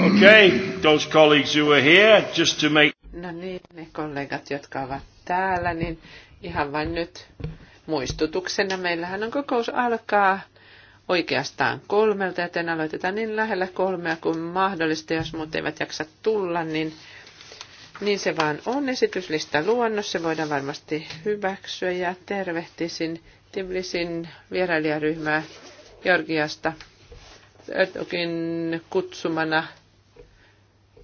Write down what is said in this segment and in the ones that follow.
Okay, those colleagues who are here, just to make... No niin, ne kollegat, jotka ovat täällä, niin ihan vain nyt muistutuksena. Meillähän on kokous alkaa oikeastaan kolmelta, joten aloitetaan niin lähellä kolmea kuin mahdollista. Jos muut eivät jaksa tulla, niin, niin se vaan on esityslista luonnos. Se voidaan varmasti hyväksyä ja tervehtisin Tiblisin vierailijaryhmää Georgiasta kutsumana –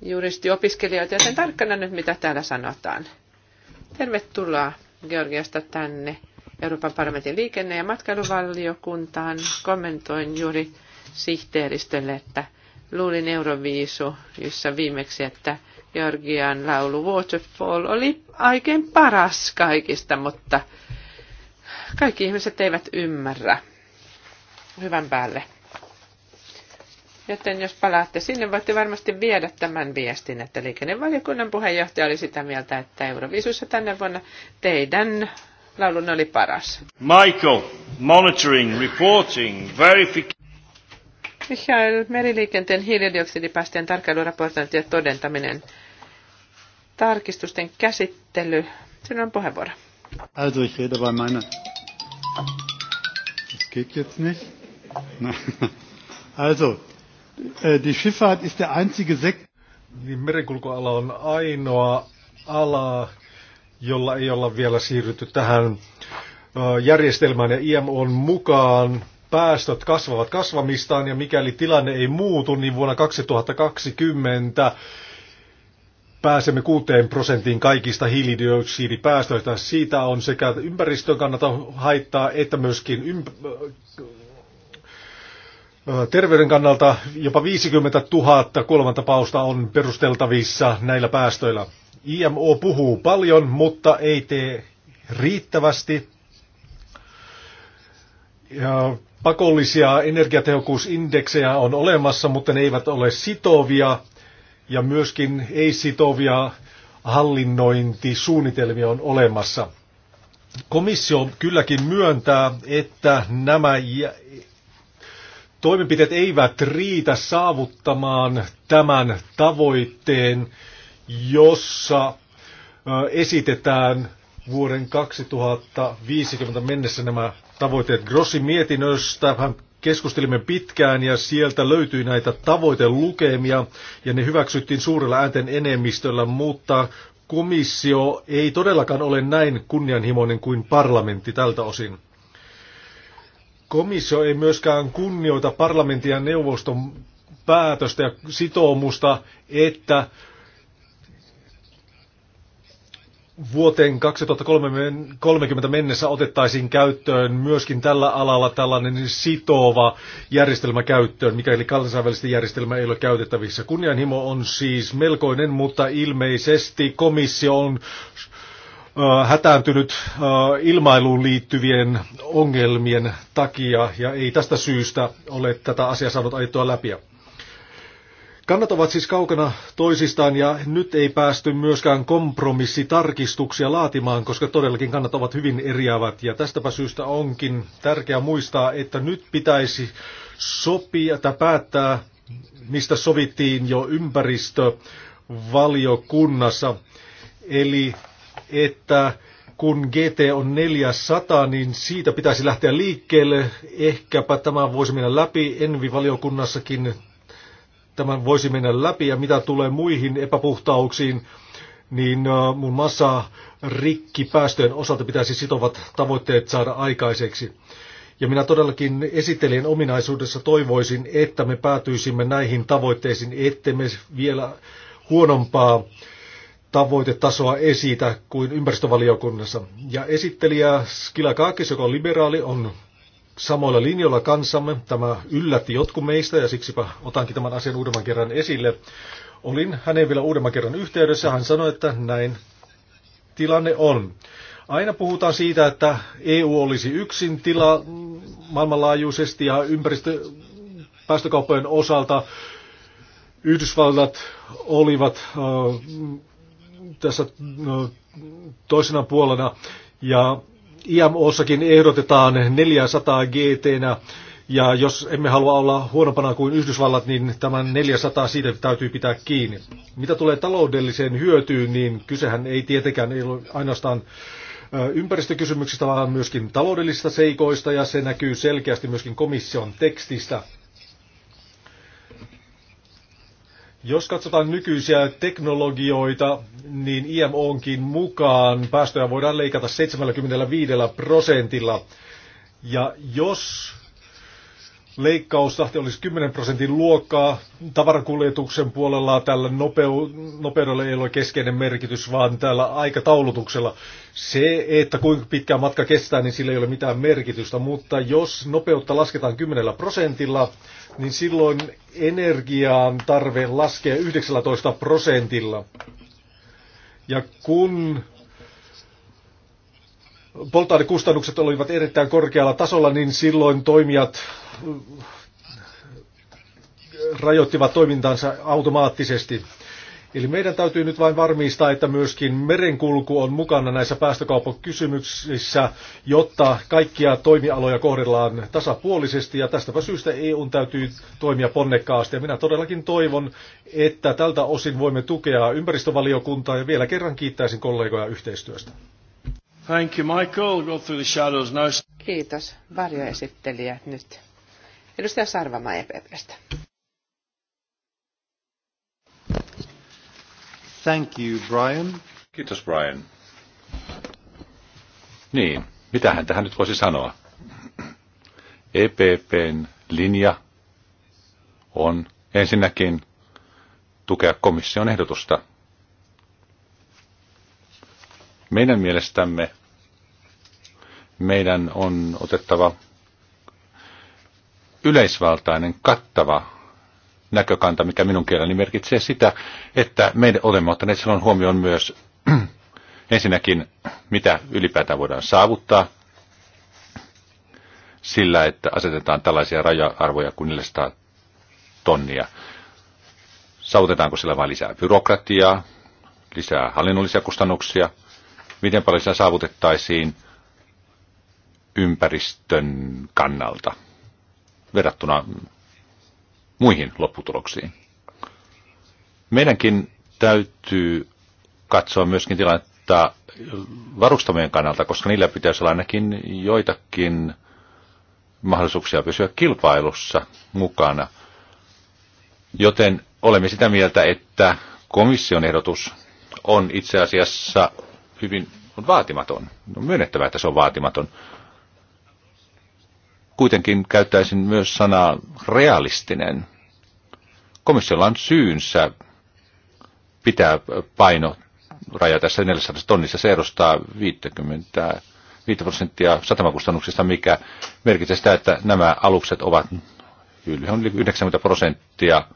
juristiopiskelijoita, joten tarkkana nyt, mitä täällä sanotaan. Tervetuloa Georgiasta tänne Euroopan parlamentin liikenne- ja matkailuvaliokuntaan. Kommentoin juuri sihteeristölle, että luulin Euroviisu, jossa viimeksi, että Georgian laulu Waterfall oli aikein paras kaikista, mutta kaikki ihmiset eivät ymmärrä hyvän päälle Joten jos palaatte sinne, voitte varmasti viedä tämän viestin, että liikennevaliokunnan puheenjohtaja oli sitä mieltä, että Euroviisussa tänä vuonna teidän laulun oli paras. Michael, monitoring, reporting, verification. Michael, meriliikenteen hiilidioksidipäästöjen tarkkailuraportointi ja todentaminen. Tarkistusten käsittely. Sinun on puheenvuoro. Also ich rede bei meiner. Das geht jetzt nicht. also, Äh, die Schifffahrt ist der einzige Sektor. Niin merenkulkuala on ainoa ala, jolla ei olla vielä siirrytty tähän järjestelmään ja IMOn mukaan päästöt kasvavat kasvamistaan ja mikäli tilanne ei muutu, niin vuonna 2020 pääsemme 6 prosenttiin kaikista hiilidioksidipäästöistä. Siitä on sekä ympäristön kannalta haittaa että myöskin Terveyden kannalta jopa 50 000 kuolemantapausta on perusteltavissa näillä päästöillä. IMO puhuu paljon, mutta ei tee riittävästi. Ja pakollisia energiatehokkuusindeksejä on olemassa, mutta ne eivät ole sitovia ja myöskin ei-sitovia hallinnointisuunnitelmia on olemassa. Komissio kylläkin myöntää, että nämä toimenpiteet eivät riitä saavuttamaan tämän tavoitteen, jossa esitetään vuoden 2050 mennessä nämä tavoitteet Grossi mietinnöstä. Keskustelimme pitkään ja sieltä löytyi näitä tavoitelukemia ja ne hyväksyttiin suurella äänten enemmistöllä, mutta komissio ei todellakaan ole näin kunnianhimoinen kuin parlamentti tältä osin. Komissio ei myöskään kunnioita parlamentin ja neuvoston päätöstä ja sitoumusta, että vuoteen 2030 mennessä otettaisiin käyttöön myöskin tällä alalla tällainen sitova järjestelmä käyttöön, mikäli kansainvälistä järjestelmä ei ole käytettävissä. Kunnianhimo on siis melkoinen, mutta ilmeisesti komissio on hätääntynyt ilmailuun liittyvien ongelmien takia ja ei tästä syystä ole tätä asiaa saanut ajettua läpi. Kannat ovat siis kaukana toisistaan ja nyt ei päästy myöskään kompromissitarkistuksia laatimaan, koska todellakin kannat ovat hyvin eriävät. Ja tästäpä syystä onkin tärkeää muistaa, että nyt pitäisi sopia tai päättää, mistä sovittiin jo ympäristövaliokunnassa. Eli että kun GT on 400, niin siitä pitäisi lähteä liikkeelle. Ehkäpä tämä voisi mennä läpi. Envi-valiokunnassakin tämän voisi mennä läpi. Ja mitä tulee muihin epäpuhtauksiin, niin äh, muun muassa rikkipäästöjen osalta pitäisi sitovat tavoitteet saada aikaiseksi. Ja minä todellakin esittelijän ominaisuudessa toivoisin, että me päätyisimme näihin tavoitteisiin, ettei me vielä huonompaa tavoitetasoa esitä kuin ympäristövaliokunnassa. Ja esittelijä Skilakakis, joka on liberaali, on samoilla linjoilla kanssamme. Tämä yllätti jotkut meistä ja siksipä otankin tämän asian uudemman kerran esille. Olin hänen vielä uudemman kerran yhteydessä. Hän sanoi, että näin tilanne on. Aina puhutaan siitä, että EU olisi yksin tila maailmanlaajuisesti ja ympäristö päästökauppojen osalta Yhdysvallat olivat tässä no, toisena puolena. Ja IMOssakin ehdotetaan 400 gt -nä. Ja jos emme halua olla huonompana kuin Yhdysvallat, niin tämän 400 siitä täytyy pitää kiinni. Mitä tulee taloudelliseen hyötyyn, niin kysehän ei tietenkään ei ole ainoastaan ympäristökysymyksistä, vaan myöskin taloudellisista seikoista, ja se näkyy selkeästi myöskin komission tekstistä. Jos katsotaan nykyisiä teknologioita, niin IMOnkin onkin mukaan päästöjä voidaan leikata 75 prosentilla. Ja jos leikkaustahti olisi 10 prosentin luokkaa. Tavarakuljetuksen puolella tällä nopeu, nopeudella ei ole keskeinen merkitys, vaan tällä aikataulutuksella. Se, että kuinka pitkä matka kestää, niin sillä ei ole mitään merkitystä, mutta jos nopeutta lasketaan 10 prosentilla, niin silloin energiaan tarve laskee 19 prosentilla. Ja kun polttoainekustannukset olivat erittäin korkealla tasolla, niin silloin toimijat äh, rajoittivat toimintansa automaattisesti. Eli meidän täytyy nyt vain varmistaa, että myöskin merenkulku on mukana näissä päästökauppakysymyksissä, jotta kaikkia toimialoja kohdellaan tasapuolisesti ja tästäpä syystä EU täytyy toimia ponnekkaasti. Ja minä todellakin toivon, että tältä osin voimme tukea ympäristövaliokuntaa ja vielä kerran kiittäisin kollegoja yhteistyöstä. Thank you, Michael. Go through the shadows now. Kiitos. Varjoesittelijät nyt. Edustaja Sarvama EPPstä. Thank you, Brian. Kiitos, Brian. Niin, mitähän tähän nyt voisi sanoa? EPPn linja on ensinnäkin tukea komission ehdotusta. Meidän mielestämme meidän on otettava yleisvaltainen, kattava näkökanta, mikä minun kielelläni merkitsee sitä, että me olemme ottaneet silloin huomioon myös ensinnäkin, mitä ylipäätään voidaan saavuttaa sillä, että asetetaan tällaisia raja-arvoja kuin 400 tonnia. Saavutetaanko sillä vain lisää byrokratiaa, lisää hallinnollisia kustannuksia, miten paljon sitä saavutettaisiin ympäristön kannalta verrattuna muihin lopputuloksiin. Meidänkin täytyy katsoa myöskin tilannetta varustamien kannalta, koska niillä pitäisi olla ainakin joitakin mahdollisuuksia pysyä kilpailussa mukana. Joten olemme sitä mieltä, että komission ehdotus on itse asiassa hyvin on vaatimaton. On myönnettävä, että se on vaatimaton kuitenkin käyttäisin myös sanaa realistinen. Komissiolla on syynsä pitää paino raja tässä 400 tonnissa. Se edustaa 50 5 prosenttia satamakustannuksista, mikä merkitsee sitä, että nämä alukset ovat yli 90 prosenttia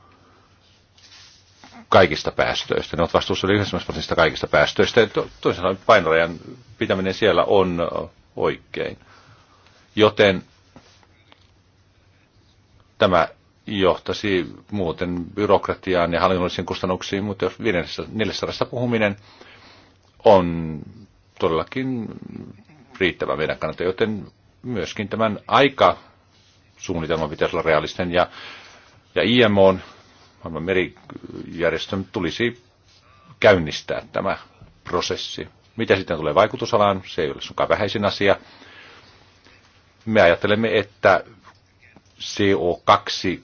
kaikista päästöistä. Ne ovat vastuussa yli 90 prosentista kaikista päästöistä. Toisaalta painorajan pitäminen siellä on oikein. Joten Tämä johtaisi muuten byrokratiaan ja hallinnollisiin kustannuksiin, mutta jos 400 puhuminen on todellakin riittävä meidän kannalta, joten myöskin tämän aikasuunnitelman pitäisi olla realistinen ja, ja IMO, maailman merijärjestön, tulisi käynnistää tämä prosessi. Mitä sitten tulee vaikutusalaan, se ei ole sunkaan vähäisin asia. Me ajattelemme, että CO2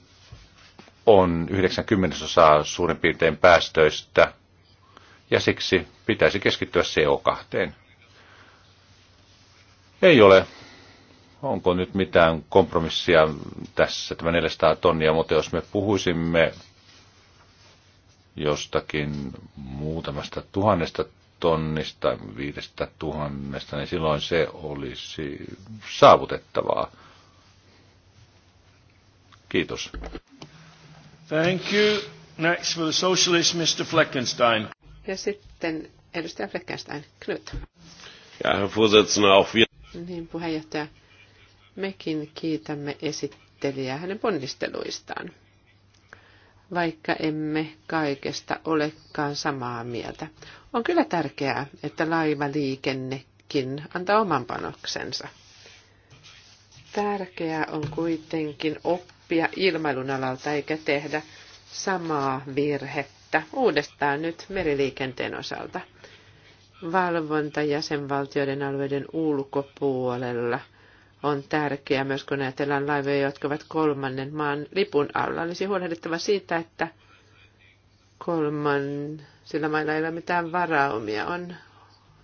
on 90 osaa suurin piirtein päästöistä, ja siksi pitäisi keskittyä CO2. Ei ole. Onko nyt mitään kompromissia tässä, tämä 400 tonnia, mutta jos me puhuisimme jostakin muutamasta tuhannesta tonnista, viidestä tuhannesta, niin silloin se olisi saavutettavaa. Kiitos. Thank you. Next for the socialist, Mr. Fleckenstein. Ja sitten edustaja Fleckenstein. Knut. Ja herr Vorsitzender, auch wir. Niin, puheenjohtaja. Mekin kiitämme esittelijää hänen ponnisteluistaan vaikka emme kaikesta olekaan samaa mieltä. On kyllä tärkeää, että laivaliikennekin antaa oman panoksensa. Tärkeää on kuitenkin oppia oppia ilmailun alalta eikä tehdä samaa virhettä uudestaan nyt meriliikenteen osalta. Valvonta jäsenvaltioiden alueiden ulkopuolella on tärkeää myös kun ajatellaan laivoja, jotka ovat kolmannen maan lipun alla. Olisi huolehdittava siitä, että kolman, sillä mailla ei ole mitään varaumia. On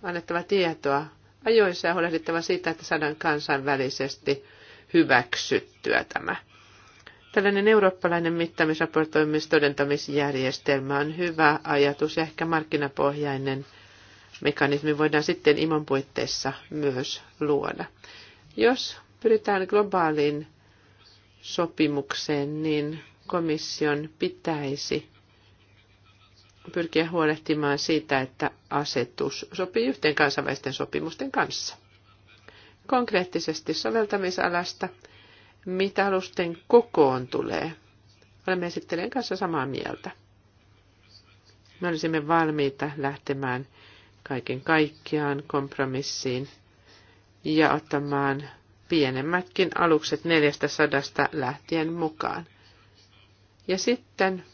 annettava tietoa ajoissa ja huolehdittava siitä, että saadaan kansainvälisesti hyväksyttyä tämä. Tällainen eurooppalainen mittaamisraportoimistodentamisjärjestelmä on hyvä ajatus ja ehkä markkinapohjainen mekanismi voidaan sitten imon puitteissa myös luoda. Jos pyritään globaaliin sopimukseen, niin komission pitäisi pyrkiä huolehtimaan siitä, että asetus sopii yhteen kansainvälisten sopimusten kanssa. Konkreettisesti soveltamisalasta – mitä alusten kokoon tulee, olemme esittelijän kanssa samaa mieltä. Me olisimme valmiita lähtemään kaiken kaikkiaan kompromissiin ja ottamaan pienemmätkin alukset 400 lähtien mukaan. Ja sitten,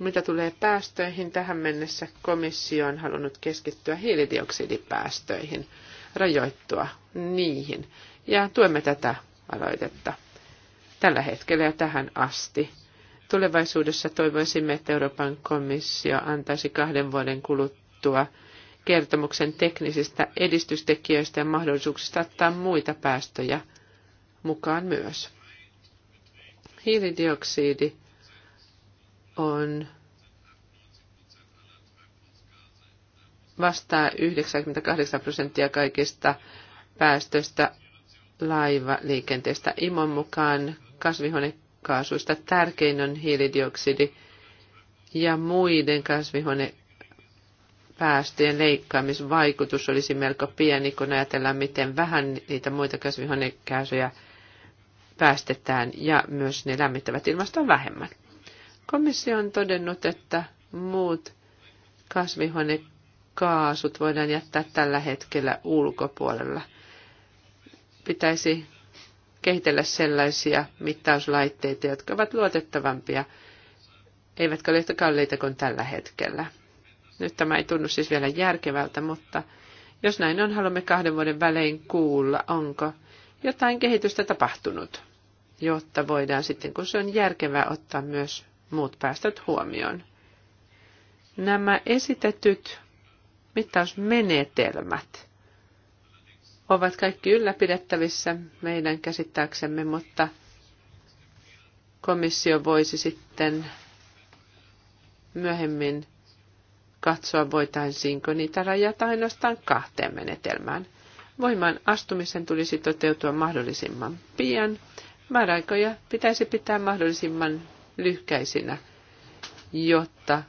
mitä tulee päästöihin, tähän mennessä komissio on halunnut keskittyä hiilidioksidipäästöihin, rajoittua niihin. Ja tuemme tätä aloitetta tällä hetkellä ja tähän asti. Tulevaisuudessa toivoisimme, että Euroopan komissio antaisi kahden vuoden kuluttua kertomuksen teknisistä edistystekijöistä ja mahdollisuuksista ottaa muita päästöjä mukaan myös. Hiilidioksidi on vastaa 98 prosenttia kaikista päästöistä laivaliikenteestä. Imon mukaan kasvihuonekaasuista tärkein on hiilidioksidi ja muiden kasvihuonepäästöjen leikkaamisvaikutus olisi melko pieni, kun ajatellaan, miten vähän niitä muita kasvihuonekaasuja päästetään ja myös ne lämmittävät ilmastoa vähemmän. Komissio on todennut, että muut kasvihuonekaasut voidaan jättää tällä hetkellä ulkopuolella pitäisi kehitellä sellaisia mittauslaitteita, jotka ovat luotettavampia, eivätkä ole yhtä kalliita kuin tällä hetkellä. Nyt tämä ei tunnu siis vielä järkevältä, mutta jos näin on, haluamme kahden vuoden välein kuulla, onko jotain kehitystä tapahtunut, jotta voidaan sitten, kun se on järkevää, ottaa myös muut päästöt huomioon. Nämä esitetyt mittausmenetelmät ovat kaikki ylläpidettävissä meidän käsittääksemme, mutta komissio voisi sitten myöhemmin katsoa, voitaisiinko niitä rajata ainoastaan kahteen menetelmään. Voimaan astumisen tulisi toteutua mahdollisimman pian. Määräaikoja pitäisi pitää mahdollisimman lyhkäisinä, jotta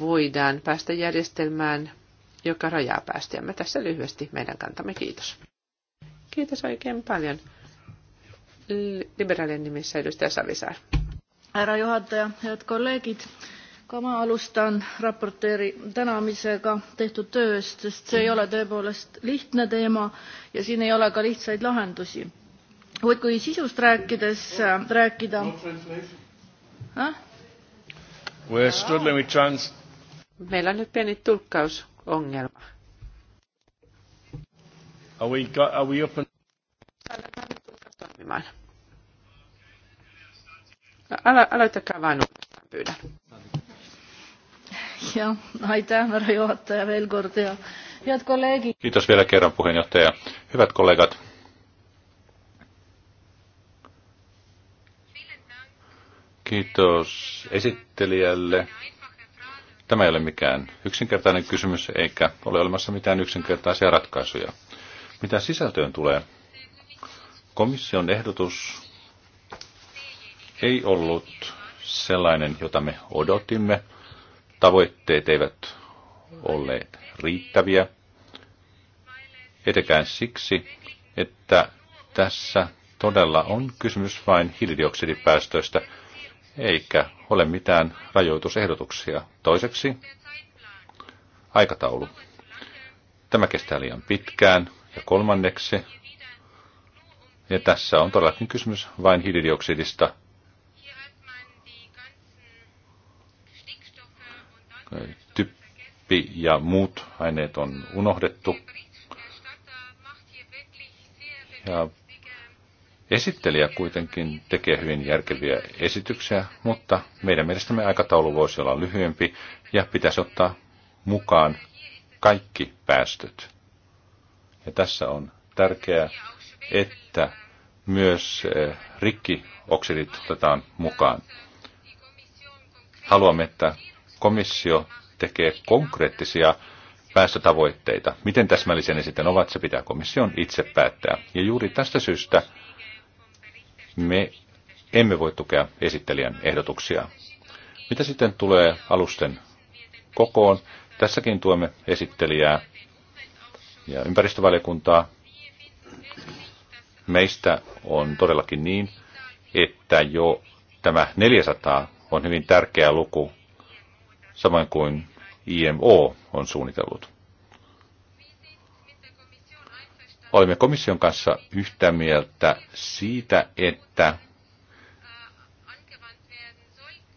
voidaan päästä järjestelmään joka rajaa päästiämme. Tässä lyhyesti meidän kantamme. Kiitos. Kiitos oikein paljon. Liberaalien nimissä edustaja Savisaar. Herra johtaja, hyvät kollegit. Kama alustan raporteeri tänamisega tehtud tööst, sest see ei ole tõepoolest lihtne teema ja siin ei ole ka lihtsaid lahendusi. Kuid kui sisust rääkides rääkida... No We're struggling with trans... Meillä on nyt pieni tulkkaus ongelma. Are we got, are we open? toimimaan. Alo- aloittakaa vain uudestaan, pyydän. Ja, ja head kolleegid. Kiitos vielä kerran puheenjohtaja. Hyvät kollegat. Kiitos esittelijälle Tämä ei ole mikään yksinkertainen kysymys, eikä ole olemassa mitään yksinkertaisia ratkaisuja. Mitä sisältöön tulee? Komission ehdotus ei ollut sellainen, jota me odotimme. Tavoitteet eivät olleet riittäviä, etenkään siksi, että tässä todella on kysymys vain hiilidioksidipäästöistä, eikä ole mitään rajoitusehdotuksia. Toiseksi aikataulu. Tämä kestää liian pitkään. Ja kolmanneksi, ja tässä on todellakin kysymys vain hiilidioksidista, typpi ja muut aineet on unohdettu. Ja Esittelijä kuitenkin tekee hyvin järkeviä esityksiä, mutta meidän mielestämme aikataulu voisi olla lyhyempi ja pitäisi ottaa mukaan kaikki päästöt. Ja tässä on tärkeää, että myös eh, rikkioksidit otetaan mukaan. Haluamme, että komissio tekee konkreettisia päästötavoitteita. Miten täsmällisiä ne sitten ovat, se pitää komission itse päättää. Ja juuri tästä syystä me emme voi tukea esittelijän ehdotuksia. Mitä sitten tulee alusten kokoon? Tässäkin tuemme esittelijää ja ympäristövaliokuntaa. Meistä on todellakin niin, että jo tämä 400 on hyvin tärkeä luku, samoin kuin IMO on suunnitellut. Olemme komission kanssa yhtä mieltä siitä, että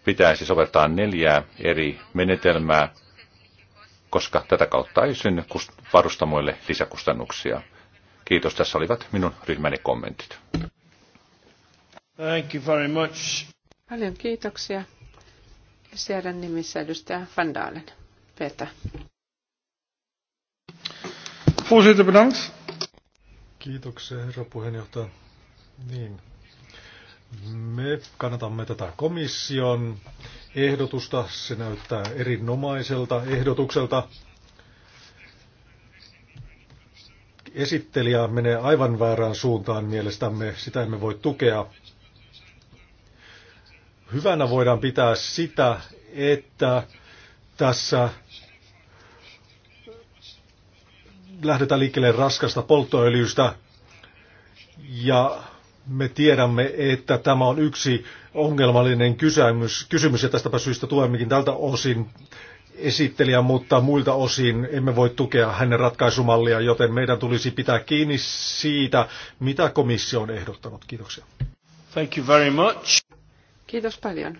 pitäisi soveltaa neljää eri menetelmää, koska tätä kautta ei synny varustamoille lisäkustannuksia. Kiitos, tässä olivat minun ryhmäni kommentit. Thank you very much. Paljon kiitoksia. siellä nimissä edustaja Van Dalen. Peter. Voorzitter, bedankt. Kiitoksia, herra puheenjohtaja. Niin. Me kannatamme tätä komission ehdotusta. Se näyttää erinomaiselta ehdotukselta. Esittelijä menee aivan väärään suuntaan mielestämme. Sitä emme voi tukea. Hyvänä voidaan pitää sitä, että tässä lähdetään liikkeelle raskasta polttoöljystä ja me tiedämme, että tämä on yksi ongelmallinen kysymys, kysymys ja tästäpä syystä tulemmekin tältä osin esittelijä, mutta muilta osin emme voi tukea hänen ratkaisumallia, joten meidän tulisi pitää kiinni siitä, mitä komissio on ehdottanut. Kiitoksia. Thank you very much. Kiitos paljon.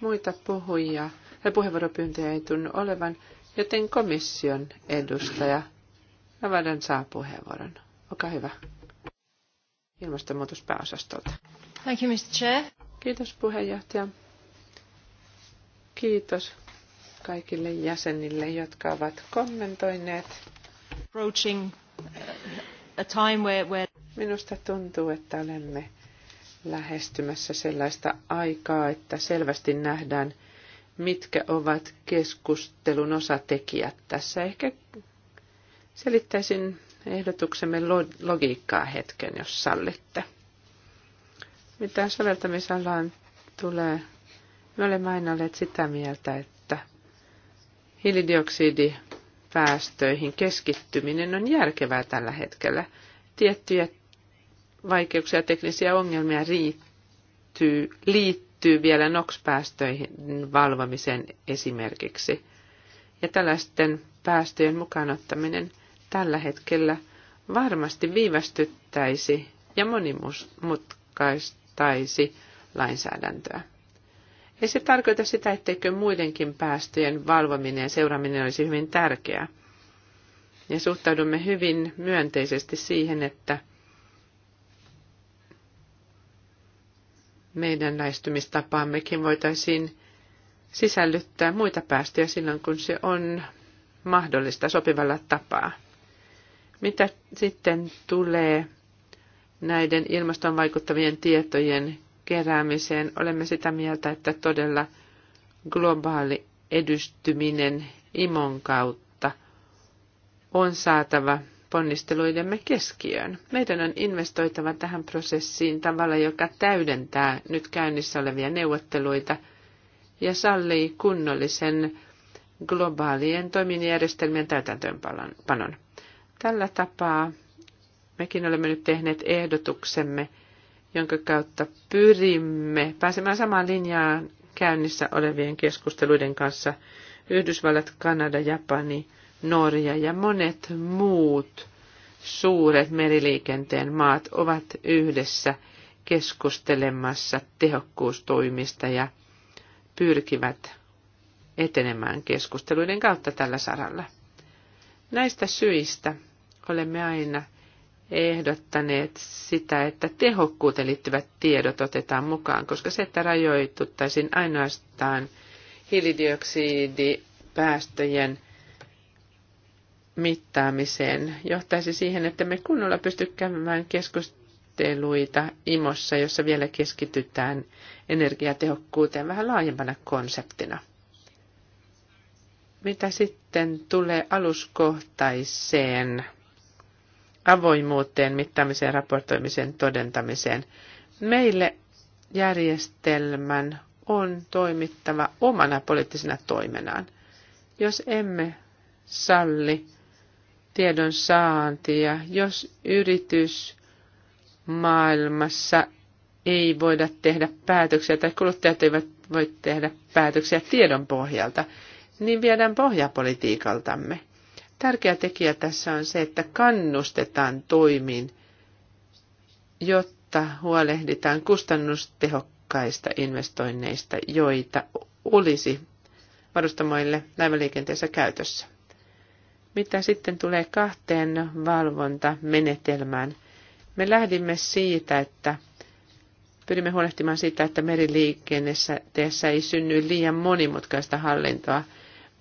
Muita puhujia ja puheenvuoropyyntöjä ei tunnu olevan, joten komission edustaja Lavadan saa puheenvuoron. Olkaa hyvä. pääosastolta. Thank you, Mr. Chair. Kiitos puheenjohtaja. Kiitos kaikille jäsenille, jotka ovat kommentoineet. Approaching uh, a time where, where... Minusta tuntuu, että olemme lähestymässä sellaista aikaa, että selvästi nähdään, mitkä ovat keskustelun osatekijät tässä. Ehkä Selittäisin ehdotuksemme logiikkaa hetken, jos sallitte. Mitä soveltamisalaan tulee, me olemme aina olleet sitä mieltä, että hiilidioksidipäästöihin keskittyminen on järkevää tällä hetkellä. Tiettyjä vaikeuksia ja teknisiä ongelmia riittyy, liittyy vielä NOx-päästöihin valvomiseen esimerkiksi. Ja tällaisten päästöjen ottaminen – tällä hetkellä varmasti viivästyttäisi ja monimutkaistaisi lainsäädäntöä. Ei se tarkoita sitä, etteikö muidenkin päästöjen valvominen ja seuraaminen olisi hyvin tärkeää. Ja suhtaudumme hyvin myönteisesti siihen, että meidän lähestymistapaammekin voitaisiin sisällyttää muita päästöjä silloin, kun se on mahdollista sopivalla tapaa. Mitä sitten tulee näiden ilmaston vaikuttavien tietojen keräämiseen? Olemme sitä mieltä, että todella globaali edystyminen imon kautta on saatava ponnisteluidemme keskiöön. Meidän on investoitava tähän prosessiin tavalla, joka täydentää nyt käynnissä olevia neuvotteluita ja sallii kunnollisen globaalien toimintajärjestelmien täytäntöönpanon. Tällä tapaa mekin olemme nyt tehneet ehdotuksemme, jonka kautta pyrimme pääsemään samaan linjaan käynnissä olevien keskusteluiden kanssa Yhdysvallat, Kanada, Japani, Norja ja monet muut suuret meriliikenteen maat ovat yhdessä keskustelemassa tehokkuustoimista ja pyrkivät etenemään keskusteluiden kautta tällä saralla. Näistä syistä olemme aina ehdottaneet sitä, että tehokkuuteen liittyvät tiedot otetaan mukaan, koska se, että rajoituttaisiin ainoastaan hiilidioksidipäästöjen mittaamiseen, johtaisi siihen, että me kunnolla pysty käymään keskusteluita imossa, jossa vielä keskitytään energiatehokkuuteen vähän laajempana konseptina. Mitä sitten tulee aluskohtaiseen avoimuuteen, mittaamiseen, raportoimiseen, todentamiseen. Meille järjestelmän on toimittava omana poliittisena toimenaan. Jos emme salli tiedon saantia, jos yritys maailmassa ei voida tehdä päätöksiä tai kuluttajat eivät voi tehdä päätöksiä tiedon pohjalta, niin viedään pohjapolitiikaltamme. Tärkeä tekijä tässä on se, että kannustetaan toimiin, jotta huolehditaan kustannustehokkaista investoinneista, joita olisi varustamoille laivaliikenteessä käytössä. Mitä sitten tulee kahteen valvontamenetelmään? Me lähdimme siitä, että pyrimme huolehtimaan siitä, että meriliikenteessä ei synny liian monimutkaista hallintoa –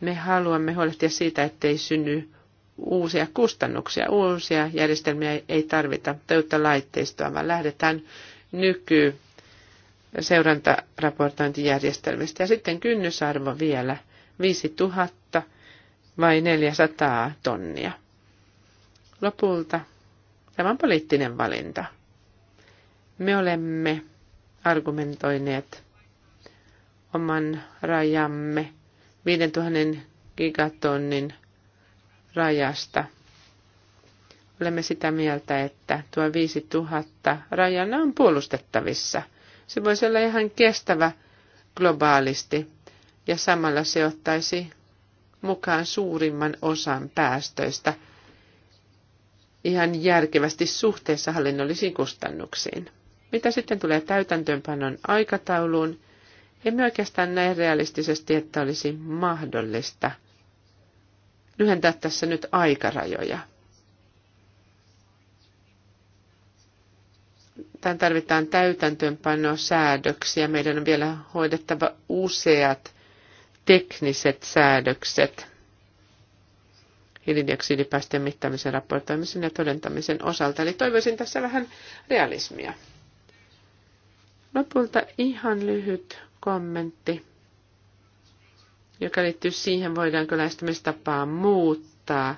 me haluamme huolehtia siitä, ettei synny uusia kustannuksia, uusia järjestelmiä ei tarvita täyttä laitteistoa, vaan lähdetään nyky seurantaraportointijärjestelmistä. Ja sitten kynnysarvo vielä 5000 vai 400 tonnia. Lopulta tämä on poliittinen valinta. Me olemme argumentoineet oman rajamme 5000 gigatonnin rajasta. Olemme sitä mieltä, että tuo 5000 rajana on puolustettavissa. Se voisi olla ihan kestävä globaalisti ja samalla se ottaisi mukaan suurimman osan päästöistä ihan järkevästi suhteessa hallinnollisiin kustannuksiin. Mitä sitten tulee täytäntöönpanon aikatauluun, emme oikeastaan näe realistisesti, että olisi mahdollista lyhentää tässä nyt aikarajoja. Tämän tarvitaan täytäntöönpanosäädöksiä. Meidän on vielä hoidettava useat tekniset säädökset hiilidioksidipäästöjen mittaamisen, raportoimisen ja todentamisen osalta. Eli toivoisin tässä vähän realismia. Lopulta ihan lyhyt kommentti, joka liittyy siihen, voidaanko lähestymistapaa muuttaa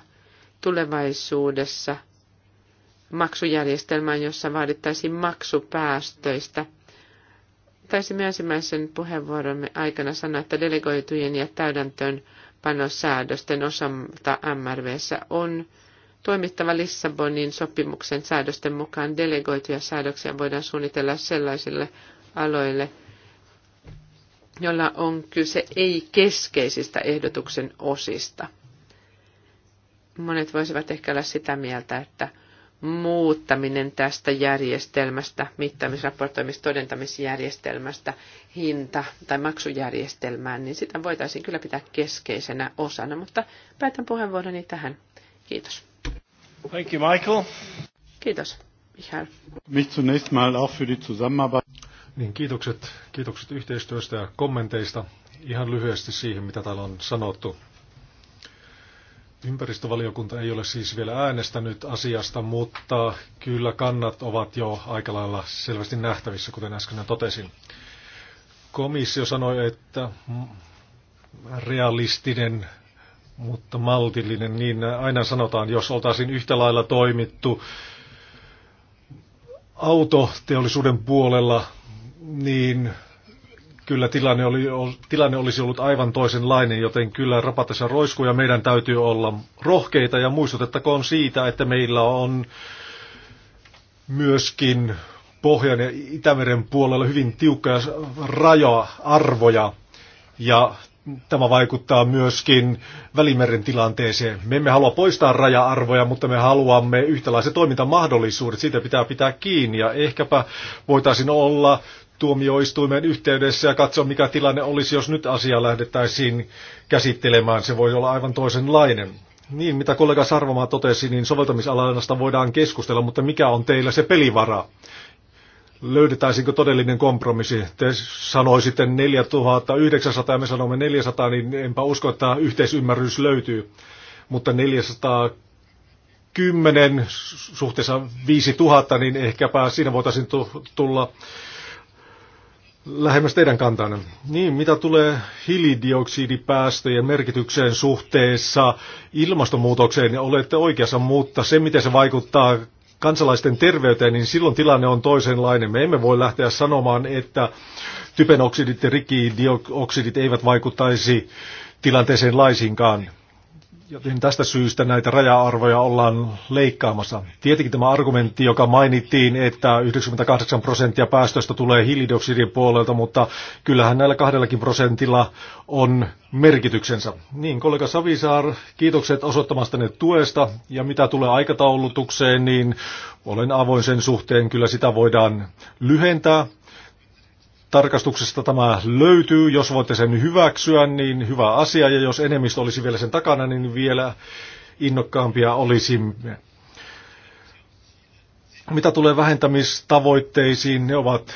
tulevaisuudessa maksujärjestelmään, jossa vaadittaisiin maksupäästöistä. Taisimme ensimmäisen puheenvuoromme aikana sanoa, että delegoitujen ja täydentöönpanosäädösten osalta MRVssä on toimittava Lissabonin sopimuksen säädösten mukaan delegoituja säädöksiä voidaan suunnitella sellaisille aloille – jolla on kyse ei-keskeisistä ehdotuksen osista. Monet voisivat ehkä olla sitä mieltä, että muuttaminen tästä järjestelmästä, mittaamisraportoimis- todentamisjärjestelmästä, hinta- tai maksujärjestelmään, niin sitä voitaisiin kyllä pitää keskeisenä osana, mutta päätän puheenvuoroni tähän. Kiitos. Thank you, Michael. Kiitos, Michael. Mich zunächst mal auch für die Zusammenarbeit. Niin, kiitokset, kiitokset yhteistyöstä ja kommenteista. Ihan lyhyesti siihen, mitä täällä on sanottu. Ympäristövaliokunta ei ole siis vielä äänestänyt asiasta, mutta kyllä kannat ovat jo aika lailla selvästi nähtävissä, kuten äsken totesin. Komissio sanoi, että realistinen, mutta maltillinen, niin aina sanotaan, jos oltaisiin yhtä lailla toimittu autoteollisuuden puolella niin kyllä tilanne, oli, tilanne olisi ollut aivan toisenlainen, joten kyllä rapatessa roiskuja meidän täytyy olla rohkeita ja muistutettakoon siitä, että meillä on myöskin Pohjan ja Itämeren puolella hyvin tiukkoja raja-arvoja ja tämä vaikuttaa myöskin Välimeren tilanteeseen. Me emme halua poistaa raja-arvoja, mutta me haluamme yhtäläiset toimintamahdollisuudet. Siitä pitää pitää kiinni ja ehkäpä voitaisiin olla tuomioistuimen yhteydessä ja katso, mikä tilanne olisi, jos nyt asia lähdettäisiin käsittelemään. Se voi olla aivan toisenlainen. Niin, mitä kollega Sarvomaa totesi, niin soveltamisalasta voidaan keskustella, mutta mikä on teillä se pelivara? Löydetäisinkö todellinen kompromissi? Te sanoisitte 4900 ja me sanomme 400, niin enpä usko, että yhteisymmärrys löytyy. Mutta 410 suhteessa 5000, niin ehkäpä siinä voitaisiin tulla lähemmäs teidän kantanne. Niin, mitä tulee hiilidioksidipäästöjen merkitykseen suhteessa ilmastonmuutokseen, niin olette oikeassa, mutta se miten se vaikuttaa kansalaisten terveyteen, niin silloin tilanne on toisenlainen. Me emme voi lähteä sanomaan, että typenoksidit ja rikidioksidit eivät vaikuttaisi tilanteeseen laisinkaan. Joten tästä syystä näitä raja-arvoja ollaan leikkaamassa. Tietenkin tämä argumentti, joka mainittiin, että 98 prosenttia päästöistä tulee hiilidioksidin puolelta, mutta kyllähän näillä kahdellakin prosentilla on merkityksensä. Niin, kollega Savisaar, kiitokset osoittamastanne tuesta. Ja mitä tulee aikataulutukseen, niin olen avoin sen suhteen, kyllä sitä voidaan lyhentää tarkastuksesta tämä löytyy. Jos voitte sen hyväksyä, niin hyvä asia. Ja jos enemmistö olisi vielä sen takana, niin vielä innokkaampia olisimme. Mitä tulee vähentämistavoitteisiin, ne ovat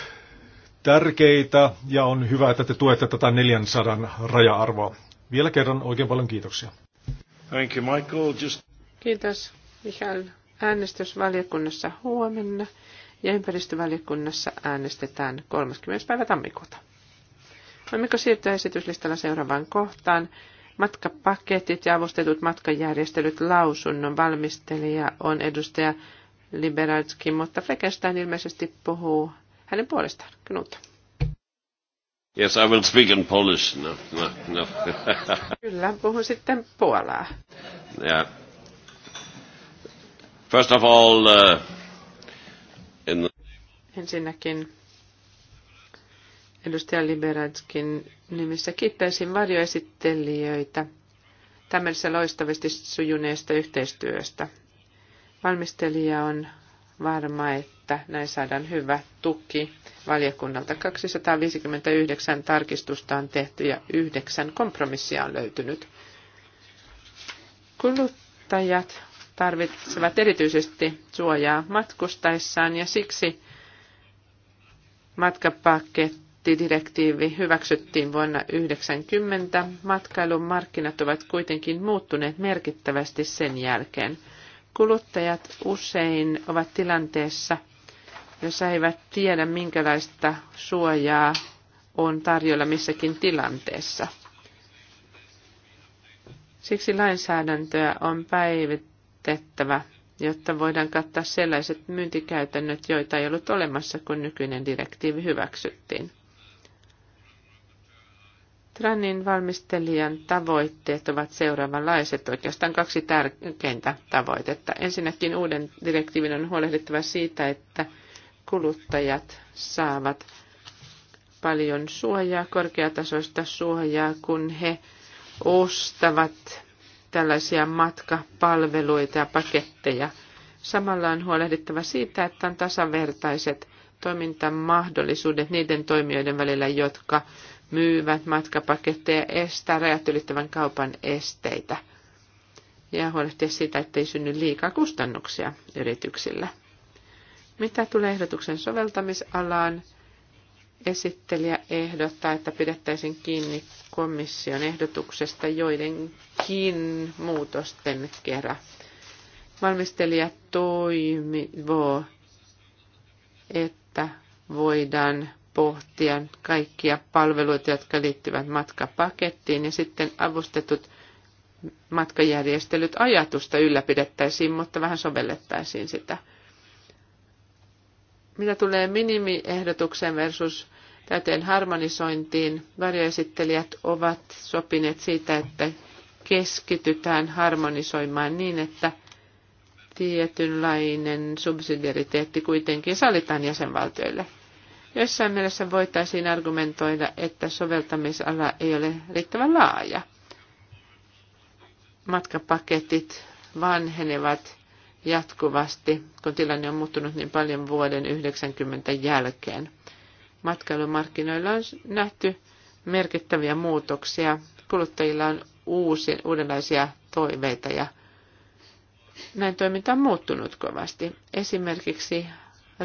tärkeitä ja on hyvä, että te tuette tätä 400 raja-arvoa. Vielä kerran oikein paljon kiitoksia. Thank you, Michael. Just... Kiitos, Michael. Äänestysvaliokunnassa huomenna ja ympäristövaliokunnassa äänestetään 30. päivä tammikuuta. Voimmeko siirtyä esityslistalla seuraavaan kohtaan? Matkapaketit ja avustetut matkajärjestelyt lausunnon valmistelija on edustaja Liberatski, mutta Frekenstein ilmeisesti puhuu hänen puolestaan. Knut. Yes, I will speak in Polish. No, no, no. Kyllä, puhun sitten puolaa. Yeah. First of all, uh, Ensinnäkin edustaja Liberadskin nimissä kiittäisin varjoesittelijöitä tämmöisestä loistavasti sujuneesta yhteistyöstä. Valmistelija on varma, että näin saadaan hyvä tuki valiokunnalta. 259 tarkistusta on tehty ja yhdeksän kompromissia on löytynyt. Kuluttajat tarvitsevat erityisesti suojaa matkustaessaan ja siksi Matkapakettidirektiivi hyväksyttiin vuonna 1990. Matkailun markkinat ovat kuitenkin muuttuneet merkittävästi sen jälkeen. Kuluttajat usein ovat tilanteessa, jossa eivät tiedä, minkälaista suojaa on tarjolla missäkin tilanteessa. Siksi lainsäädäntöä on päivitettävä jotta voidaan kattaa sellaiset myyntikäytännöt, joita ei ollut olemassa, kun nykyinen direktiivi hyväksyttiin. Trannin valmistelijan tavoitteet ovat seuraavanlaiset, oikeastaan kaksi tärkeintä tavoitetta. Ensinnäkin uuden direktiivin on huolehdittava siitä, että kuluttajat saavat paljon suojaa, korkeatasoista suojaa, kun he ostavat tällaisia matkapalveluita ja paketteja. Samalla on huolehdittava siitä, että on tasavertaiset toimintamahdollisuudet niiden toimijoiden välillä, jotka myyvät matkapaketteja, estää rajat ylittävän kaupan esteitä ja huolehtia siitä, ettei synny liikaa kustannuksia yrityksillä. Mitä tulee ehdotuksen soveltamisalaan, Esittelijä ehdottaa, että pidettäisiin kiinni komission ehdotuksesta joidenkin muutosten kerran. Valmistelija toivoo, että voidaan pohtia kaikkia palveluita, jotka liittyvät matkapakettiin ja sitten avustetut matkajärjestelyt ajatusta ylläpidettäisiin, mutta vähän sovellettaisiin sitä. Mitä tulee minimiehdotukseen versus täyteen harmonisointiin, varjoesittelijät ovat sopineet siitä, että keskitytään harmonisoimaan niin, että tietynlainen subsidiariteetti kuitenkin sallitaan jäsenvaltioille. Jossain mielessä voitaisiin argumentoida, että soveltamisala ei ole riittävän laaja. Matkapaketit vanhenevat jatkuvasti, kun tilanne on muuttunut niin paljon vuoden 90 jälkeen. Matkailumarkkinoilla on nähty merkittäviä muutoksia. Kuluttajilla on uusi, uudenlaisia toiveita ja näin toiminta on muuttunut kovasti. Esimerkiksi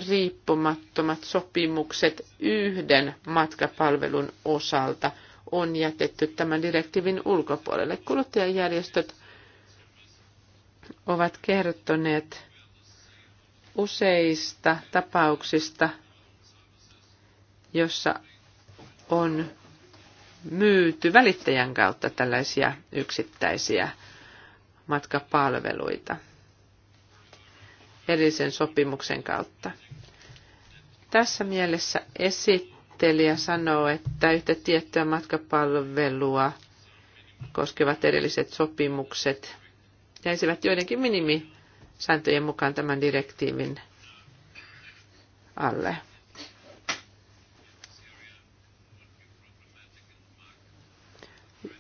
riippumattomat sopimukset yhden matkapalvelun osalta on jätetty tämän direktiivin ulkopuolelle. Kuluttajajärjestöt ovat kertoneet useista tapauksista, jossa on myyty välittäjän kautta tällaisia yksittäisiä matkapalveluita erillisen sopimuksen kautta. Tässä mielessä esittelijä sanoo, että yhtä tiettyä matkapalvelua koskevat erilliset sopimukset jäisivät joidenkin minimisääntöjen mukaan tämän direktiivin alle.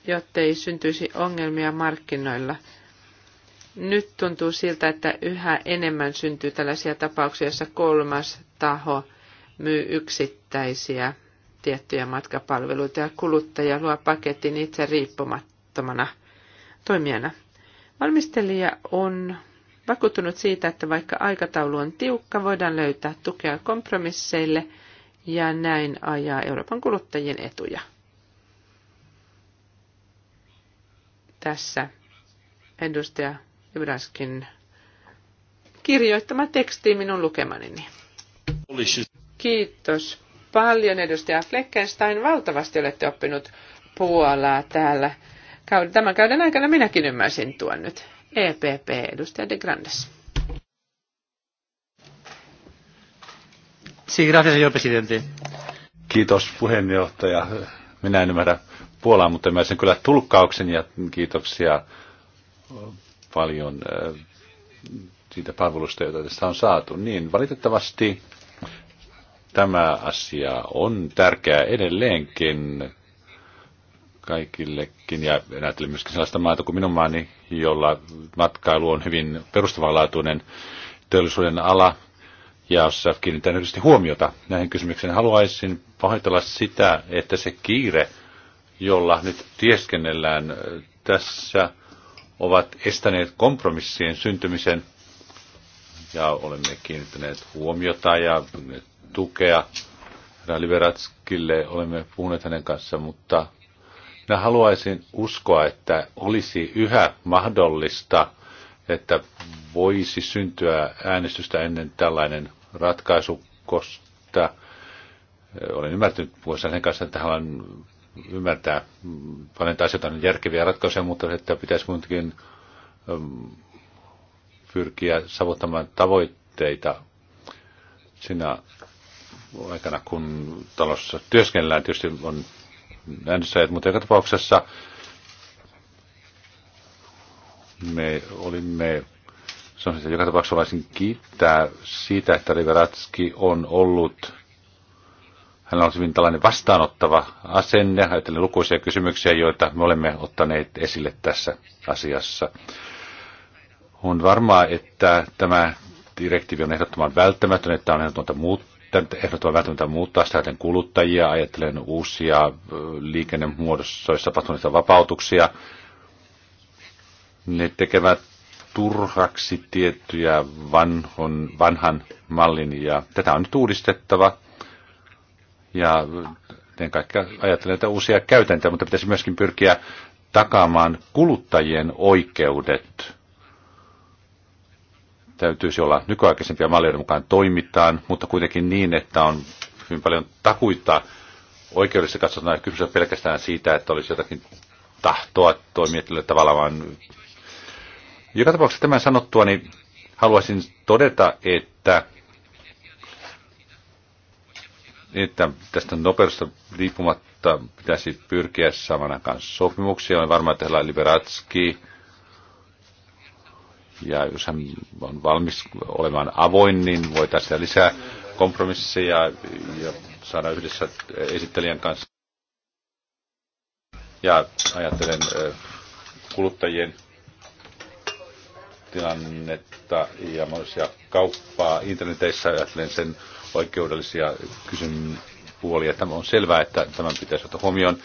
jotta ei syntyisi ongelmia markkinoilla. Nyt tuntuu siltä, että yhä enemmän syntyy tällaisia tapauksia, joissa kolmas taho myy yksittäisiä tiettyjä matkapalveluita ja kuluttaja luo paketin itse riippumattomana toimijana. Valmistelija on vakuuttunut siitä, että vaikka aikataulu on tiukka, voidaan löytää tukea kompromisseille ja näin ajaa Euroopan kuluttajien etuja. Tässä edustaja Ibranskin kirjoittama teksti minun lukemanini. Kiitos paljon edustaja Fleckenstein. Valtavasti olette oppinut Puolaa täällä Tämän käyden aikana minäkin ymmärsin tuon nyt. EPP, edustaja De Grandes. Sí, gracias, señor presidente. Kiitos puheenjohtaja. Minä en ymmärrä Puolaa, mutta ymmärsin kyllä tulkkauksen ja kiitoksia paljon siitä palvelusta, jota tästä on saatu. Niin, valitettavasti tämä asia on tärkeä edelleenkin kaikillekin. Ja ajattelen myöskin sellaista maata kuin minun maani, jolla matkailu on hyvin perustavanlaatuinen teollisuuden ala, ja jossa kiinnitän erityisesti huomiota näihin kysymyksiin. Haluaisin pahoitella sitä, että se kiire, jolla nyt tieskennellään tässä, ovat estäneet kompromissien syntymisen, ja olemme kiinnittäneet huomiota ja tukea Liberatskille olemme puhuneet hänen kanssaan, mutta minä haluaisin uskoa, että olisi yhä mahdollista, että voisi syntyä äänestystä ennen tällainen ratkaisu, koska eh, olen ymmärtänyt vuosien kanssa, että haluan ymmärtää paljon mm, asioita on järkeviä ratkaisuja, mutta että pitäisi kuitenkin mm, pyrkiä saavuttamaan tavoitteita siinä aikana, kun talossa työskennellään. Tietysti on äänestäjät, mutta joka tapauksessa me olimme, sanoisin, joka tapauksessa haluaisin kiittää siitä, että Riveratski on ollut hänellä on hyvin tällainen vastaanottava asenne, ajatellen lukuisia kysymyksiä, joita me olemme ottaneet esille tässä asiassa. On varmaa, että tämä direktiivi on ehdottoman välttämätön, että on ehdottoman muuttunut ehdot on välttämättä muuttaa, sitä kuluttajia, ajattelen uusia liikennemuodossa tapahtuneita vapautuksia. Ne tekevät turhaksi tiettyjä vanhon, vanhan mallin ja tätä on nyt uudistettava. Ja ennen kaikkea ajattelen näitä uusia käytäntöjä, mutta pitäisi myöskin pyrkiä takaamaan kuluttajien oikeudet täytyisi olla nykyaikaisempia malleja mukaan toimitaan, mutta kuitenkin niin, että on hyvin paljon takuita oikeudessa katsotaan, että kysymys on pelkästään siitä, että olisi jotakin tahtoa toimia tällä tavalla, vaan joka tapauksessa tämän sanottua, niin haluaisin todeta, että, että tästä nopeudesta riippumatta pitäisi pyrkiä saamaan aikaan sopimuksia. Olen varma, että Liberatski, ja jos hän on valmis olemaan avoin, niin voitaisiin lisää kompromisseja ja saada yhdessä esittelijän kanssa. Ja ajattelen kuluttajien tilannetta ja mahdollisia kauppaa interneteissä, ajattelen sen oikeudellisia kysymyksiä Tämä on selvää, että tämän pitäisi ottaa huomioon.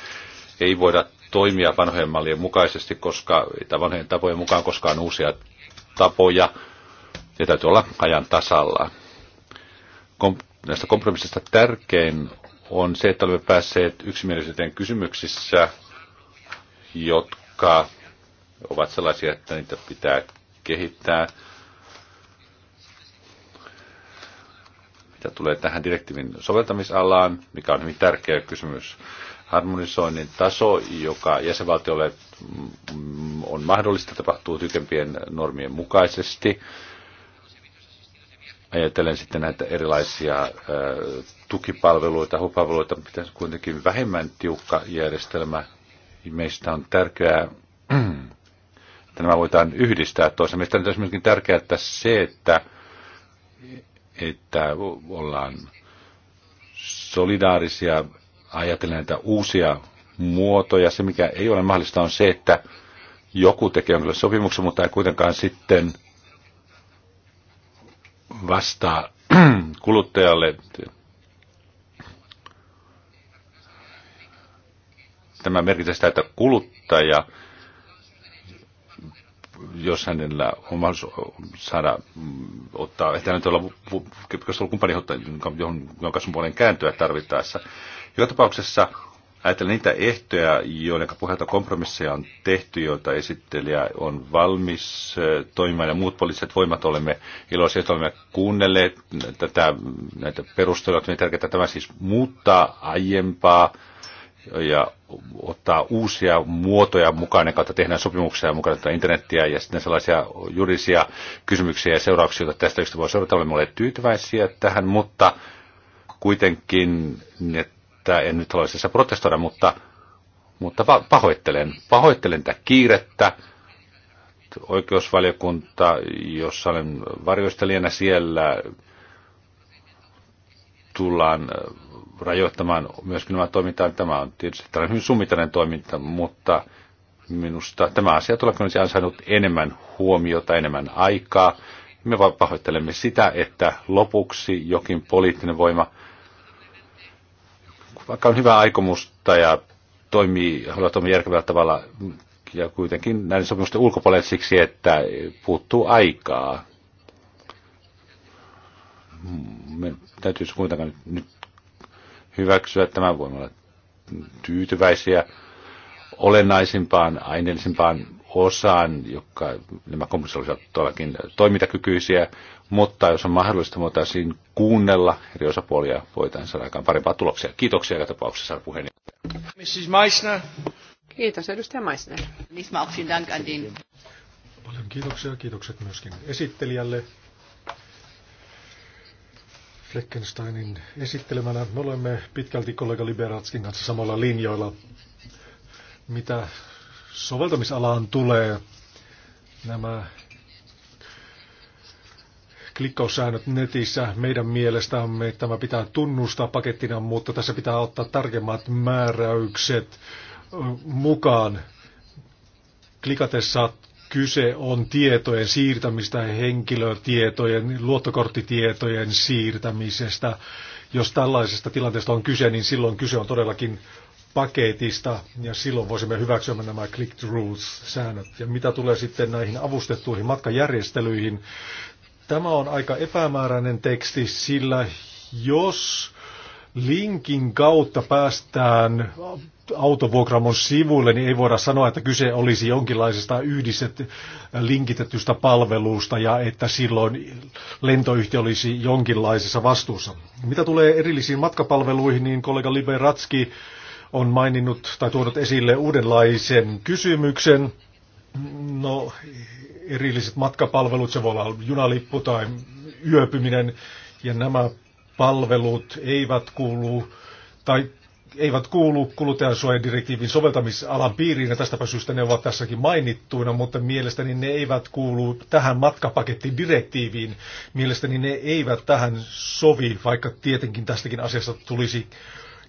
Ei voida toimia vanhojen mallien mukaisesti, koska, tai vanhojen tapojen mukaan koskaan uusia tapoja ja täytyy olla ajan tasalla. Kom- näistä kompromissista tärkein on se, että olemme päässeet yksimielisyyteen kysymyksissä, jotka ovat sellaisia, että niitä pitää kehittää. Mitä tulee tähän direktiivin soveltamisalaan, mikä on hyvin tärkeä kysymys harmonisoinnin taso, joka jäsenvaltiolle mm, on mahdollista, tapahtua tykempien normien mukaisesti. Ajatellen sitten näitä erilaisia tukipalveluita, hupapalveluita, pitäisi kuitenkin vähemmän tiukka järjestelmä. Meistä on tärkeää, että nämä voidaan yhdistää toisen. Meistä on myöskin tärkeää, että se, että, että ollaan solidaarisia ajatellen näitä uusia muotoja, se mikä ei ole mahdollista on se, että joku tekee jonkinlaisen sopimuksen, mutta ei kuitenkaan sitten vastaa kuluttajalle. Tämä merkitsee sitä, että kuluttaja jos hänellä on mahdollisuus saada mm, ottaa, että hänellä olla, jos on kumppani, jonka sun puolen kääntyä tarvittaessa. Joka tapauksessa ajatellaan niitä ehtoja, joiden pohjalta kompromisseja on tehty, joita esittelijä on valmis toimimaan ja muut poliittiset voimat olemme iloisia, että olemme kuunnelleet tätä, näitä perusteluja, että on tärkeää tämä siis muuttaa aiempaa ja ottaa uusia muotoja mukaan, ne kautta tehdään sopimuksia mukaan tätä internettiä ja sitten sellaisia juridisia kysymyksiä ja seurauksia, joita tästä yksi voi seurata. Olemme olleet tyytyväisiä tähän, mutta kuitenkin, että en nyt haluaisi tässä protestoida, mutta, mutta pahoittelen. Pahoittelen tätä kiirettä. Oikeusvaliokunta, jossa olen varjoistelijana siellä, tullaan rajoittamaan myöskin nämä toimintaa. Tämä on tietysti tällainen hyvin summittainen toiminta, mutta minusta tämä asia tulee olisi ansainnut enemmän huomiota, enemmän aikaa. Me vain pahoittelemme sitä, että lopuksi jokin poliittinen voima, vaikka on hyvä aikomusta ja toimii, haluaa toimia järkevällä tavalla, ja kuitenkin näiden sopimusten ulkopuolelle siksi, että puuttuu aikaa. Mm, me täytyisi kuitenkaan nyt hyväksyä. Tämän voimme olla tyytyväisiä olennaisimpaan, aineellisimpaan osaan, joka nämä kompromissit olisivat todellakin toimintakykyisiä, mutta jos on mahdollista, voitaisiin kuunnella eri osapuolia, voitaisiin saada aikaan parempaa tuloksia. Kiitoksia joka tapauksessa, puheenjohtaja. Mrs. Meissner. Kiitos, edustaja Meissner. Paljon kiitoksia. Kiitokset myöskin esittelijälle Fleckensteinin esittelemänä. Me olemme pitkälti kollega Liberatskin kanssa samalla linjoilla. Mitä soveltamisalaan tulee, nämä klikkaussäännöt netissä meidän mielestämme tämä pitää tunnustaa pakettina, mutta tässä pitää ottaa tarkemmat määräykset mukaan. Klikatessa Kyse on tietojen siirtämistä, henkilötietojen, luottokorttitietojen siirtämisestä. Jos tällaisesta tilanteesta on kyse, niin silloin kyse on todellakin paketista ja silloin voisimme hyväksyä nämä click rules säännöt. Ja mitä tulee sitten näihin avustettuihin matkajärjestelyihin, tämä on aika epämääräinen teksti, sillä jos linkin kautta päästään autovuokraamon sivuille, niin ei voida sanoa, että kyse olisi jonkinlaisesta yhdistet, linkitettystä palvelusta ja että silloin lentoyhtiö olisi jonkinlaisessa vastuussa. Mitä tulee erillisiin matkapalveluihin, niin kollega Liberatski on maininnut tai tuonut esille uudenlaisen kysymyksen. No, erilliset matkapalvelut, se voi olla junalippu tai yöpyminen, ja nämä palvelut eivät kuulu tai eivät kuulu kuluttajansuojadirektiivin soveltamisalan piiriin ja tästäpä syystä ne ovat tässäkin mainittuina, mutta mielestäni ne eivät kuulu tähän matkapakettidirektiiviin. Mielestäni ne eivät tähän sovi, vaikka tietenkin tästäkin asiasta tulisi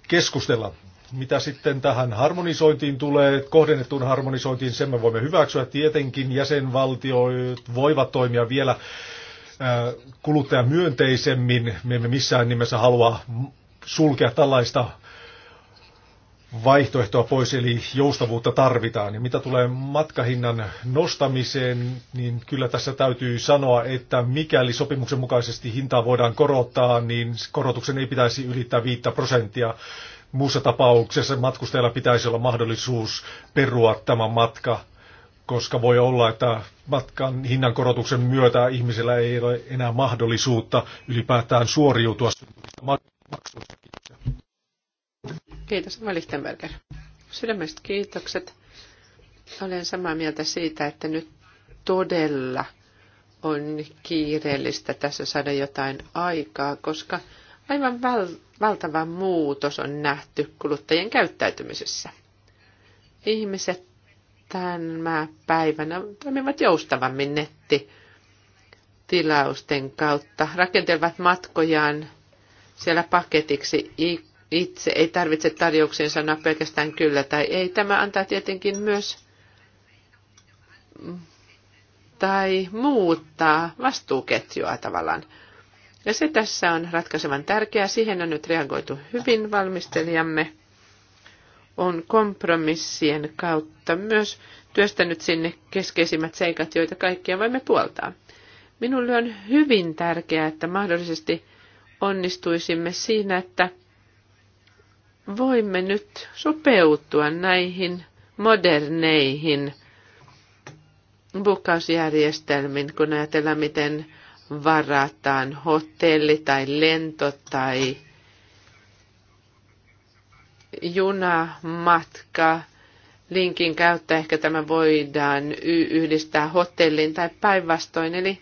keskustella. Mitä sitten tähän harmonisointiin tulee, kohdennettuun harmonisointiin, sen me voimme hyväksyä. Tietenkin jäsenvaltiot voivat toimia vielä kuluttajamyönteisemmin. myönteisemmin. Me emme missään nimessä halua sulkea tällaista vaihtoehtoa pois, eli joustavuutta tarvitaan. Ja mitä tulee matkahinnan nostamiseen, niin kyllä tässä täytyy sanoa, että mikäli sopimuksen mukaisesti hintaa voidaan korottaa, niin korotuksen ei pitäisi ylittää 5 prosenttia. Muussa tapauksessa matkustajalla pitäisi olla mahdollisuus perua tämä matka, koska voi olla, että matkan hinnan korotuksen myötä ihmisellä ei ole enää mahdollisuutta ylipäätään suoriutua maksusta. Kiitos, Emma Lichtenberger. Sydämestä kiitokset. Olen samaa mieltä siitä, että nyt todella on kiireellistä tässä saada jotain aikaa, koska aivan val- valtava muutos on nähty kuluttajien käyttäytymisessä. Ihmiset tänä päivänä toimivat joustavammin netti tilausten kautta, rakentelevat matkojaan siellä paketiksi itse ei tarvitse tarjoukseen sanoa pelkästään kyllä tai ei. Tämä antaa tietenkin myös tai muuttaa vastuuketjua tavallaan. Ja se tässä on ratkaisevan tärkeää. Siihen on nyt reagoitu hyvin valmistelijamme. On kompromissien kautta myös työstänyt sinne keskeisimmät seikat, joita kaikkia voimme puoltaa. Minulle on hyvin tärkeää, että mahdollisesti onnistuisimme siinä, että voimme nyt sopeutua näihin moderneihin bukausjärjestelmiin, kun ajatellaan, miten varataan hotelli tai lento tai junamatka, linkin kautta ehkä tämä voidaan yhdistää hotelliin tai päinvastoin. Eli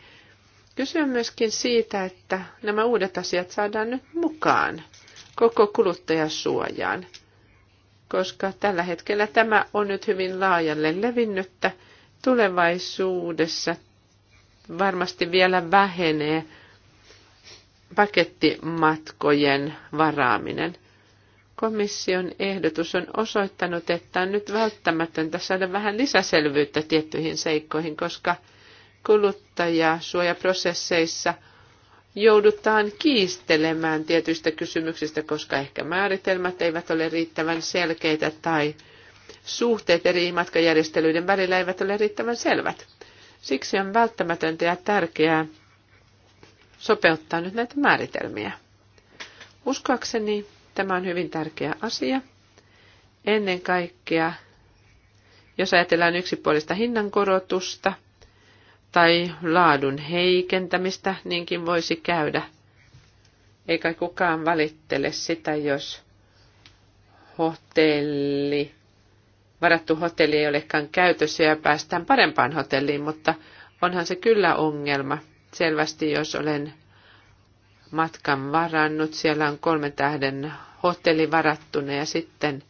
kyse myöskin siitä, että nämä uudet asiat saadaan nyt mukaan koko kuluttajasuojaan, koska tällä hetkellä tämä on nyt hyvin laajalle levinnyttä. Tulevaisuudessa varmasti vielä vähenee pakettimatkojen varaaminen. Komission ehdotus on osoittanut, että on nyt välttämätöntä saada vähän lisäselvyyttä tiettyihin seikkoihin, koska kuluttajasuojaprosesseissa – joudutaan kiistelemään tietyistä kysymyksistä, koska ehkä määritelmät eivät ole riittävän selkeitä tai suhteet eri matkajärjestelyiden välillä eivät ole riittävän selvät. Siksi on välttämätöntä ja tärkeää sopeuttaa nyt näitä määritelmiä. Uskoakseni tämä on hyvin tärkeä asia. Ennen kaikkea, jos ajatellaan yksipuolista hinnankorotusta – tai laadun heikentämistä, niinkin voisi käydä. Eikä kukaan valittele sitä, jos hotelli, varattu hotelli ei olekaan käytössä ja päästään parempaan hotelliin, mutta onhan se kyllä ongelma. Selvästi, jos olen matkan varannut, siellä on kolmen tähden hotelli varattuna ja sitten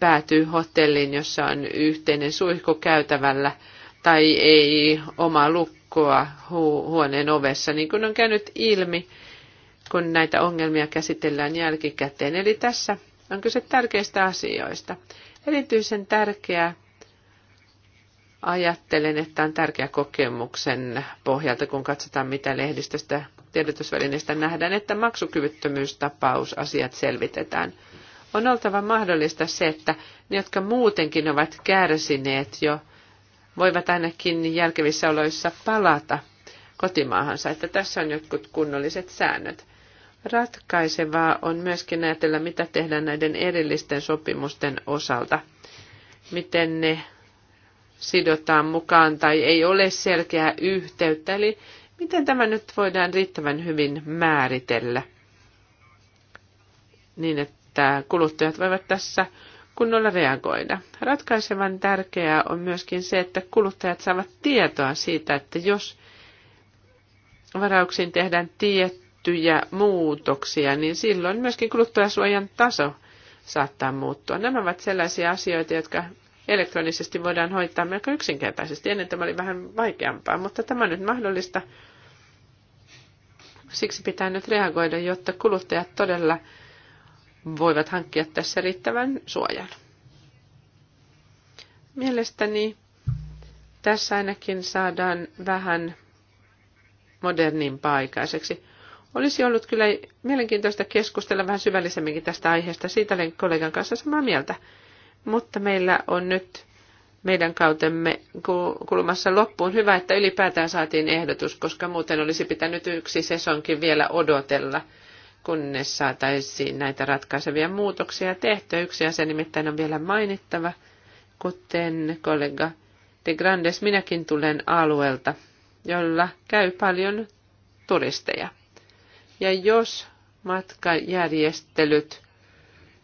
päätyy hotelliin, jossa on yhteinen suihku käytävällä, tai ei omaa lukkoa hu- huoneen ovessa, niin kuin on käynyt ilmi, kun näitä ongelmia käsitellään jälkikäteen. Eli tässä on kyse tärkeistä asioista. Erityisen tärkeää ajattelen, että on tärkeä kokemuksen pohjalta, kun katsotaan, mitä lehdistöstä tiedotusvälineistä nähdään, että maksukyvyttömyystapausasiat selvitetään. On oltava mahdollista se, että ne, jotka muutenkin ovat kärsineet jo voivat ainakin järkevissä oloissa palata kotimaahansa, että tässä on jotkut kunnolliset säännöt. Ratkaisevaa on myöskin ajatella, mitä tehdään näiden erillisten sopimusten osalta, miten ne sidotaan mukaan tai ei ole selkeää yhteyttä, eli miten tämä nyt voidaan riittävän hyvin määritellä niin, että kuluttajat voivat tässä kunnolla reagoida. Ratkaisevan tärkeää on myöskin se, että kuluttajat saavat tietoa siitä, että jos varauksiin tehdään tiettyjä muutoksia, niin silloin myöskin kuluttajasuojan taso saattaa muuttua. Nämä ovat sellaisia asioita, jotka elektronisesti voidaan hoitaa melko yksinkertaisesti. Ennen tämä oli vähän vaikeampaa, mutta tämä on nyt mahdollista. Siksi pitää nyt reagoida, jotta kuluttajat todella voivat hankkia tässä riittävän suojan. Mielestäni tässä ainakin saadaan vähän modernin paikaiseksi. Olisi ollut kyllä mielenkiintoista keskustella vähän syvällisemminkin tästä aiheesta. Siitä olen kollegan kanssa samaa mieltä. Mutta meillä on nyt meidän kautemme kulmassa loppuun. Hyvä, että ylipäätään saatiin ehdotus, koska muuten olisi pitänyt yksi sesonkin vielä odotella – kunnes saataisiin näitä ratkaisevia muutoksia tehtyä. Yksi asia nimittäin on vielä mainittava, kuten kollega de Grandes, minäkin tulen alueelta, jolla käy paljon turisteja. Ja jos matkajärjestelyt,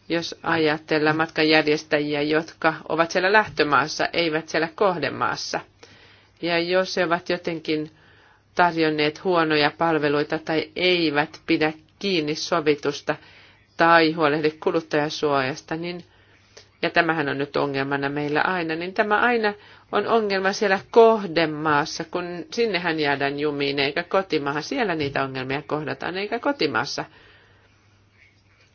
jos ajatellaan matkajärjestäjiä, jotka ovat siellä lähtömaassa, eivät siellä kohdemaassa, ja jos he ovat jotenkin tarjonneet huonoja palveluita tai eivät pidä kiinni sovitusta tai huolehdi kuluttajasuojasta, niin, ja tämähän on nyt ongelmana meillä aina, niin tämä aina on ongelma siellä kohdemaassa, kun sinnehän jäädään jumiin, eikä kotimaahan. Siellä niitä ongelmia kohdataan, eikä kotimaassa.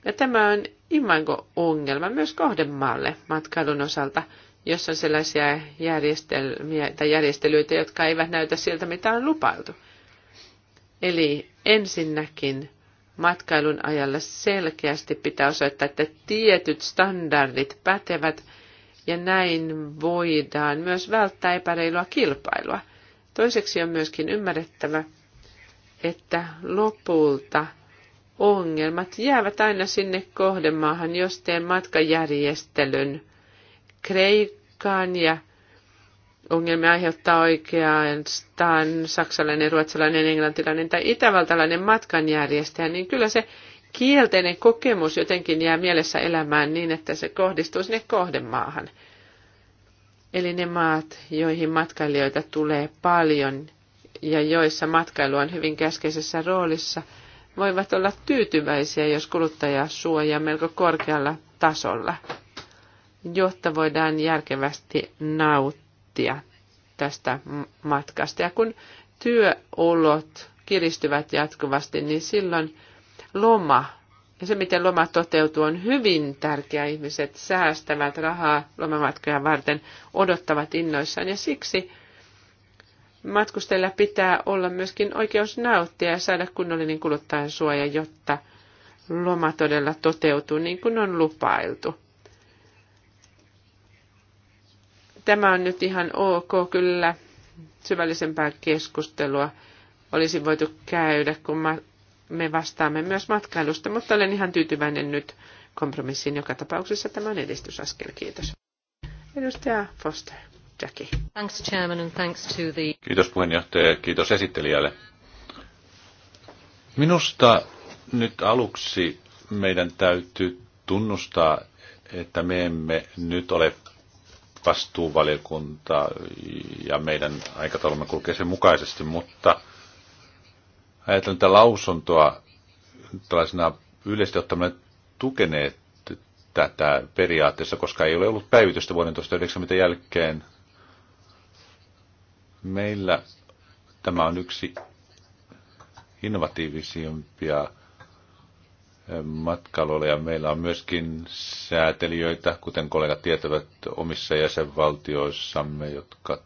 Ja tämä on imanko-ongelma myös kohdemaalle matkailun osalta, jos on sellaisia järjestelmiä tai järjestelyitä, jotka eivät näytä siltä, mitä on lupailtu. Eli ensinnäkin matkailun ajalla selkeästi pitää osoittaa, että tietyt standardit pätevät ja näin voidaan myös välttää epäreilua kilpailua. Toiseksi on myöskin ymmärrettävä, että lopulta ongelmat jäävät aina sinne kohdemaahan, jos teen matkajärjestelyn Kreikkaan ja ongelmia aiheuttaa oikeastaan saksalainen, ruotsalainen, englantilainen tai itävaltalainen matkanjärjestäjä, niin kyllä se kielteinen kokemus jotenkin jää mielessä elämään niin, että se kohdistuu sinne kohdemaahan. Eli ne maat, joihin matkailijoita tulee paljon ja joissa matkailu on hyvin keskeisessä roolissa, voivat olla tyytyväisiä, jos kuluttaja suojaa melko korkealla tasolla, jotta voidaan järkevästi nauttia nauttia tästä matkasta. Ja kun työolot kiristyvät jatkuvasti, niin silloin loma ja se, miten loma toteutuu, on hyvin tärkeä. Ihmiset säästävät rahaa lomamatkoja varten, odottavat innoissaan ja siksi matkustajilla pitää olla myöskin oikeus nauttia ja saada kunnollinen kuluttajan jotta loma todella toteutuu niin kuin on lupailtu. Tämä on nyt ihan ok, kyllä syvällisempää keskustelua olisi voitu käydä, kun me vastaamme myös matkailusta, mutta olen ihan tyytyväinen nyt kompromissiin. Joka tapauksessa tämä on edistysaskel. Kiitos. Edustaja Foster. Jackie. Thanks chairman and thanks to the... Kiitos puheenjohtaja ja kiitos esittelijälle. Minusta nyt aluksi meidän täytyy tunnustaa, että me emme nyt ole vastuuvaliokunta ja meidän aikataulumme kulkee sen mukaisesti, mutta ajatellen tätä lausuntoa tällaisena yleisesti ottamalla tukeneet tätä periaatteessa, koska ei ole ollut päivitystä vuoden 1990 jälkeen. Meillä tämä on yksi innovatiivisimpia matkailulla ja meillä on myöskin säätelijöitä, kuten kollegat tietävät omissa jäsenvaltioissamme, jotka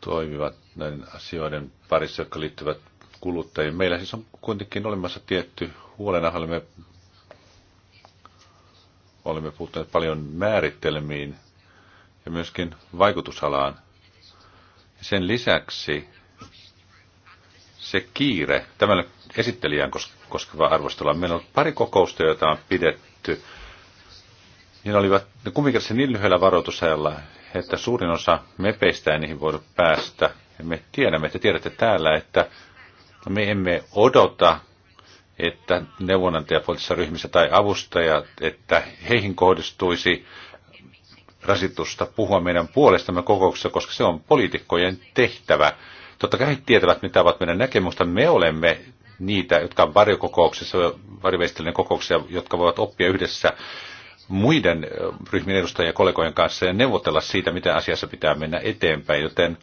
toimivat näiden asioiden parissa, jotka liittyvät kuluttajiin. Meillä siis on kuitenkin olemassa tietty huolena, olemme, olemme puhuttaneet paljon määritelmiin ja myöskin vaikutusalaan. Sen lisäksi se kiire, tämän esittelijän koskeva arvostelu, meillä on pari kokousta, joita on pidetty. Niillä olivat ne kumminkin niin lyhyellä varoitusajalla, että suurin osa mepeistä ei niihin voinut päästä. Ja me tiedämme, että tiedätte täällä, että me emme odota, että neuvonantaja ryhmissä tai avustajat, että heihin kohdistuisi rasitusta puhua meidän puolestamme kokouksessa, koska se on poliitikkojen tehtävä. Totta kai he tietävät, mitä ovat meidän näkemystä. Me olemme niitä, jotka on varjokokouksessa, varjoveistelinen kokouksia, jotka voivat oppia yhdessä muiden ryhmien edustajien ja kollegojen kanssa ja neuvotella siitä, mitä asiassa pitää mennä eteenpäin. Joten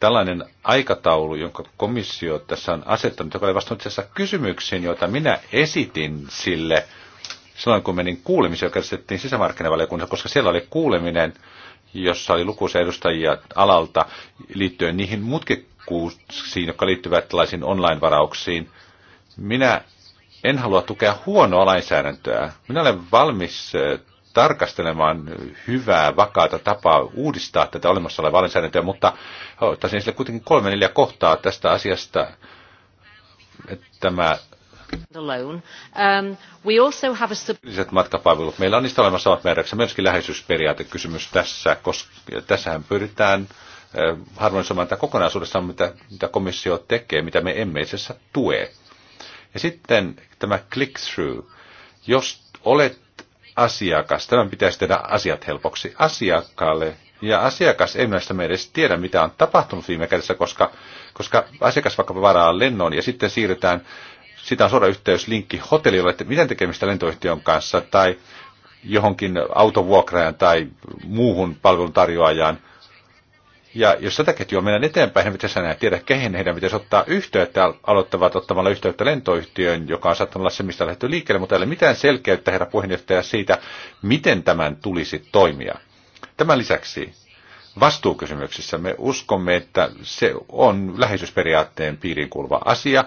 tällainen aikataulu, jonka komissio tässä on asettanut, joka oli vastannut itse kysymyksiin, joita minä esitin sille silloin, kun menin kuulemiseen, joka käsitettiin sisämarkkinavaliokunnassa, koska siellä oli kuuleminen, jossa oli lukuisia edustajia alalta liittyen niihin mutkikkoihin, vakuuksiin, jotka liittyvät tällaisiin online-varauksiin. Minä en halua tukea huonoa lainsäädäntöä. Minä olen valmis äh, tarkastelemaan hyvää, vakaata tapaa uudistaa tätä olemassa olevaa lainsäädäntöä, mutta ottaisin sille kuitenkin kolme neljä kohtaa tästä asiasta, että tämä Lisät Um, a... matkapalvelut. Meillä on niistä olemassa omat määräykset. Myöskin läheisyysperiaatekysymys tässä, koska tässähän pyritään harmonisoimaan tätä kokonaisuudessaan, mitä, mitä komissio tekee, mitä me emme itse asiassa tue. Ja sitten tämä click-through. Jos olet asiakas, tämän pitäisi tehdä asiat helpoksi asiakkaalle, ja asiakas ei näistä me edes tiedä, mitä on tapahtunut viime kädessä, koska, koska asiakas vaikka varaa lennon ja sitten siirretään sitä on suora yhteys linkki hotellille, että miten tekemistä lentoyhtiön kanssa tai johonkin autovuokraajan tai muuhun palveluntarjoajaan. Ja jos tätä ketjua mennään eteenpäin, he pitäisi enää tiedä, kehen heidän pitäisi ottaa yhteyttä, aloittavat ottamalla yhteyttä lentoyhtiöön, joka on saattanut olla se, mistä lähdetty liikkeelle, mutta ei ole mitään selkeyttä, herra puheenjohtaja, siitä, miten tämän tulisi toimia. Tämän lisäksi vastuukysymyksissä me uskomme, että se on läheisyysperiaatteen piiriin kuuluva asia,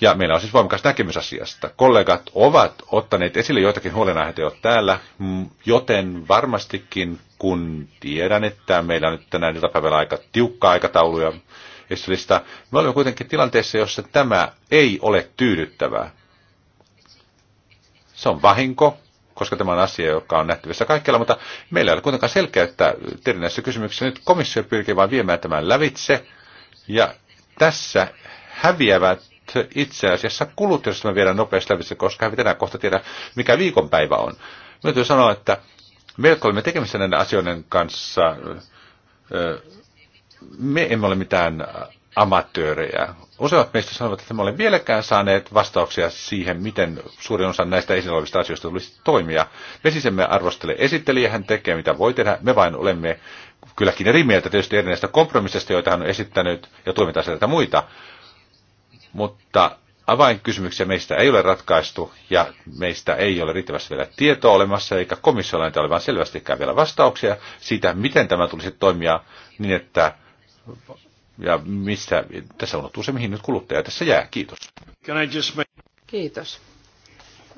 ja meillä on siis voimakas näkemys asiasta. Kollegat ovat ottaneet esille joitakin huolenaiheita jo täällä, mm, joten varmastikin kun tiedän, että meillä on nyt tänään iltapäivällä aika tiukka aikataulu ja esitellistä, me olemme kuitenkin tilanteessa, jossa tämä ei ole tyydyttävää. Se on vahinko, koska tämä on asia, joka on nähtävissä kaikkialla, mutta meillä ei ole kuitenkaan että teidän näissä kysymyksissä. Nyt komissio pyrkii vain viemään tämän lävitse, ja tässä häviävät itse asiassa kulut, jos me viedään nopeasti läpi, koska he pitää kohta tiedä, mikä viikonpäivä on. Mä täytyy sanoa, että melko olemme tekemisissä näiden asioiden kanssa. Me emme ole mitään amatöörejä. Useimmat meistä sanovat, että me olemme vieläkään saaneet vastauksia siihen, miten suurin osa näistä esillä olevista asioista tulisi toimia. Me siis emme arvostele esittelijä, hän tekee mitä voi tehdä, me vain olemme kylläkin eri mieltä tietysti eri kompromissista, joita hän on esittänyt, ja toimintaa sieltä muita mutta avainkysymyksiä meistä ei ole ratkaistu ja meistä ei ole riittävästi vielä tietoa olemassa, eikä komissiolla näitä ole vaan selvästikään vielä vastauksia siitä, miten tämä tulisi toimia niin, että ja missä, tässä unohtuu se, mihin nyt kuluttaja tässä jää. Kiitos. Kiitos.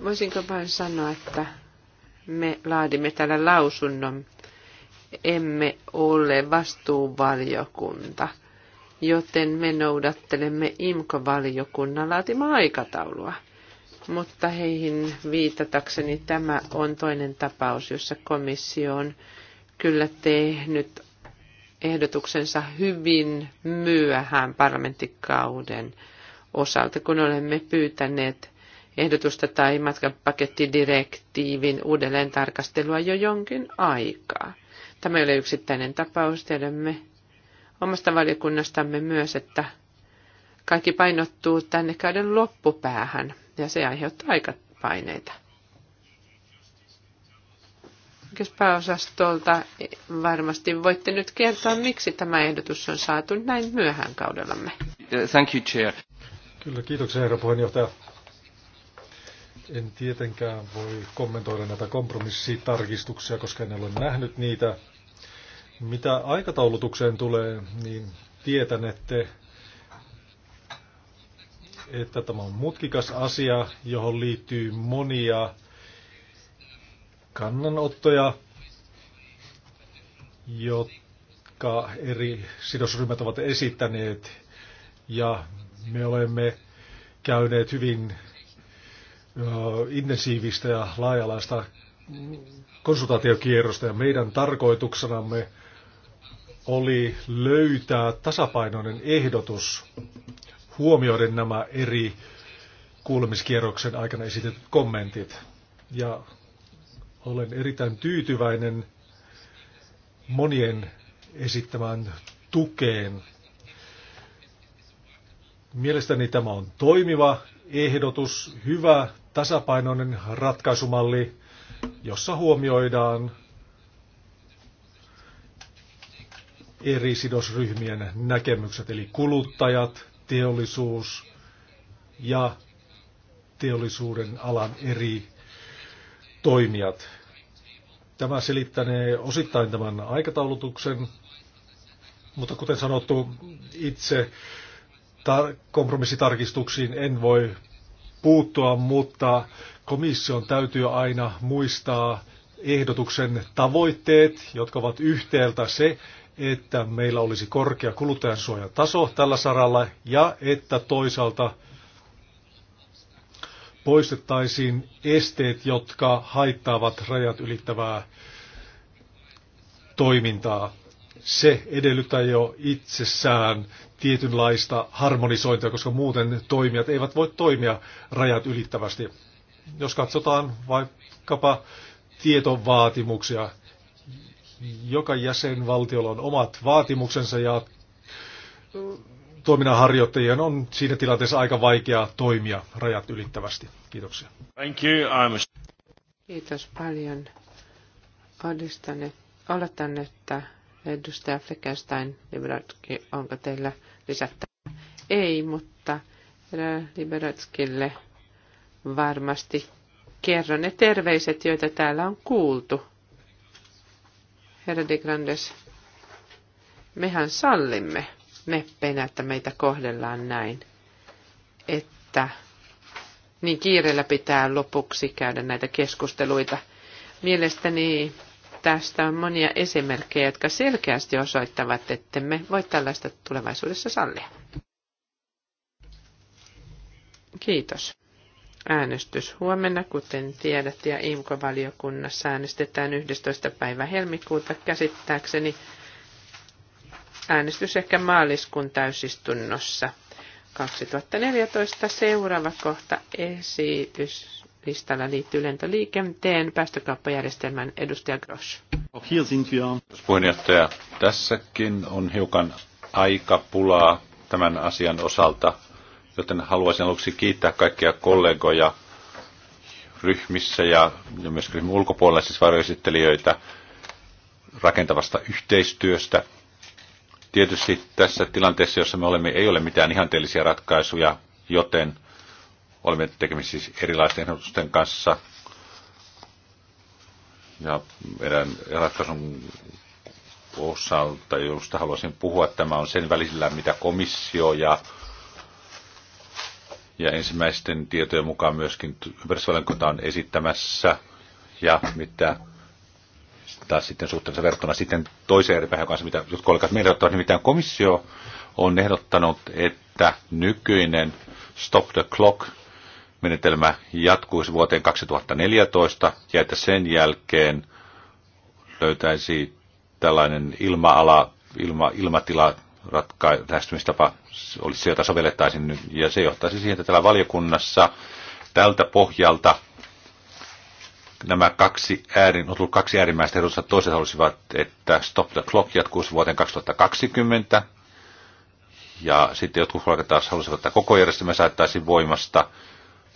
Voisinko vain sanoa, että me laadimme täällä lausunnon, emme ole vastuuvaliokunta – joten me noudattelemme IMKO-valiokunnan laatimaa aikataulua. Mutta heihin viitatakseni tämä on toinen tapaus, jossa komissio on kyllä tehnyt ehdotuksensa hyvin myöhään parlamenttikauden osalta, kun olemme pyytäneet ehdotusta tai matkapakettidirektiivin uudelleen tarkastelua jo jonkin aikaa. Tämä ei ole yksittäinen tapaus, tiedämme omasta valiokunnastamme myös, että kaikki painottuu tänne kauden loppupäähän ja se aiheuttaa aikapaineita. Kespäosastolta varmasti voitte nyt kertoa, miksi tämä ehdotus on saatu näin myöhään kaudellamme. Thank you, Chair. Kyllä, kiitoksia herra puheenjohtaja. En tietenkään voi kommentoida näitä kompromissitarkistuksia, koska en ole nähnyt niitä. Mitä aikataulutukseen tulee, niin tietänette, että tämä on mutkikas asia, johon liittyy monia kannanottoja, jotka eri sidosryhmät ovat esittäneet, ja me olemme käyneet hyvin intensiivistä ja laajalaista konsultaatiokierrosta ja meidän tarkoituksenamme oli löytää tasapainoinen ehdotus huomioiden nämä eri kuulemiskierroksen aikana esitetyt kommentit. Ja olen erittäin tyytyväinen monien esittämään tukeen. Mielestäni tämä on toimiva ehdotus, hyvä tasapainoinen ratkaisumalli, jossa huomioidaan eri sidosryhmien näkemykset, eli kuluttajat, teollisuus ja teollisuuden alan eri toimijat. Tämä selittänee osittain tämän aikataulutuksen, mutta kuten sanottu, itse tar- kompromissitarkistuksiin en voi puuttua, mutta komission täytyy aina muistaa ehdotuksen tavoitteet, jotka ovat yhteeltä se, että meillä olisi korkea kuluttajansuojataso tällä saralla ja että toisaalta poistettaisiin esteet, jotka haittaavat rajat ylittävää toimintaa. Se edellyttää jo itsessään tietynlaista harmonisointia, koska muuten toimijat eivät voi toimia rajat ylittävästi. Jos katsotaan vaikkapa tietovaatimuksia, joka jäsenvaltiolla on omat vaatimuksensa ja toiminnanharjoittajien on siinä tilanteessa aika vaikea toimia rajat ylittävästi. Kiitoksia. Thank you. I'm... Kiitos paljon. Odistan, oletan, että edustaja Fleckenstein, Liberatski, onko teillä lisättävää? Ei, mutta Liberatskille varmasti kerron ne terveiset, joita täällä on kuultu herra de Grandes, mehän sallimme meppeinä, että meitä kohdellaan näin, että niin kiireellä pitää lopuksi käydä näitä keskusteluita. Mielestäni tästä on monia esimerkkejä, jotka selkeästi osoittavat, että me voi tällaista tulevaisuudessa sallia. Kiitos äänestys huomenna, kuten tiedät, ja imco valiokunnassa äänestetään 11. päivä helmikuuta käsittääkseni äänestys ehkä maaliskuun täysistunnossa 2014. Seuraava kohta esitys listalla liittyy lentoliikenteen päästökauppajärjestelmän edustaja Grosch. Puheenjohtaja, tässäkin on hiukan aikapulaa tämän asian osalta joten haluaisin aluksi kiittää kaikkia kollegoja ryhmissä ja, ja myös ryhmän ulkopuolella, siis varjoesittelijöitä, rakentavasta yhteistyöstä. Tietysti tässä tilanteessa, jossa me olemme, ei ole mitään ihanteellisia ratkaisuja, joten olemme tekemisissä siis erilaisten ehdotusten kanssa. Ja meidän ratkaisun osalta, josta haluaisin puhua, tämä on sen välisellä, mitä komissio ja ja ensimmäisten tietojen mukaan myöskin ympäristövaliokunta on esittämässä ja mitä taas sitten suhteessa verrattuna sitten toiseen eri päivän kanssa, mitä jotkut kollegat meille ottavat, nimittäin komissio on ehdottanut, että nykyinen stop the clock menetelmä jatkuisi vuoteen 2014 ja että sen jälkeen löytäisi tällainen ilma-ala, ilma, ilmatila ratka- lähestymistapa olisi se, jota sovellettaisiin ja se johtaisi siihen, että täällä valiokunnassa tältä pohjalta nämä kaksi, äärin, on tullut kaksi äärimmäistä ehdotusta. Toiset halusivat, että Stop the Clock jatkuisi vuoteen 2020, ja sitten jotkut kollegat taas halusivat, että koko järjestelmä saattaisi voimasta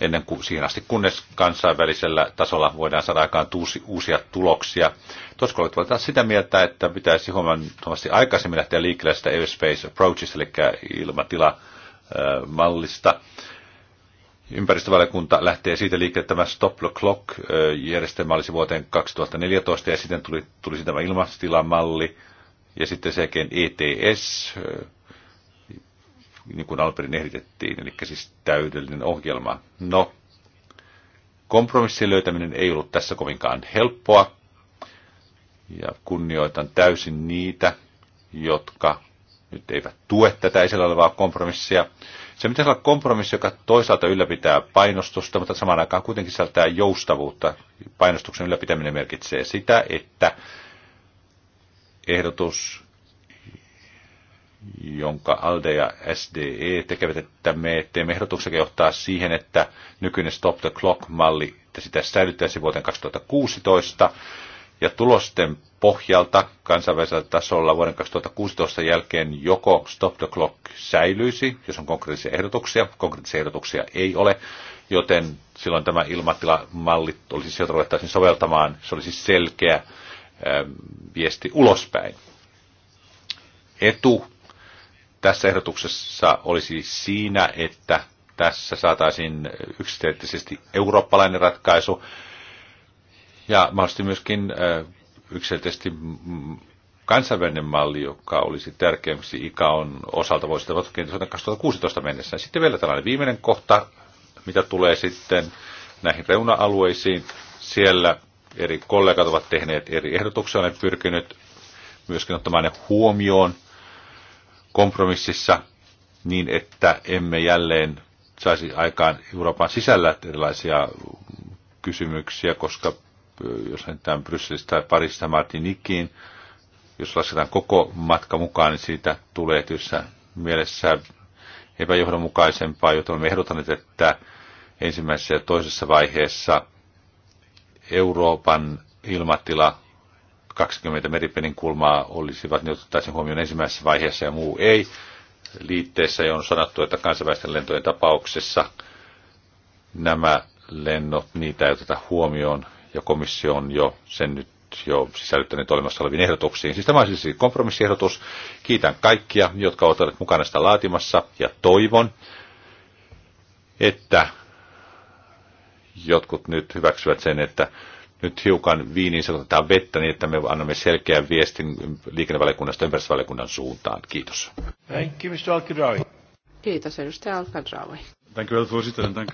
ennen kuin siihen asti, kunnes kansainvälisellä tasolla voidaan saada aikaan tuusi, uusia tuloksia. Toskolot ovat taas sitä mieltä, että pitäisi huomattavasti aikaisemmin lähteä liikkeelle sitä airspace approaches, eli ilmatilamallista. Äh, Ympäristövaliokunta lähtee siitä liikkeelle, että tämä stop the clock äh, järjestelmä olisi vuoteen 2014 ja sitten tuli, tuli tämä ilmatilamalli ja sitten sekin ETS äh, niin kuin Alperin ehditettiin, eli siis täydellinen ohjelma. No, kompromissin löytäminen ei ollut tässä kovinkaan helppoa, ja kunnioitan täysin niitä, jotka nyt eivät tue tätä esillä olevaa kompromissia. Se pitäisi olla kompromissi, joka toisaalta ylläpitää painostusta, mutta samaan aikaan kuitenkin sisältää joustavuutta. Painostuksen ylläpitäminen merkitsee sitä, että ehdotus jonka ALDE ja SDE tekevät, että me teemme ehdotuksen johtaa siihen, että nykyinen Stop the Clock-malli, että sitä säilyttäisi vuoteen 2016, ja tulosten pohjalta kansainvälisellä tasolla vuoden 2016 jälkeen joko Stop the Clock säilyisi, jos on konkreettisia ehdotuksia, konkreettisia ehdotuksia ei ole, joten silloin tämä ilmatilamalli olisi, sieltä ruvettaisiin soveltamaan, se olisi selkeä ähm, viesti ulospäin. Etu tässä ehdotuksessa olisi siinä, että tässä saataisiin yksiteettisesti eurooppalainen ratkaisu ja mahdollisesti myöskin yksiteettisesti kansainvälinen malli, joka olisi tärkeämmäksi on osalta voisi tapahtua 2016 mennessä. Sitten vielä tällainen viimeinen kohta, mitä tulee sitten näihin reuna-alueisiin. Siellä eri kollegat ovat tehneet eri ehdotuksia, olen pyrkinyt myöskin ottamaan ne huomioon – kompromississa niin, että emme jälleen saisi aikaan Euroopan sisällä erilaisia kysymyksiä, koska jos lähdetään Brysselistä tai Parista Martinikiin, jos lasketaan koko matka mukaan, niin siitä tulee tietyssä mielessä epäjohdonmukaisempaa, joten me ehdotaneet, että ensimmäisessä ja toisessa vaiheessa Euroopan ilmatila 20 meripelin kulmaa olisivat, niin otettaisiin huomioon ensimmäisessä vaiheessa ja muu ei. Liitteessä on sanottu, että kansainvälisten lentojen tapauksessa nämä lennot, niitä ei oteta huomioon, ja komissio on jo sen nyt jo sisällyttäneet olemassa oleviin ehdotuksiin. Siis tämä on siis kompromissiehdotus. Kiitän kaikkia, jotka ovat olleet mukana sitä laatimassa, ja toivon, että jotkut nyt hyväksyvät sen, että nyt hiukan viiniin sekoitetaan vettä niin, että me annamme selkeän viestin liikennevaliokunnasta ympäristövaliokunnan suuntaan. Kiitos. Thank you, Mr. Kiitos, edustaja Alkadrawi. Thank you, voorzitter, en dank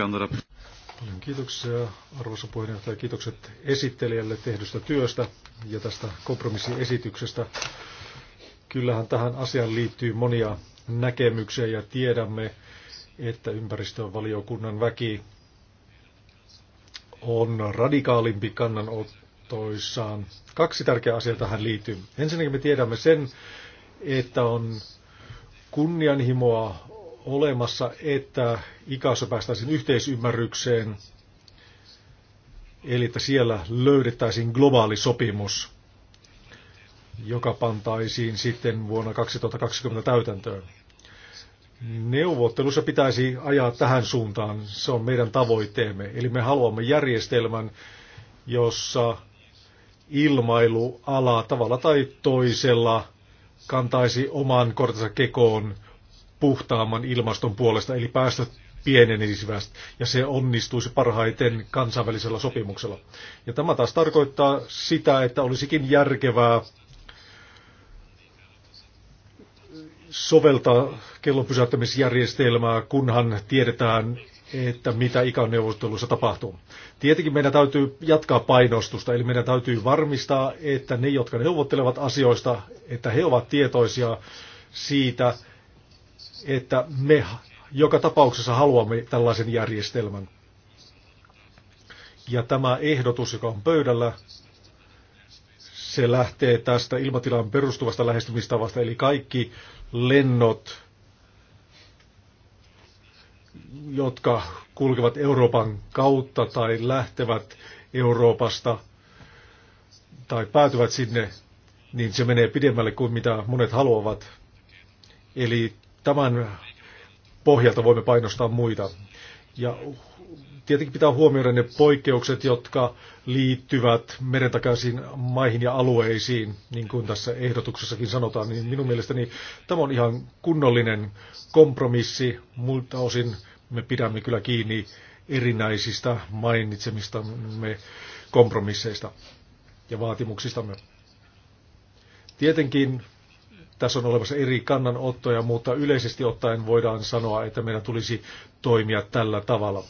Paljon kiitoksia, arvoisa puheenjohtaja. Kiitokset esittelijälle tehdystä työstä ja tästä kompromissiesityksestä. Kyllähän tähän asiaan liittyy monia näkemyksiä ja tiedämme, että ympäristövaliokunnan väki on radikaalimpi kannanottoissaan. Kaksi tärkeää asiaa tähän liittyy. Ensinnäkin me tiedämme sen, että on kunnianhimoa olemassa, että ikässä päästäisiin yhteisymmärrykseen, eli että siellä löydettäisiin globaali sopimus, joka pantaisiin sitten vuonna 2020 täytäntöön. Neuvottelussa pitäisi ajaa tähän suuntaan. Se on meidän tavoitteemme. Eli me haluamme järjestelmän, jossa ilmailuala tavalla tai toisella kantaisi oman kortensa kekoon puhtaamman ilmaston puolesta, eli päästöt pienenisivät, ja se onnistuisi parhaiten kansainvälisellä sopimuksella. Ja tämä taas tarkoittaa sitä, että olisikin järkevää soveltaa kellon pysäyttämisjärjestelmää, kunhan tiedetään, että mitä ikäneuvotteluissa tapahtuu. Tietenkin meidän täytyy jatkaa painostusta, eli meidän täytyy varmistaa, että ne, jotka neuvottelevat asioista, että he ovat tietoisia siitä, että me joka tapauksessa haluamme tällaisen järjestelmän. Ja tämä ehdotus, joka on pöydällä, se lähtee tästä ilmatilan perustuvasta lähestymistavasta, eli kaikki lennot, jotka kulkevat Euroopan kautta tai lähtevät Euroopasta tai päätyvät sinne, niin se menee pidemmälle kuin mitä monet haluavat. Eli tämän pohjalta voimme painostaa muita. Ja tietenkin pitää huomioida ne poikkeukset, jotka liittyvät merentakaisiin maihin ja alueisiin, niin kuin tässä ehdotuksessakin sanotaan, niin minun mielestäni tämä on ihan kunnollinen kompromissi. Muilta osin me pidämme kyllä kiinni erinäisistä mainitsemistamme kompromisseista ja vaatimuksistamme. Tietenkin tässä on olemassa eri kannanottoja, mutta yleisesti ottaen voidaan sanoa, että meidän tulisi toimia tällä tavalla.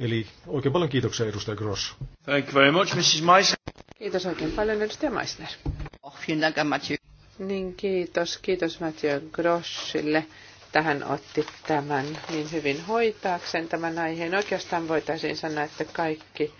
Eli oikein paljon kiitoksia, edustaja Gross. Thank you very much, Mrs. Meissner. Kiitos oikein paljon, edustaja Meissner. Oh, niin kiitos, kiitos Mathieu Grossille. Tähän otti tämän niin hyvin hoitaakseen tämän aiheen. Oikeastaan voitaisiin sanoa, että kaikki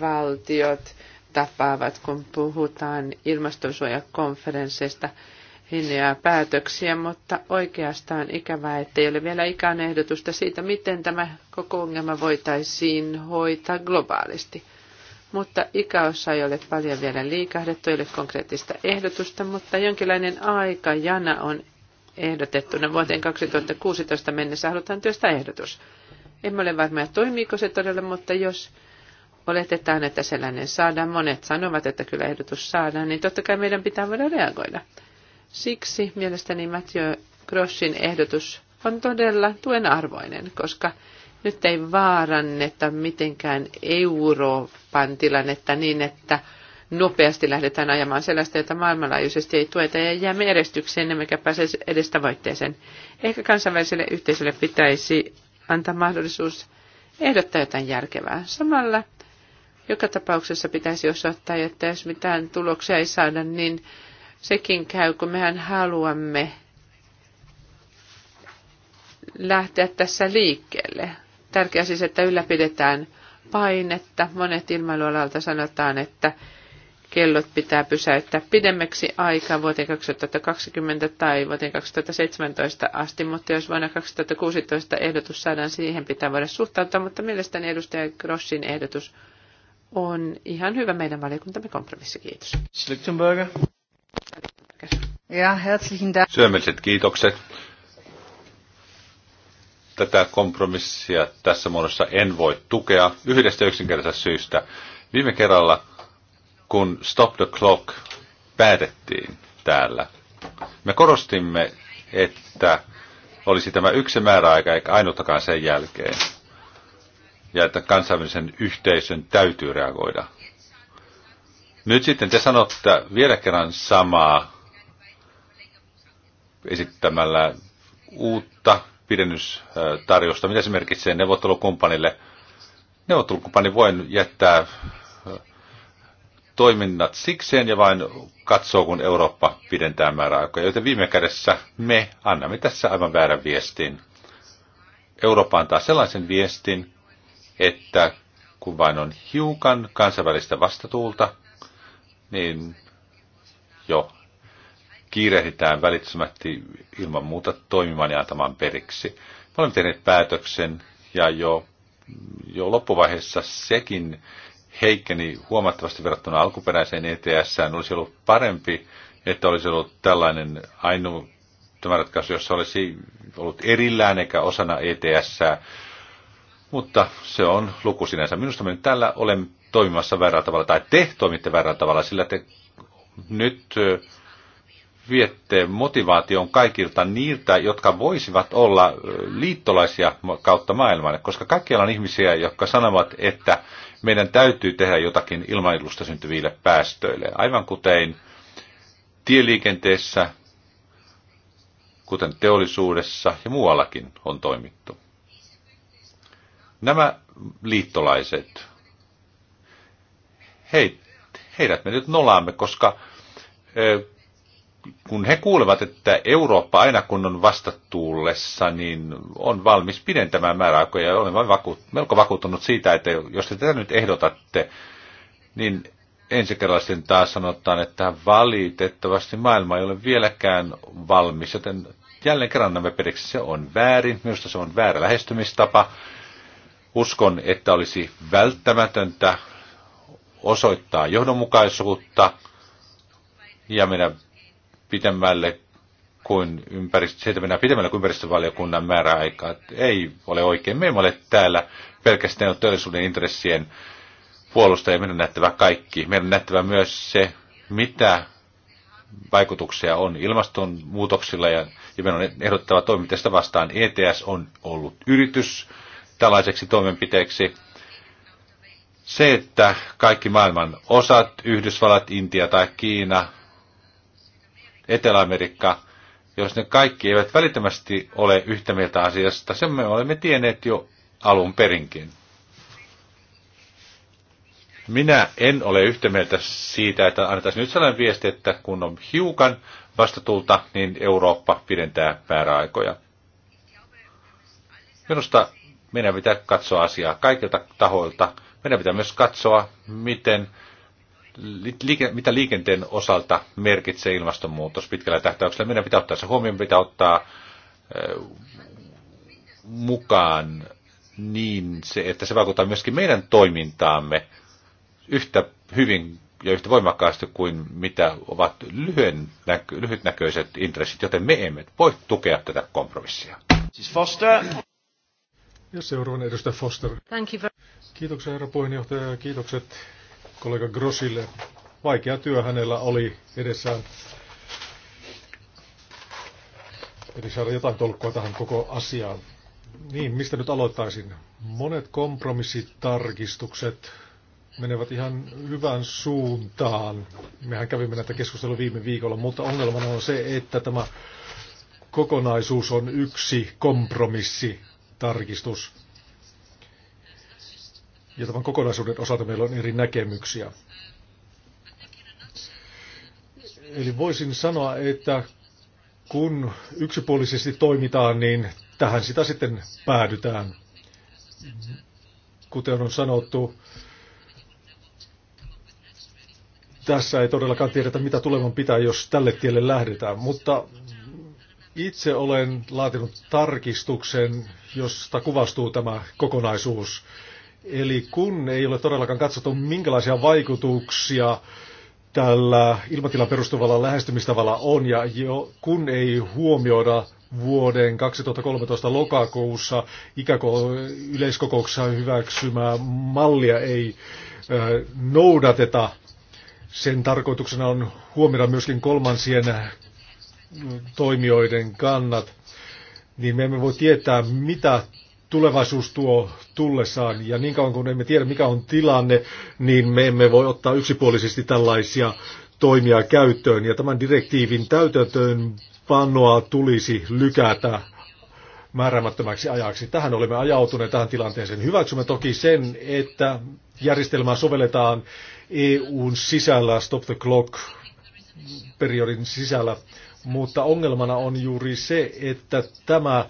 valtiot tapaavat, kun puhutaan ilmastonsuojakonferensseista. konferensseista hiljaa päätöksiä, mutta oikeastaan ikävää, ettei ole vielä ikään ehdotusta siitä, miten tämä koko ongelma voitaisiin hoitaa globaalisti. Mutta ikäossa ei ole paljon vielä liikahdettu, ei ole konkreettista ehdotusta, mutta jonkinlainen aikajana on ehdotettuna vuoteen 2016 mennessä halutaan työstä ehdotus. Emme ole varmoja, toimiiko se todella, mutta jos oletetaan, että sellainen saadaan, monet sanovat, että kyllä ehdotus saadaan, niin totta kai meidän pitää voida reagoida. Siksi mielestäni Matthew Grossin ehdotus on todella tuen arvoinen, koska nyt ei vaaranneta mitenkään Euroopan tilannetta niin, että nopeasti lähdetään ajamaan sellaista, jota maailmanlaajuisesti ei tueta ja jäämme erestykseen, emmekä pääse edes tavoitteeseen. Ehkä kansainväliselle yhteisölle pitäisi antaa mahdollisuus ehdottaa jotain järkevää. Samalla joka tapauksessa pitäisi osoittaa, että jos mitään tuloksia ei saada, niin sekin käy, kun mehän haluamme lähteä tässä liikkeelle. Tärkeää siis, että ylläpidetään painetta. Monet ilmailualalta sanotaan, että kellot pitää pysäyttää pidemmäksi aikaa vuoteen 2020 tai vuoteen 2017 asti, mutta jos vuonna 2016 ehdotus saadaan, siihen pitää voida suhtautua, mutta mielestäni edustaja Grossin ehdotus on ihan hyvä meidän valiokuntamme kompromissi. Kiitos. Lichtenberger. Ja, herzlichen Dank. kiitokset. Tätä kompromissia tässä muodossa en voi tukea yhdestä yksinkertaisesta syystä. Viime kerralla, kun Stop the Clock päätettiin täällä, me korostimme, että olisi tämä yksi määräaika eikä ainuttakaan sen jälkeen. Ja että kansainvälisen yhteisön täytyy reagoida. Nyt sitten te sanotte vielä kerran samaa esittämällä uutta pidennystarjosta. Mitä se merkitsee neuvottelukumppanille? Neuvottelukumppani voi jättää äh, toiminnat sikseen ja vain katsoo, kun Eurooppa pidentää määräaikoja. Joten viime kädessä me annamme tässä aivan väärän viestin. Eurooppa antaa sellaisen viestin, että kun vain on hiukan kansainvälistä vastatuulta, niin jo kiirehditään välittömästi ilman muuta toimimaan ja antamaan periksi. Me olemme tehneet päätöksen ja jo, jo loppuvaiheessa sekin heikkeni huomattavasti verrattuna alkuperäiseen ETS. Olisi ollut parempi, että olisi ollut tällainen ainoa tämä ratkaisu, jossa olisi ollut erillään eikä osana ETS. Mutta se on luku sinänsä. Minusta me nyt tällä olemme toimimassa väärällä tavalla, tai te toimitte väärällä tavalla, sillä te nyt viette motivaation kaikilta niiltä, jotka voisivat olla liittolaisia kautta maailman, koska kaikkialla on ihmisiä, jotka sanovat, että meidän täytyy tehdä jotakin ilmailusta syntyville päästöille. Aivan kuten tieliikenteessä, kuten teollisuudessa ja muuallakin on toimittu. Nämä liittolaiset, he, heidät me nyt nolaamme, koska kun he kuulevat, että Eurooppa aina kun on vastatuulessa, niin on valmis pidentämään määräaikoja. Ja olen vain vakuut, melko vakuuttunut siitä, että jos te tätä nyt ehdotatte, niin ensi kerralla sitten taas sanotaan, että valitettavasti maailma ei ole vieläkään valmis, joten jälleen kerran nämä periksi se on väärin. Minusta se on väärä lähestymistapa. Uskon, että olisi välttämätöntä osoittaa johdonmukaisuutta ja meidän pitemmälle kuin ympäristö, siitä mennään pitemmälle kuin ympäristövaliokunnan määräaikaa. Ei ole oikein. Me emme ole täällä pelkästään teollisuuden intressien puolustajia. Meidän on nähtävä kaikki. Meidän on nähtävä myös se, mitä vaikutuksia on ilmastonmuutoksilla ja, ja meidän on ehdottava toimintaista vastaan. ETS on ollut yritys tällaiseksi toimenpiteeksi. Se, että kaikki maailman osat, Yhdysvallat, Intia tai Kiina, Etelä-Amerikka, jos ne kaikki eivät välittömästi ole yhtä mieltä asiasta, sen me olemme tienneet jo alun perinkin. Minä en ole yhtä mieltä siitä, että annettaisiin nyt sellainen viesti, että kun on hiukan vastatulta, niin Eurooppa pidentää määräaikoja. Minusta meidän pitää katsoa asiaa kaikilta tahoilta. Meidän pitää myös katsoa, miten liike, mitä liikenteen osalta merkitsee ilmastonmuutos pitkällä tähtäyksellä. Meidän pitää ottaa se huomioon, pitää ottaa mukaan niin, se, että se vaikuttaa myöskin meidän toimintaamme yhtä hyvin ja yhtä voimakkaasti kuin mitä ovat lyhyen näkö, lyhytnäköiset intressit, joten me emme voi tukea tätä kompromissia. Siis Foster. Ja seuraavan edustaja Foster. Thank you very... Kiitoksia herra puheenjohtaja ja kiitokset kollega Grosille. Vaikea työ hänellä oli edessään. Eli saada jotain tolkkua tähän koko asiaan. Niin, mistä nyt aloittaisin? Monet kompromissitarkistukset menevät ihan hyvään suuntaan. Mehän kävimme näitä keskustelua viime viikolla, mutta ongelmana on se, että tämä kokonaisuus on yksi kompromissitarkistus ja tämän kokonaisuuden osalta meillä on eri näkemyksiä. Eli voisin sanoa, että kun yksipuolisesti toimitaan, niin tähän sitä sitten päädytään. Kuten on sanottu, tässä ei todellakaan tiedetä, mitä tulevan pitää, jos tälle tielle lähdetään. Mutta itse olen laatinut tarkistuksen, josta kuvastuu tämä kokonaisuus. Eli kun ei ole todellakaan katsottu, minkälaisia vaikutuksia tällä ilmatilan perustuvalla lähestymistavalla on, ja jo, kun ei huomioida vuoden 2013 lokakuussa ikäko- yleiskokouksessa hyväksymää mallia ei ö, noudateta. Sen tarkoituksena on huomioida myöskin kolmansien toimijoiden kannat, niin me emme voi tietää, mitä tulevaisuus tuo tullessaan. Ja niin kauan kun emme tiedä, mikä on tilanne, niin me emme voi ottaa yksipuolisesti tällaisia toimia käyttöön. Ja tämän direktiivin täytäntöön pannoa tulisi lykätä määrämättömäksi ajaksi. Tähän olemme ajautuneet tähän tilanteeseen. Hyväksymme toki sen, että järjestelmää sovelletaan EUn sisällä, stop the clock periodin sisällä, mutta ongelmana on juuri se, että tämä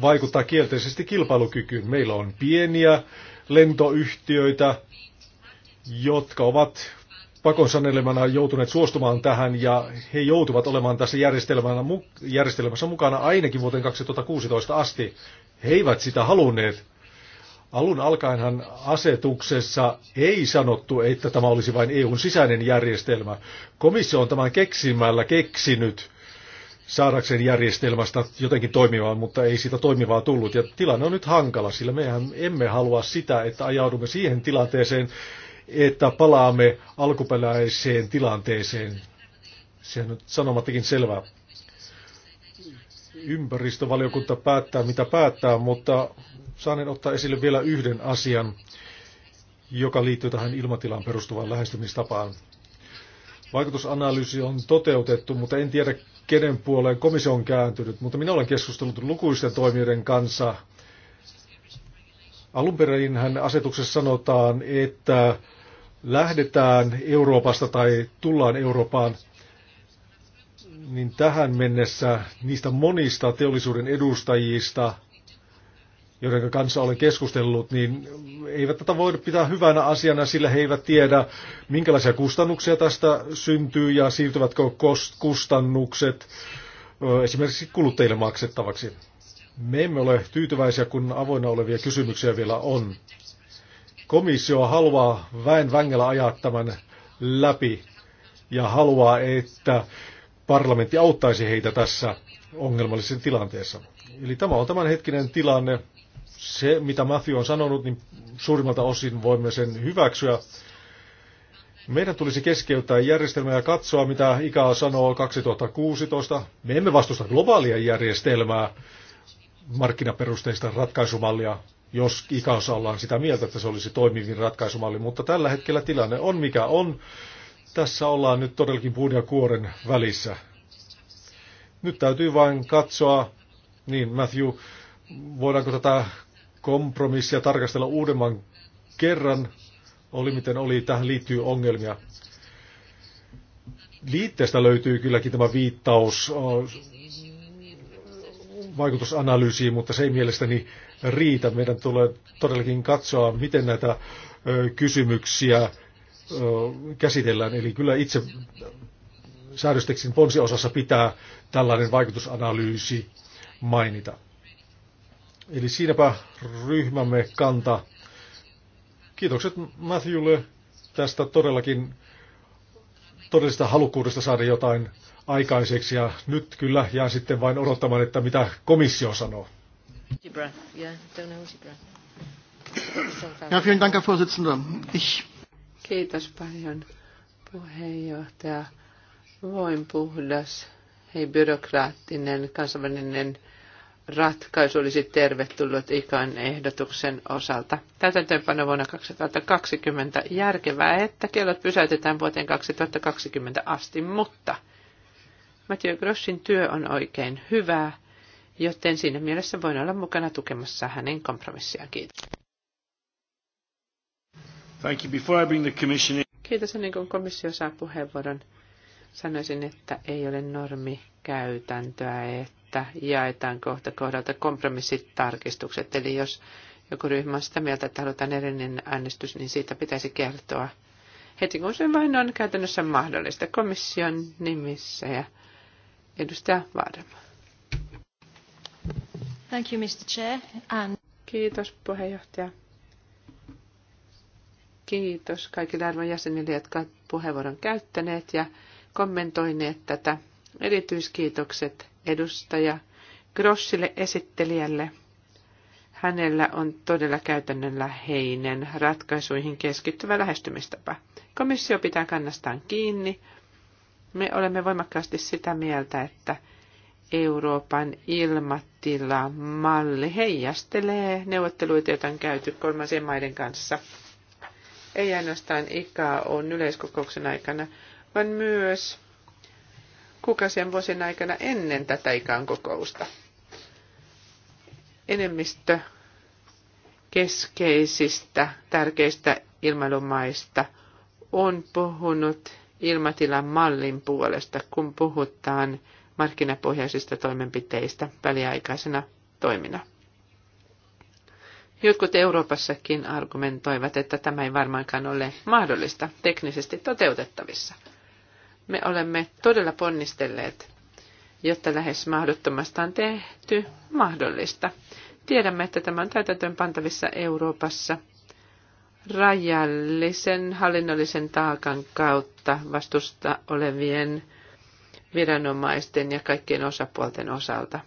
vaikuttaa kielteisesti kilpailukykyyn. Meillä on pieniä lentoyhtiöitä, jotka ovat pakon sanelemana joutuneet suostumaan tähän ja he joutuvat olemaan tässä järjestelmässä mukana ainakin vuoteen 2016 asti. He eivät sitä halunneet. Alun alkaenhan asetuksessa ei sanottu, että tämä olisi vain EUn sisäinen järjestelmä. Komissio on tämän keksimällä keksinyt saadakseen järjestelmästä jotenkin toimivaan, mutta ei sitä toimivaa tullut. Ja tilanne on nyt hankala, sillä mehän emme halua sitä, että ajaudumme siihen tilanteeseen, että palaamme alkuperäiseen tilanteeseen. Sehän on sanomattakin selvää. Ympäristövaliokunta päättää, mitä päättää, mutta saanen ottaa esille vielä yhden asian, joka liittyy tähän ilmatilaan perustuvaan lähestymistapaan. Vaikutusanalyysi on toteutettu, mutta en tiedä kenen puoleen komissio on kääntynyt, mutta minä olen keskustellut lukuisten toimijoiden kanssa. Alun hän asetuksessa sanotaan, että lähdetään Euroopasta tai tullaan Eurooppaan, niin tähän mennessä niistä monista teollisuuden edustajista – joiden kanssa olen keskustellut, niin eivät tätä voi pitää hyvänä asiana, sillä he eivät tiedä, minkälaisia kustannuksia tästä syntyy ja siirtyvätkö kustannukset esimerkiksi kuluttajille maksettavaksi. Me emme ole tyytyväisiä, kun avoinna olevia kysymyksiä vielä on. Komissio haluaa väen vängellä ajaa tämän läpi ja haluaa, että parlamentti auttaisi heitä tässä ongelmallisessa tilanteessa. Eli tämä on tämänhetkinen tilanne se, mitä Matthew on sanonut, niin suurimmalta osin voimme sen hyväksyä. Meidän tulisi keskeyttää järjestelmä ja katsoa, mitä Ikaa sanoo 2016. Me emme vastusta globaalia järjestelmää, markkinaperusteista ratkaisumallia, jos ICAOssa ollaan sitä mieltä, että se olisi toimivin ratkaisumalli. Mutta tällä hetkellä tilanne on mikä on. Tässä ollaan nyt todellakin puun ja kuoren välissä. Nyt täytyy vain katsoa, niin Matthew, voidaanko tätä kompromissia tarkastella uudemman kerran. Oli miten oli, tähän liittyy ongelmia. Liitteestä löytyy kylläkin tämä viittaus vaikutusanalyysiin, mutta se ei mielestäni riitä. Meidän tulee todellakin katsoa, miten näitä kysymyksiä käsitellään. Eli kyllä itse säädöstekstin ponsiosassa pitää tällainen vaikutusanalyysi mainita. Eli siinäpä ryhmämme kanta. Kiitokset Matthewlle tästä todellakin todellisesta halukkuudesta saada jotain aikaiseksi ja nyt kyllä jään sitten vain odottamaan, että mitä komissio sanoo. Ja, vielen Dank, Herr Ich... Kiitos paljon, puheenjohtaja. Voin puhdas, ei byrokraattinen, kansainvälinen ratkaisu olisi tervetullut ikan ehdotuksen osalta. Täytäntöönpano vuonna 2020 järkevää, että kellot pysäytetään vuoteen 2020 asti, mutta Mathieu Grossin työ on oikein hyvää, joten siinä mielessä voin olla mukana tukemassa hänen kompromissiaan. Kiitos. Thank you. Before I bring the commission in... Kiitos, ennen kuin komissio saa puheenvuoron. Sanoisin, että ei ole normi käytäntöä, että että jaetaan kohta kohdalta kompromissitarkistukset. Eli jos joku ryhmä on sitä mieltä, että halutaan erillinen äänestys, niin siitä pitäisi kertoa heti, kun se vain on käytännössä mahdollista komission nimissä. Ja edustaja Vaadama. Thank you, Mr. Chair. And... Kiitos puheenjohtaja. Kiitos kaikille arvon jäsenille, jotka ovat puheenvuoron käyttäneet ja kommentoineet tätä Erityiskiitokset edustaja Grossille esittelijälle. Hänellä on todella käytännönläheinen ratkaisuihin keskittyvä lähestymistapa. Komissio pitää kannastaan kiinni. Me olemme voimakkaasti sitä mieltä, että Euroopan ilmatilamalli malli heijastelee neuvotteluita, joita on käyty kolmansien maiden kanssa. Ei ainoastaan ikää on yleiskokouksen aikana, vaan myös kuukausien vuosien aikana ennen tätä ikään kokousta. Enemmistö keskeisistä tärkeistä ilmailumaista on puhunut ilmatilan mallin puolesta, kun puhutaan markkinapohjaisista toimenpiteistä väliaikaisena toimina. Jotkut Euroopassakin argumentoivat, että tämä ei varmaankaan ole mahdollista teknisesti toteutettavissa – me olemme todella ponnistelleet, jotta lähes mahdottomasta on tehty mahdollista. Tiedämme, että tämä on täytäntöön pantavissa Euroopassa rajallisen hallinnollisen taakan kautta vastusta olevien viranomaisten ja kaikkien osapuolten osalta.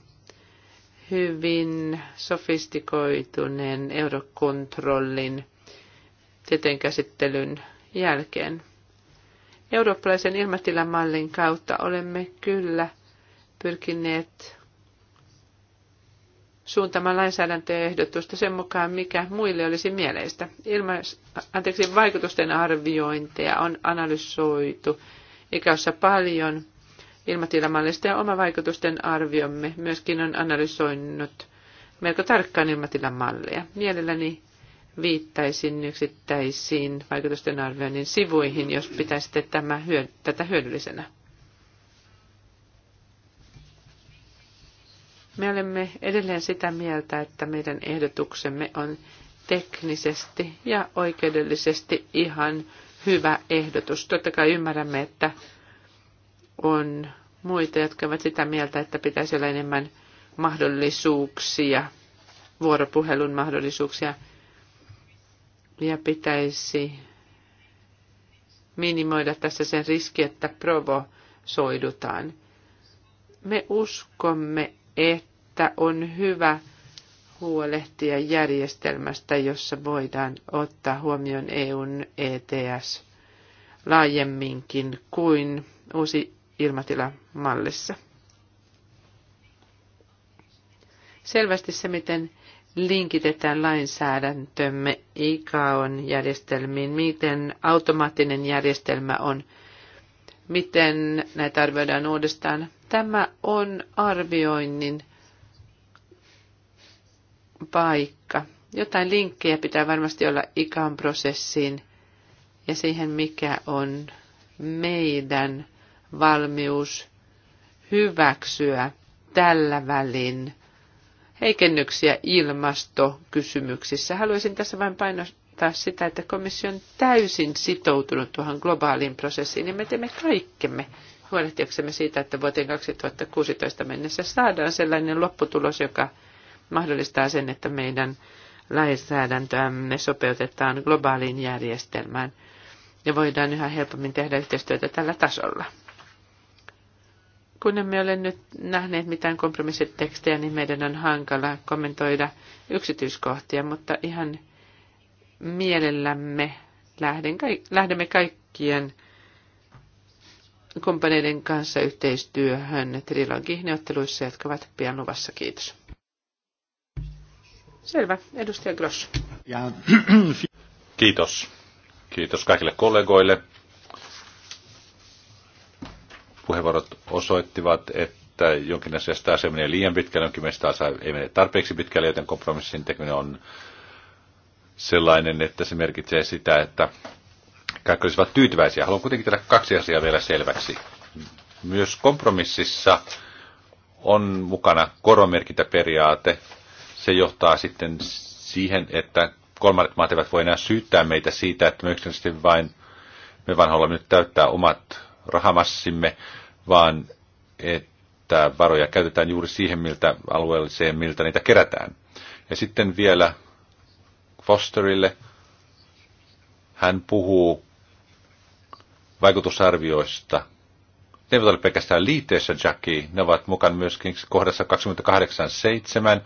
Hyvin sofistikoituneen eurokontrollin tieteen käsittelyn jälkeen Eurooppalaisen ilmatilamallin kautta olemme kyllä pyrkineet suuntaamaan lainsäädäntöehdotusta sen mukaan, mikä muille olisi mieleistä. Ilma, anteeksi, vaikutusten arviointeja on analysoitu ikässä paljon ilmatilamallista ja oma vaikutusten arviomme myöskin on analysoinut melko tarkkaan ilmatilamallia. Mielelläni viittaisin yksittäisiin vaikutusten arvioinnin sivuihin, jos pitäisitte tämä hyö, tätä hyödyllisenä. Me olemme edelleen sitä mieltä, että meidän ehdotuksemme on teknisesti ja oikeudellisesti ihan hyvä ehdotus. Totta kai ymmärrämme, että on muita, jotka ovat sitä mieltä, että pitäisi olla enemmän mahdollisuuksia, vuoropuhelun mahdollisuuksia – ja pitäisi minimoida tässä sen riski, että provosoidutaan. Me uskomme, että on hyvä huolehtia järjestelmästä, jossa voidaan ottaa huomioon EUn ETS laajemminkin kuin uusi ilmatilamallissa. Selvästi se, miten linkitetään lainsäädäntömme ICAON järjestelmiin, miten automaattinen järjestelmä on, miten näitä arvioidaan uudestaan. Tämä on arvioinnin paikka. Jotain linkkejä pitää varmasti olla ICAON prosessiin ja siihen, mikä on meidän valmius hyväksyä tällä välin – heikennyksiä ilmastokysymyksissä. Haluaisin tässä vain painottaa sitä, että komissio on täysin sitoutunut tuohon globaaliin prosessiin ja me teemme kaikkemme huolehtiaksemme siitä, että vuoteen 2016 mennessä saadaan sellainen lopputulos, joka mahdollistaa sen, että meidän lainsäädäntöämme sopeutetaan globaaliin järjestelmään ja voidaan yhä helpommin tehdä yhteistyötä tällä tasolla. Kun emme ole nyt nähneet mitään kompromissitekstejä, niin meidän on hankala kommentoida yksityiskohtia, mutta ihan mielellämme lähdemme kaikkien kumppaneiden kanssa yhteistyöhön trilogihneotteluissa, jotka ovat pian luvassa. Kiitos. Selvä. Edustaja Gross. Kiitos. Kiitos kaikille kollegoille puheenvuorot osoittivat, että jonkin asiasta asia menee liian pitkälle, jonkin mielestä asia ei mene tarpeeksi pitkälle, joten kompromissin tekeminen on sellainen, että se merkitsee sitä, että kaikki olisivat tyytyväisiä. Haluan kuitenkin tehdä kaksi asiaa vielä selväksi. Myös kompromississa on mukana koromerkintäperiaate. Se johtaa sitten siihen, että kolmannet maat eivät voi enää syyttää meitä siitä, että me yksinkertaisesti vain, me vain haluamme nyt täyttää omat rahamassimme, vaan että varoja käytetään juuri siihen, miltä alueelliseen, miltä niitä kerätään. Ja sitten vielä Fosterille. Hän puhuu vaikutusarvioista. Ne eivät ole pelkästään liitteessä, Jackie. Ne ovat mukana myöskin kohdassa 28.7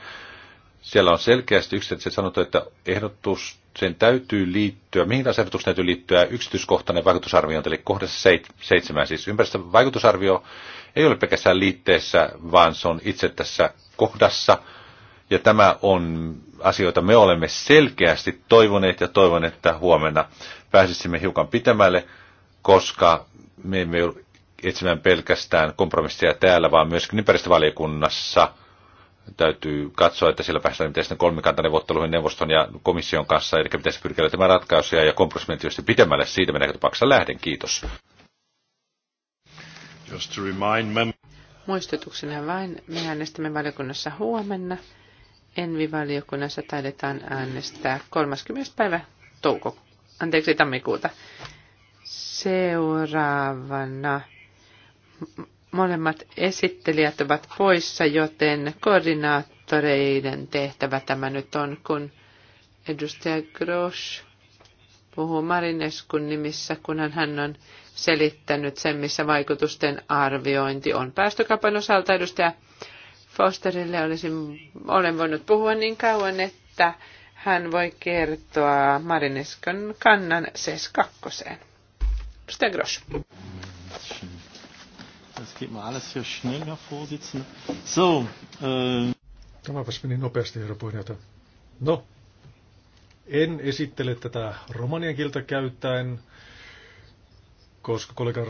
siellä on selkeästi yksityisesti sanottu, että ehdotus, sen täytyy liittyä, mihin taas ehdotuksen täytyy liittyä yksityiskohtainen vaikutusarvio, eli kohdassa seitsemän. Siis ympäristövaikutusarvio ei ole pelkästään liitteessä, vaan se on itse tässä kohdassa. Ja tämä on asioita me olemme selkeästi toivoneet ja toivon, että huomenna pääsisimme hiukan pitemmälle, koska me emme etsimään pelkästään kompromisseja täällä, vaan myöskin ympäristövaliokunnassa – täytyy katsoa, että sillä päästään miten sitten kolmikantaneuvotteluihin neuvoston ja komission kanssa, eli pitäisi pyrkiä löytämään ratkaisuja ja kompromissi pitemmälle siitä, mennäkö tapauksessa lähden. Kiitos. Just to remind me. Muistutuksena vain, me äänestämme valiokunnassa huomenna. Envi-valiokunnassa taidetaan äänestää 30. päivä touko, anteeksi, tammikuuta. Seuraavana Molemmat esittelijät ovat poissa, joten koordinaattoreiden tehtävä tämä nyt on, kun edustaja Grosch puhuu Marineskun nimissä, kunhan hän on selittänyt sen, missä vaikutusten arviointi on. Päästökaupan osalta edustaja Fosterille olisin, olen voinut puhua niin kauan, että hän voi kertoa Marineskon kannan SES2. Edustaja Grosch geht mal alles hier schnell, Herr Vorsitzender. So, äh... Tämäpäs meni nopeasti, herra puheenjohtaja. No, en esittele tätä romanian kieltä käyttäen, koska kollega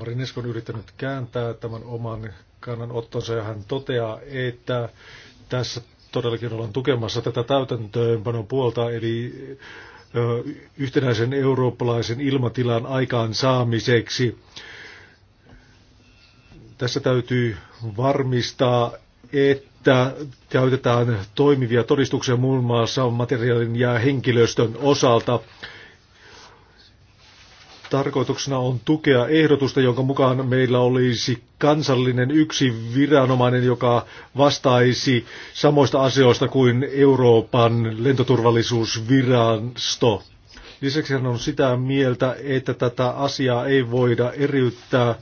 Marinesko on yrittänyt kääntää tämän oman kannanottonsa ja hän toteaa, että tässä todellakin ollaan tukemassa tätä täytäntöönpanon puolta, eli yhtenäisen eurooppalaisen ilmatilan aikaansaamiseksi. saamiseksi tässä täytyy varmistaa, että käytetään toimivia todistuksia muun muassa materiaalin ja henkilöstön osalta. Tarkoituksena on tukea ehdotusta, jonka mukaan meillä olisi kansallinen yksi viranomainen, joka vastaisi samoista asioista kuin Euroopan lentoturvallisuusvirasto. Lisäksi hän on sitä mieltä, että tätä asiaa ei voida eriyttää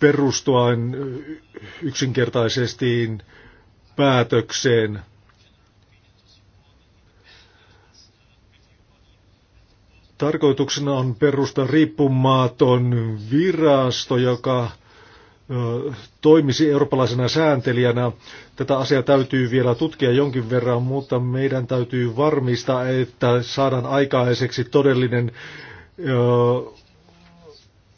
perustuen yksinkertaisesti päätökseen. Tarkoituksena on perustaa riippumaton virasto, joka toimisi eurooppalaisena sääntelijänä. Tätä asiaa täytyy vielä tutkia jonkin verran, mutta meidän täytyy varmistaa, että saadaan aikaiseksi todellinen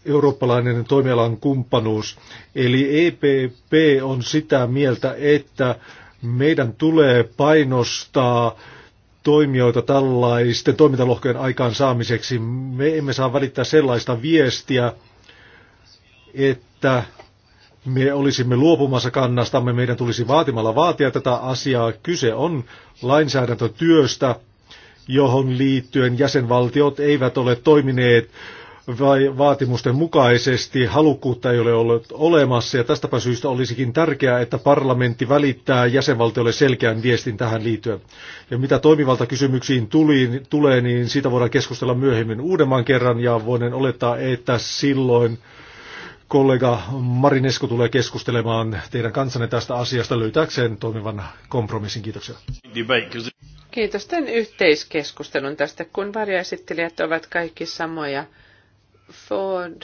eurooppalainen toimialan kumppanuus. Eli EPP on sitä mieltä, että meidän tulee painostaa toimijoita tällaisten toimintalohkojen saamiseksi, Me emme saa välittää sellaista viestiä, että me olisimme luopumassa kannastamme, meidän tulisi vaatimalla vaatia tätä asiaa. Kyse on lainsäädäntötyöstä, johon liittyen jäsenvaltiot eivät ole toimineet vai vaatimusten mukaisesti. Halukkuutta ei ole ollut olemassa ja tästäpä syystä olisikin tärkeää, että parlamentti välittää jäsenvaltiolle selkeän viestin tähän liittyen. Ja mitä toimivalta kysymyksiin tuli, tulee, niin siitä voidaan keskustella myöhemmin uudemman kerran ja voinen olettaa, että silloin kollega Marinesko tulee keskustelemaan teidän kanssanne tästä asiasta löytääkseen toimivan kompromissin. Kiitoksia. Kiitos tämän yhteiskeskustelun tästä, kun varjaesittelijät ovat kaikki samoja Ford,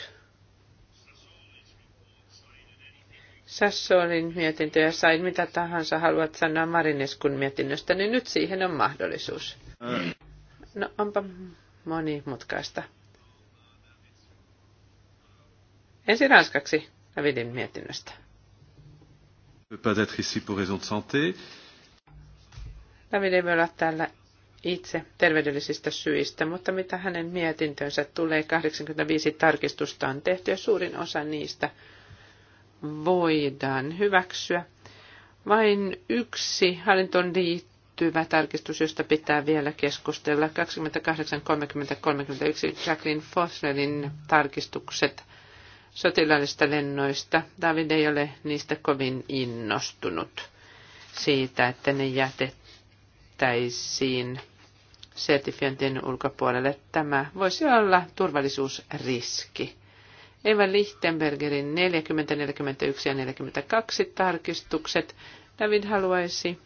Sassolin mietintö ja sain mitä tahansa haluat sanoa Marineskun mietinnöstä, niin nyt siihen on mahdollisuus. No onpa monimutkaista. Ensin ranskaksi Davidin mietinnöstä. David ei voi olla täällä itse terveydellisistä syistä, mutta mitä hänen mietintönsä tulee, 85 tarkistusta on tehty ja suurin osa niistä voidaan hyväksyä. Vain yksi hallintoon liittyvä tarkistus, josta pitää vielä keskustella, 28, 30, 31, Jacqueline Fosselin tarkistukset sotilaallisista lennoista. David ei ole niistä kovin innostunut siitä, että ne jätettiin jätettäisiin sertifiointien ulkopuolelle. Tämä voisi olla turvallisuusriski. Eva Lichtenbergerin 40, 41 ja 42 tarkistukset. David haluaisi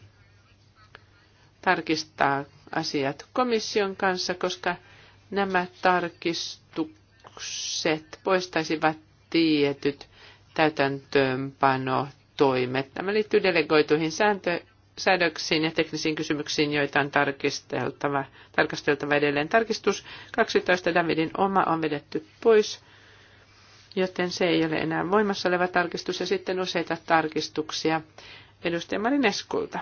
tarkistaa asiat komission kanssa, koska nämä tarkistukset poistaisivat tietyt täytäntöönpanotoimet. Tämä liittyy delegoituihin sääntö- säädöksiin ja teknisiin kysymyksiin, joita on tarkisteltava, tarkasteltava edelleen. Tarkistus 12 Davidin oma on vedetty pois, joten se ei ole enää voimassa oleva tarkistus ja sitten useita tarkistuksia edustaja Marineskulta.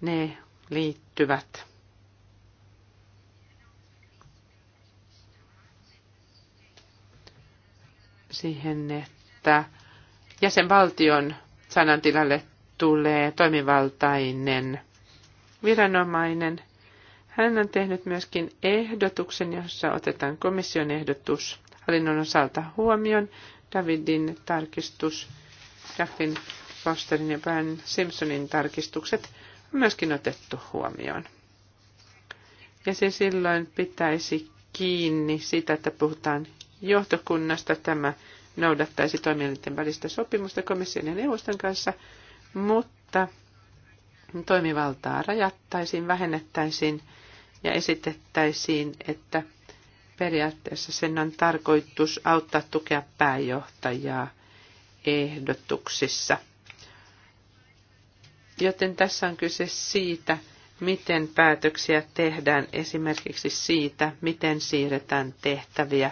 Ne liittyvät siihen, että jäsenvaltion sanan tilalle tulee toimivaltainen viranomainen. Hän on tehnyt myöskin ehdotuksen, jossa otetaan komission ehdotus hallinnon osalta huomioon. Davidin tarkistus, Jaffin, Fosterin ja Brian Simpsonin tarkistukset on myöskin otettu huomioon. Ja se silloin pitäisi kiinni siitä, että puhutaan johtokunnasta. Tämä noudattaisi toimielinten välistä sopimusta komission ja neuvoston kanssa – mutta toimivaltaa rajattaisiin, vähennettäisiin ja esitettäisiin, että periaatteessa sen on tarkoitus auttaa tukea pääjohtajaa ehdotuksissa. Joten tässä on kyse siitä, miten päätöksiä tehdään esimerkiksi siitä, miten siirretään tehtäviä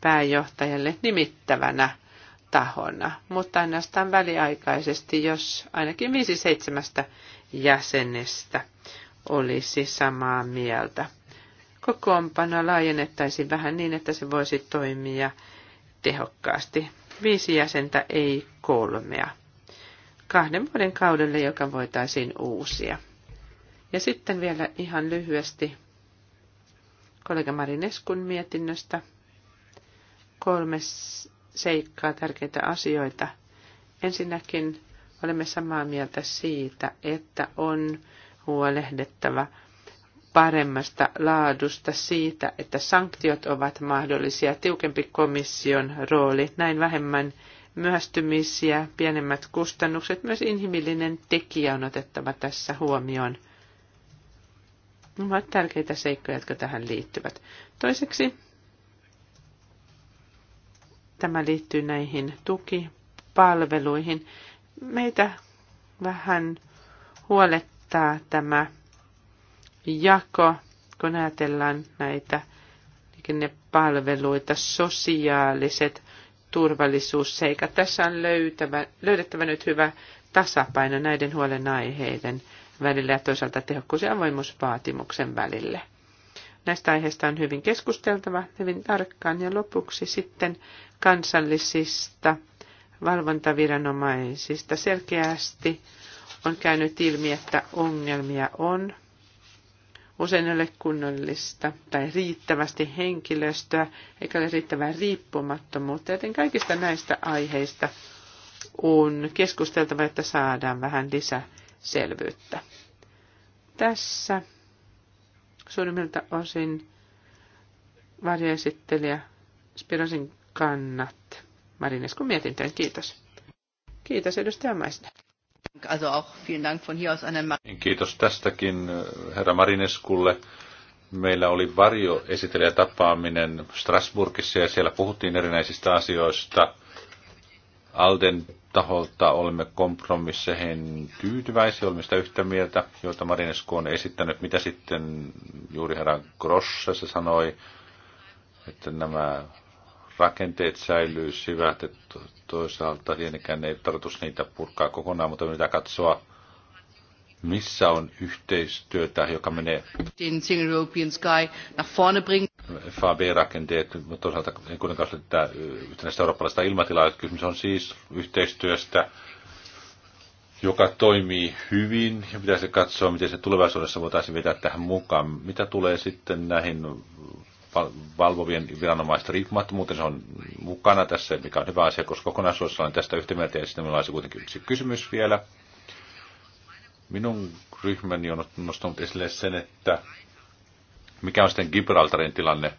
pääjohtajalle nimittävänä tahona, mutta ainoastaan väliaikaisesti, jos ainakin viisi seitsemästä jäsenestä olisi samaa mieltä. Kokoonpano laajennettaisiin vähän niin, että se voisi toimia tehokkaasti. Viisi jäsentä, ei kolmea. Kahden vuoden kaudelle, joka voitaisiin uusia. Ja sitten vielä ihan lyhyesti kollega Marineskun mietinnöstä. Kolmes seikkaa, tärkeitä asioita. Ensinnäkin olemme samaa mieltä siitä, että on huolehdettava paremmasta laadusta siitä, että sanktiot ovat mahdollisia, tiukempi komission rooli, näin vähemmän myöhästymisiä, pienemmät kustannukset, myös inhimillinen tekijä on otettava tässä huomioon. Nämä ovat tärkeitä seikkoja, jotka tähän liittyvät. Toiseksi Tämä liittyy näihin tukipalveluihin. Meitä vähän huolettaa tämä jako, kun ajatellaan näitä palveluita sosiaaliset turvallisuusseikat. Tässä on löytävä, löydettävä nyt hyvä tasapaino näiden huolenaiheiden välillä ja toisaalta tehokkuus- ja avoimuusvaatimuksen välille. Näistä aiheista on hyvin keskusteltava hyvin tarkkaan ja lopuksi sitten kansallisista valvontaviranomaisista selkeästi on käynyt ilmi, että ongelmia on. Usein ei ole kunnollista tai riittävästi henkilöstöä, eikä ole riittävää riippumattomuutta, joten kaikista näistä aiheista on keskusteltava, että saadaan vähän lisäselvyyttä. Tässä suurimmilta osin varjoesittelijä Spirosin kannat Marinesku, mietintöön. Kiitos. Kiitos edustaja Maisner. Niin, kiitos tästäkin herra Marineskulle. Meillä oli varjoesittelijä tapaaminen Strasbourgissa ja siellä puhuttiin erinäisistä asioista – Alden taholta olemme kompromisseihin tyytyväisiä, olemme sitä yhtä mieltä, joita Marinesku on esittänyt. Mitä sitten juuri herra Grossessa se sanoi, että nämä rakenteet säilyisivät, että toisaalta tietenkään ei tarkoitus niitä purkaa kokonaan, mutta mitä katsoa missä on yhteistyötä, joka menee den Single European Sky nach vorne FAB-rakenteet, mutta toisaalta en kuitenkaan ole tätä yhtenäistä eurooppalaista ilmatilaa. Kysymys on siis yhteistyöstä, joka toimii hyvin ja pitäisi katsoa, miten se tulevaisuudessa voitaisiin vetää tähän mukaan. Mitä tulee sitten näihin valvovien viranomaisten riippumattomuuteen, se on mukana tässä, mikä on hyvä asia, koska kokonaisuudessaan tästä yhtä mieltä ja sitten meillä olisi kuitenkin yksi kysymys vielä. Minun ryhmäni on nostanut esille sen, että mikä on sitten Gibraltarin tilanne.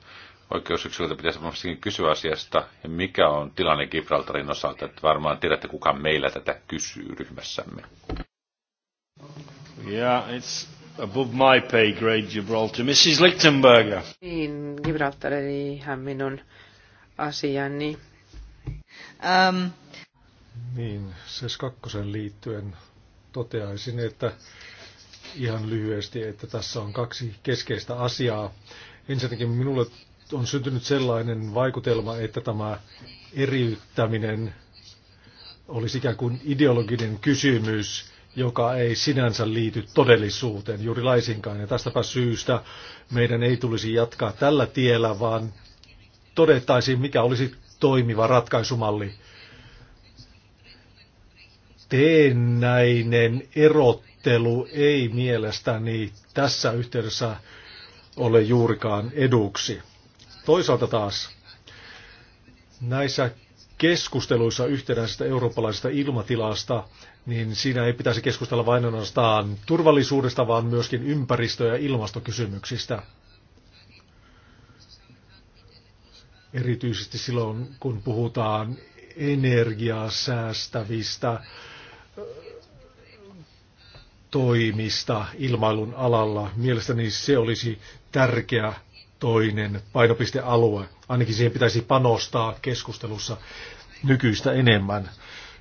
Oikeusyksilöltä pitäisi varmastikin kysyä asiasta, ja mikä on tilanne Gibraltarin osalta. Että varmaan tiedätte, kuka meillä tätä kysyy ryhmässämme. Yeah, it's above my pay grade Gibraltar. Mrs. Lichtenberger. Niin, Gibraltar eli ihan minun asiani. Um. Niin, se kakkosen liittyen toteaisin, että ihan lyhyesti, että tässä on kaksi keskeistä asiaa. Ensinnäkin minulle on syntynyt sellainen vaikutelma, että tämä eriyttäminen olisi ikään kuin ideologinen kysymys, joka ei sinänsä liity todellisuuteen juuri laisinkaan. Ja tästäpä syystä meidän ei tulisi jatkaa tällä tiellä, vaan todettaisiin, mikä olisi toimiva ratkaisumalli teennäinen erottelu ei mielestäni tässä yhteydessä ole juurikaan eduksi. Toisaalta taas näissä keskusteluissa yhtenäisestä eurooppalaisesta ilmatilasta, niin siinä ei pitäisi keskustella vain ainoastaan turvallisuudesta, vaan myöskin ympäristö- ja ilmastokysymyksistä. Erityisesti silloin, kun puhutaan energiaa säästävistä toimista ilmailun alalla. Mielestäni se olisi tärkeä toinen painopistealue. Ainakin siihen pitäisi panostaa keskustelussa nykyistä enemmän.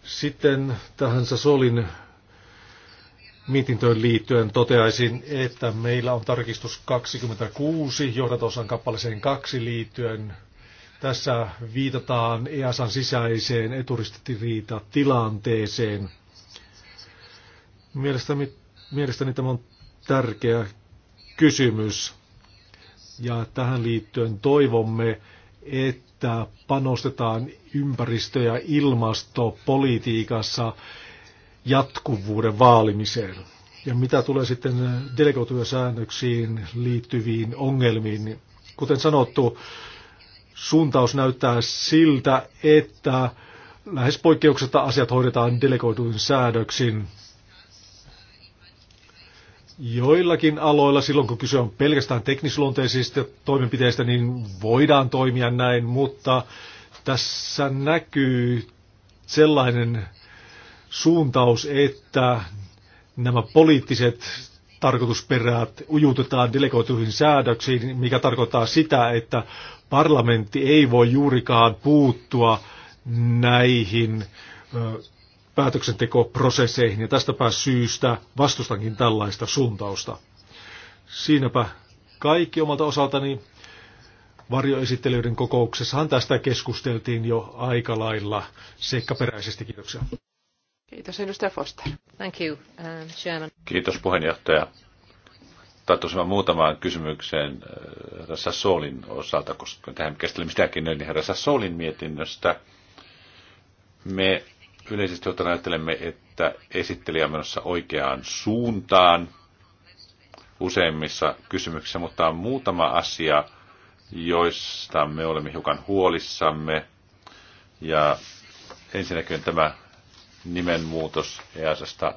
Sitten tähän Sasolin mietintöön liittyen toteaisin, että meillä on tarkistus 26 johdatosan kappaleeseen 2 liittyen. Tässä viitataan EASan sisäiseen eturistiriitatilanteeseen tilanteeseen Mielestäni, mielestäni tämä on tärkeä kysymys. Ja tähän liittyen toivomme, että panostetaan ympäristö- ja ilmastopolitiikassa jatkuvuuden vaalimiseen. Ja mitä tulee sitten delegotyösäännöksiin liittyviin ongelmiin, niin kuten sanottu, suuntaus näyttää siltä, että lähes poikkeuksetta asiat hoidetaan delegoituin säädöksin Joillakin aloilla, silloin kun kyse on pelkästään teknisluonteisista toimenpiteistä, niin voidaan toimia näin, mutta tässä näkyy sellainen suuntaus, että nämä poliittiset tarkoitusperäät ujutetaan delegoituihin säädöksiin, mikä tarkoittaa sitä, että parlamentti ei voi juurikaan puuttua näihin päätöksentekoprosesseihin ja tästäpä syystä vastustankin tällaista suuntausta. Siinäpä kaikki omalta osaltani. Varjoesittelyiden kokouksessahan tästä keskusteltiin jo aika lailla seikkaperäisesti. Kiitoksia. Kiitos edustaja Foster. Thank you, uh, chairman. Kiitos puheenjohtaja. Tarttuisin muutamaan kysymykseen tässä uh, solin osalta, koska tähän käsittelemme sitäkin, niin herra solin mietinnöstä. Me Yleisesti ottaen ajattelemme, että esittelijä on menossa oikeaan suuntaan useimmissa kysymyksissä, mutta on muutama asia, joista me olemme hiukan huolissamme. Ja ensinnäkin tämä nimenmuutos EASasta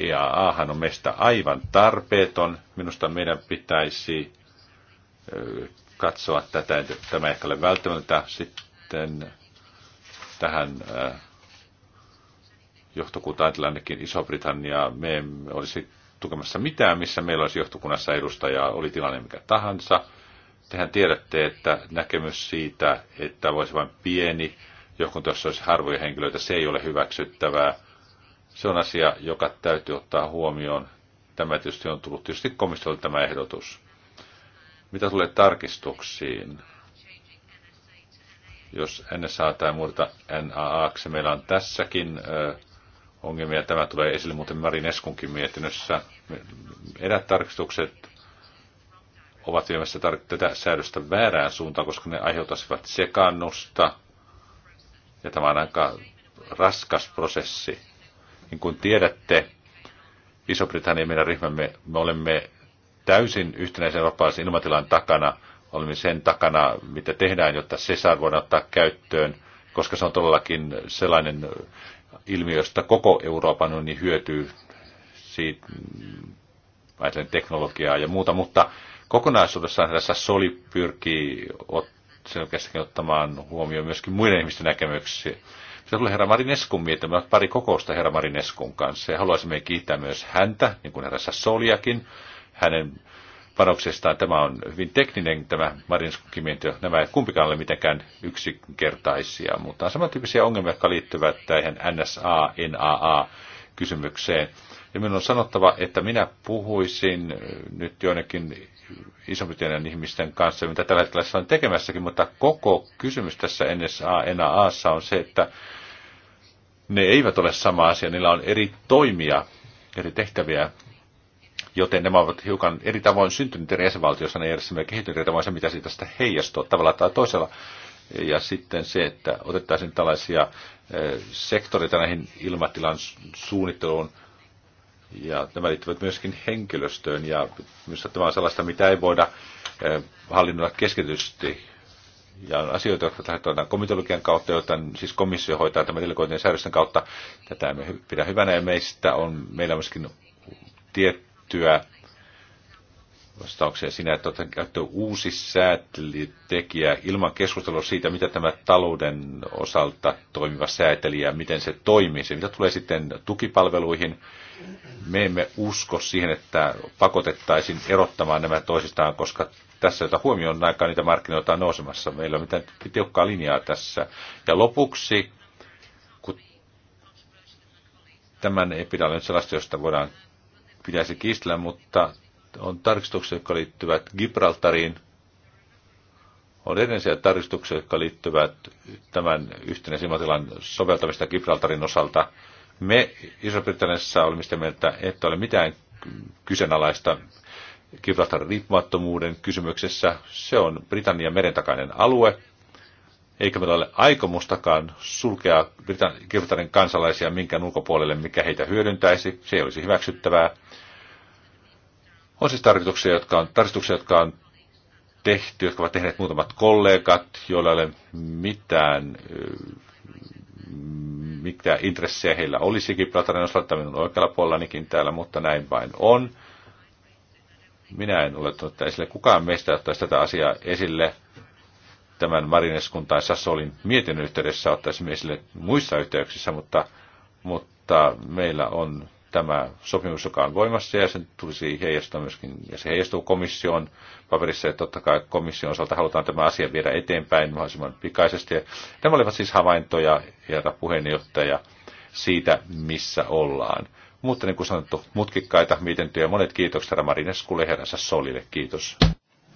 EAA on meistä aivan tarpeeton. Minusta meidän pitäisi katsoa tätä, tämä ehkä ole välttämättä sitten tähän äh, johtokuntaan, ainakin Iso-Britannia, me emme olisi tukemassa mitään, missä meillä olisi johtokunnassa edustaja, oli tilanne mikä tahansa. Tehän tiedätte, että näkemys siitä, että voisi vain pieni johtokunta, jossa olisi harvoja henkilöitä, se ei ole hyväksyttävää. Se on asia, joka täytyy ottaa huomioon. Tämä tietysti on tullut tietysti komistolta tämä ehdotus. Mitä tulee tarkistuksiin? jos NSA tai muuta NAA, meillä on tässäkin ongelmia. Tämä tulee esille muuten Marin Eskunkin mietinnössä. Edät tarkistukset ovat viemässä tar- tätä säädöstä väärään suuntaan, koska ne aiheuttaisivat sekannusta. Ja tämä on aika raskas prosessi. Niin kuin tiedätte, Iso-Britannia meidän ryhmämme, me olemme täysin yhtenäisen vapaan ilmatilan takana – Olemme sen takana, mitä tehdään, jotta Cesar voidaan ottaa käyttöön, koska se on todellakin sellainen ilmiö, josta koko Euroopan unioni hyötyy siitä, teknologiaa ja muuta, mutta kokonaisuudessaan tässä Soli pyrkii ot, selkeästikin ottamaan huomioon myöskin muiden ihmisten näkemyksiä. Se tulee herra Marineskun miettimään, pari kokousta herra Marineskun kanssa ja haluaisimme kiittää myös häntä, niin kuin herra Soliakin, hänen panoksestaan. Tämä on hyvin tekninen tämä marinskukimiento. Nämä ei kumpikaan ole mitenkään yksinkertaisia, mutta on samantyyppisiä ongelmia, jotka liittyvät tähän NSA, NAA kysymykseen. Ja minun on sanottava, että minä puhuisin nyt joidenkin iso ihmisten kanssa, mitä tällä hetkellä on tekemässäkin, mutta koko kysymys tässä NSA, NAAssa on se, että ne eivät ole sama asia, niillä on eri toimia, eri tehtäviä joten nämä ovat hiukan eri tavoin syntyneet eri jäsenvaltioissa, ne ole kehittyneet eri tavoin se, mitä siitä heijastuu tavalla tai toisella. Ja sitten se, että otettaisiin tällaisia eh, sektoreita näihin ilmatilan suunnitteluun, ja nämä liittyvät myöskin henkilöstöön, ja minusta tämä on sellaista, mitä ei voida eh, hallinnoida keskitysti. Ja on asioita, jotka lähetetään komitologian kautta, joita siis komissio hoitaa tämän delegointien säädösten kautta. Tätä me pidä hyvänä, ja meistä on, meillä myöskin tiet, käytettyä vastauksia sinä että otetaan käyttöön uusi säätelitekijä ilman keskustelua siitä, mitä tämä talouden osalta toimiva säätelijä, miten se toimii. Se, mitä tulee sitten tukipalveluihin, me emme usko siihen, että pakotettaisiin erottamaan nämä toisistaan, koska tässä, jota huomioon aikaan niitä markkinoita on nousemassa. Meillä on mitään tiukkaa linjaa tässä. Ja lopuksi, kun tämän ei pidä nyt sellaista, josta voidaan pitäisi kiistellä, mutta on tarkistuksia, jotka liittyvät Gibraltariin. On edellisiä tarkistuksia, jotka liittyvät tämän yhtenä silmatilan soveltamista Gibraltarin osalta. Me Iso-Britanniassa olemme sitä mieltä, että ole mitään kyseenalaista Gibraltarin riippumattomuuden kysymyksessä. Se on Britannian merentakainen alue, eikä meillä ole aikomustakaan sulkea Britannian kansalaisia minkään ulkopuolelle, mikä heitä hyödyntäisi. Se ei olisi hyväksyttävää. On siis tarkoituksia, jotka on, tarkoituksia, jotka on tehty, jotka ovat tehneet muutamat kollegat, joilla ei ole mitään mitä intressejä heillä olisikin Platanen osalta minun oikealla puolellanikin täällä, mutta näin vain on. Minä en ole tuonut esille. Kukaan meistä ottaisi tätä asiaa esille tämän Marineskun tai Sassolin mietinnön yhteydessä ottaisimme esille muissa yhteyksissä, mutta, mutta meillä on tämä sopimus, joka on voimassa ja sen tulisi heijastua myöskin, ja se heijastuu komission paperissa, ja totta kai komission osalta halutaan tämä asia viedä eteenpäin mahdollisimman pikaisesti. Ja nämä olivat siis havaintoja, herra puheenjohtaja, siitä, missä ollaan. Mutta niin kuin sanottu, mutkikkaita mietintöjä. Monet kiitokset herra Marineskulle herra Sassolille, Kiitos.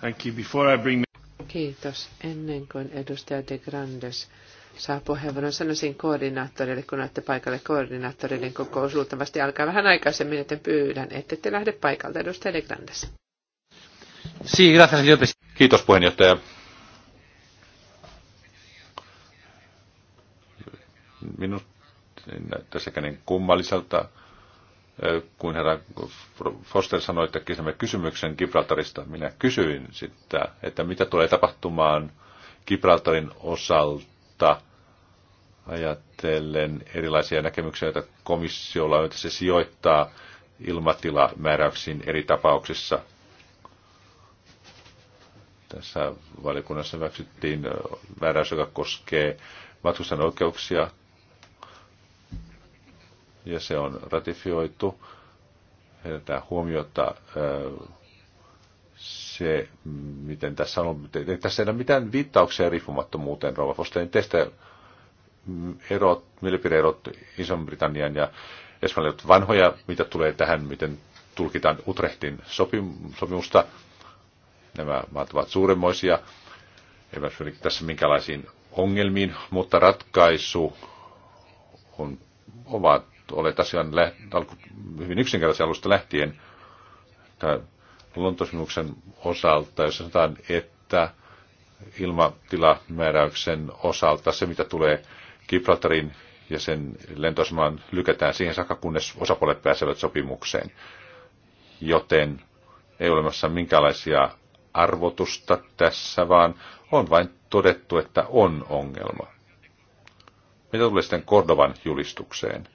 Thank you. Before I bring... Kiitos. Ennen kuin edustaja De Grandes saa puheenvuoron, sanoisin koordinaattorille, kun olette paikalle koordinaattorille niin kokous. Luultavasti alkaa vähän aikaisemmin, joten pyydän, että te lähde paikalta. Edustaja De Grandes. Kiitos puheenjohtaja. Minusta ei näyttäisi niin kummalliselta kun herra Foster sanoi, että kysymme kysymyksen Gibraltarista, minä kysyin sitä, että mitä tulee tapahtumaan Gibraltarin osalta ajatellen erilaisia näkemyksiä, joita komissiolla on, että se sijoittaa ilmatilamääräyksiin eri tapauksissa. Tässä valiokunnassa hyväksyttiin määräys, joka koskee matkustajan oikeuksia ja se on ratifioitu. Tämä huomiota se, miten tässä on, ei tässä ei ole mitään viittauksia riippumattomuuteen, Rova Fosterin teistä erot, mielipideerot iso britannian ja Espanjan vanhoja, mitä tulee tähän, miten tulkitaan Utrehtin sopimusta. Nämä maat ovat suuremmoisia. Eivät pyri tässä minkälaisiin ongelmiin, mutta ratkaisu on, ovat olleet asian läht, alku, hyvin yksinkertaisen alusta lähtien. luontosimuksen osalta, jos sanotaan, että ilmatilamääräyksen osalta se, mitä tulee Gibraltarin ja sen lentoasemaan lykätään siihen saakka, kunnes osapuolet pääsevät sopimukseen. Joten ei ole olemassa minkäänlaisia arvotusta tässä, vaan on vain todettu, että on ongelma. Mitä tulee sitten Kordovan julistukseen?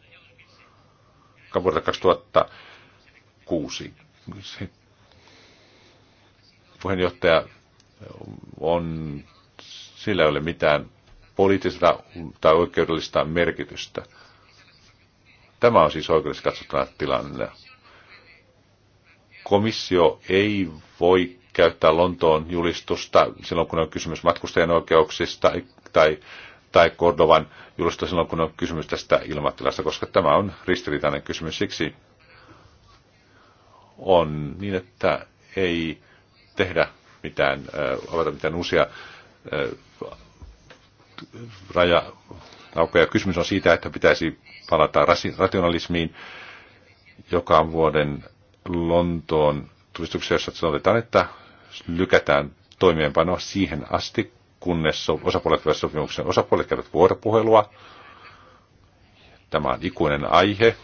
vuodelta 2006. Puheenjohtaja on, sillä ei ole mitään poliittista tai oikeudellista merkitystä. Tämä on siis oikeudellisesti katsottuna tilanne. Komissio ei voi käyttää Lontoon julistusta silloin, kun on kysymys matkustajan oikeuksista tai tai Kordovan julistusta silloin, kun on kysymys tästä ilmatilasta, koska tämä on ristiriitainen kysymys. Siksi on niin, että ei tehdä mitään, avata mitään uusia raja-aukoja. Kysymys on siitä, että pitäisi palata rationalismiin, joka vuoden Lontoon tulistuksessa, jossa sanotaan, että lykätään toimeenpanoa siihen asti, kunnes osapuolet tulevat sopimuksen. Osapuolet käyvät vuoropuhelua. Tämä on ikuinen aihe,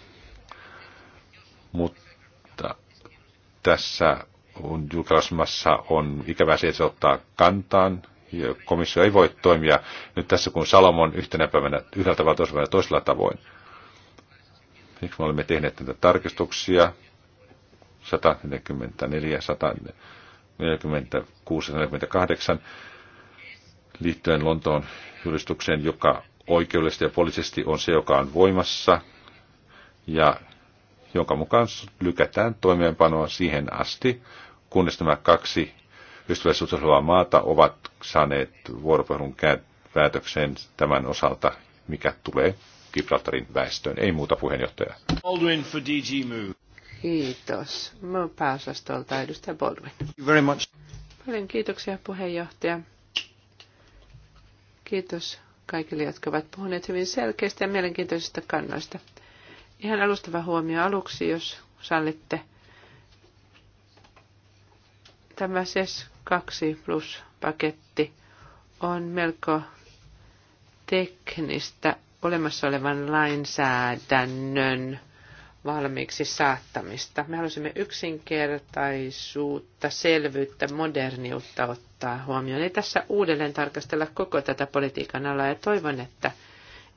mutta tässä on, julkaisemassa on ikävä se, että se ottaa kantaan. Komissio ei voi toimia nyt tässä kun Salomon yhtenä päivänä yhdellä tavalla toisella, toisella tavoin. Miksi me olemme tehneet näitä tarkistuksia. 144, 146, 148 liittyen Lontoon julistukseen, joka oikeudellisesti ja poliittisesti on se, joka on voimassa ja jonka mukaan lykätään toimeenpanoa siihen asti, kunnes nämä kaksi ystävällisuutta maata ovat saaneet vuoropuhelun päätökseen tämän osalta, mikä tulee Gibraltarin väestöön. Ei muuta puheenjohtaja. Baldwin for DG Move. Kiitos. Mä pääosastolta edustaja Baldwin. Thank you Very much. Paljon kiitoksia puheenjohtaja. Kiitos kaikille, jotka ovat puhuneet hyvin selkeistä ja mielenkiintoisista kannoista. Ihan alustava huomio aluksi, jos sallitte. Tämä SES 2 Plus-paketti on melko teknistä olemassa olevan lainsäädännön valmiiksi saattamista. Me halusimme yksinkertaisuutta, selvyyttä, moderniutta ottaa ottaa huomioon. Ei tässä uudelleen tarkastella koko tätä politiikan alaa ja toivon, että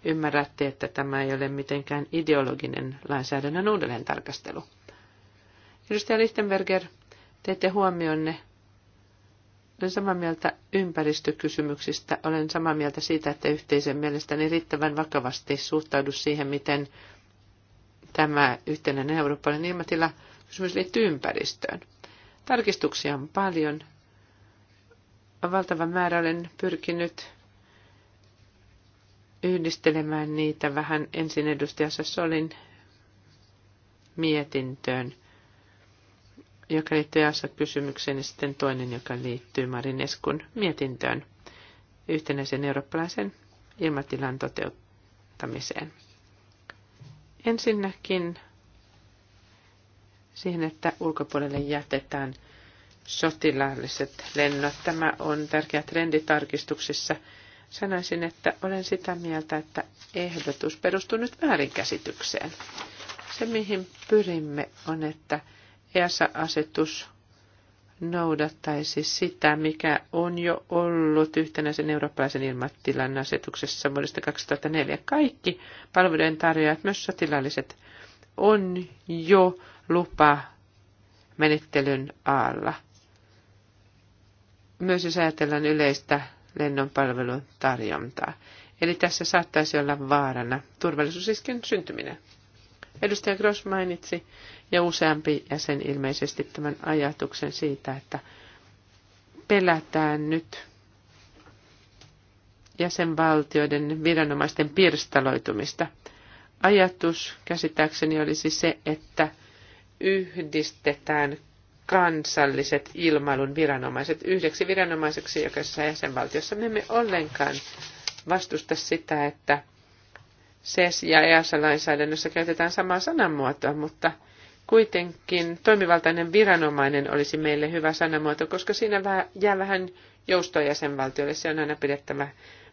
ymmärrätte, että tämä ei ole mitenkään ideologinen lainsäädännön uudelleen tarkastelu. Edustaja Lichtenberger, teette huomionne. Olen samaa mieltä ympäristökysymyksistä. Olen samaa mieltä siitä, että yhteisen mielestäni riittävän vakavasti suhtaudu siihen, miten tämä yhteinen eurooppalainen ilmatila kysymys liittyy ympäristöön. Tarkistuksia on paljon valtava määrä. Olen pyrkinyt yhdistelemään niitä vähän ensin edustajassa solin mietintöön, joka liittyy Assad-kysymykseen ja sitten toinen, joka liittyy Marin Eskun mietintöön yhtenäisen eurooppalaisen ilmatilan toteuttamiseen. Ensinnäkin siihen, että ulkopuolelle jätetään – sotilaalliset lennot. Tämä on tärkeä trendi tarkistuksissa. Sanoisin, että olen sitä mieltä, että ehdotus perustuu nyt väärinkäsitykseen. Se, mihin pyrimme, on, että EASA-asetus noudattaisi sitä, mikä on jo ollut yhtenäisen eurooppalaisen ilmatilan asetuksessa vuodesta 2004. Kaikki palveluiden tarjoajat, myös sotilaalliset, on jo lupa menettelyn alla myös jos ajatellaan yleistä lennonpalvelun tarjontaa. Eli tässä saattaisi olla vaarana turvallisuusiskin syntyminen. Edustaja Gross mainitsi ja useampi jäsen ilmeisesti tämän ajatuksen siitä, että pelätään nyt jäsenvaltioiden viranomaisten pirstaloitumista. Ajatus käsittääkseni olisi se, että yhdistetään kansalliset ilmailun viranomaiset yhdeksi viranomaiseksi jokaisessa jäsenvaltiossa. Me emme ollenkaan vastusta sitä, että SES- ja EASA-lainsäädännössä käytetään samaa sanamuotoa, mutta kuitenkin toimivaltainen viranomainen olisi meille hyvä sanamuoto, koska siinä vähän, jää vähän joustoa jäsenvaltioille. Se on aina pidettävä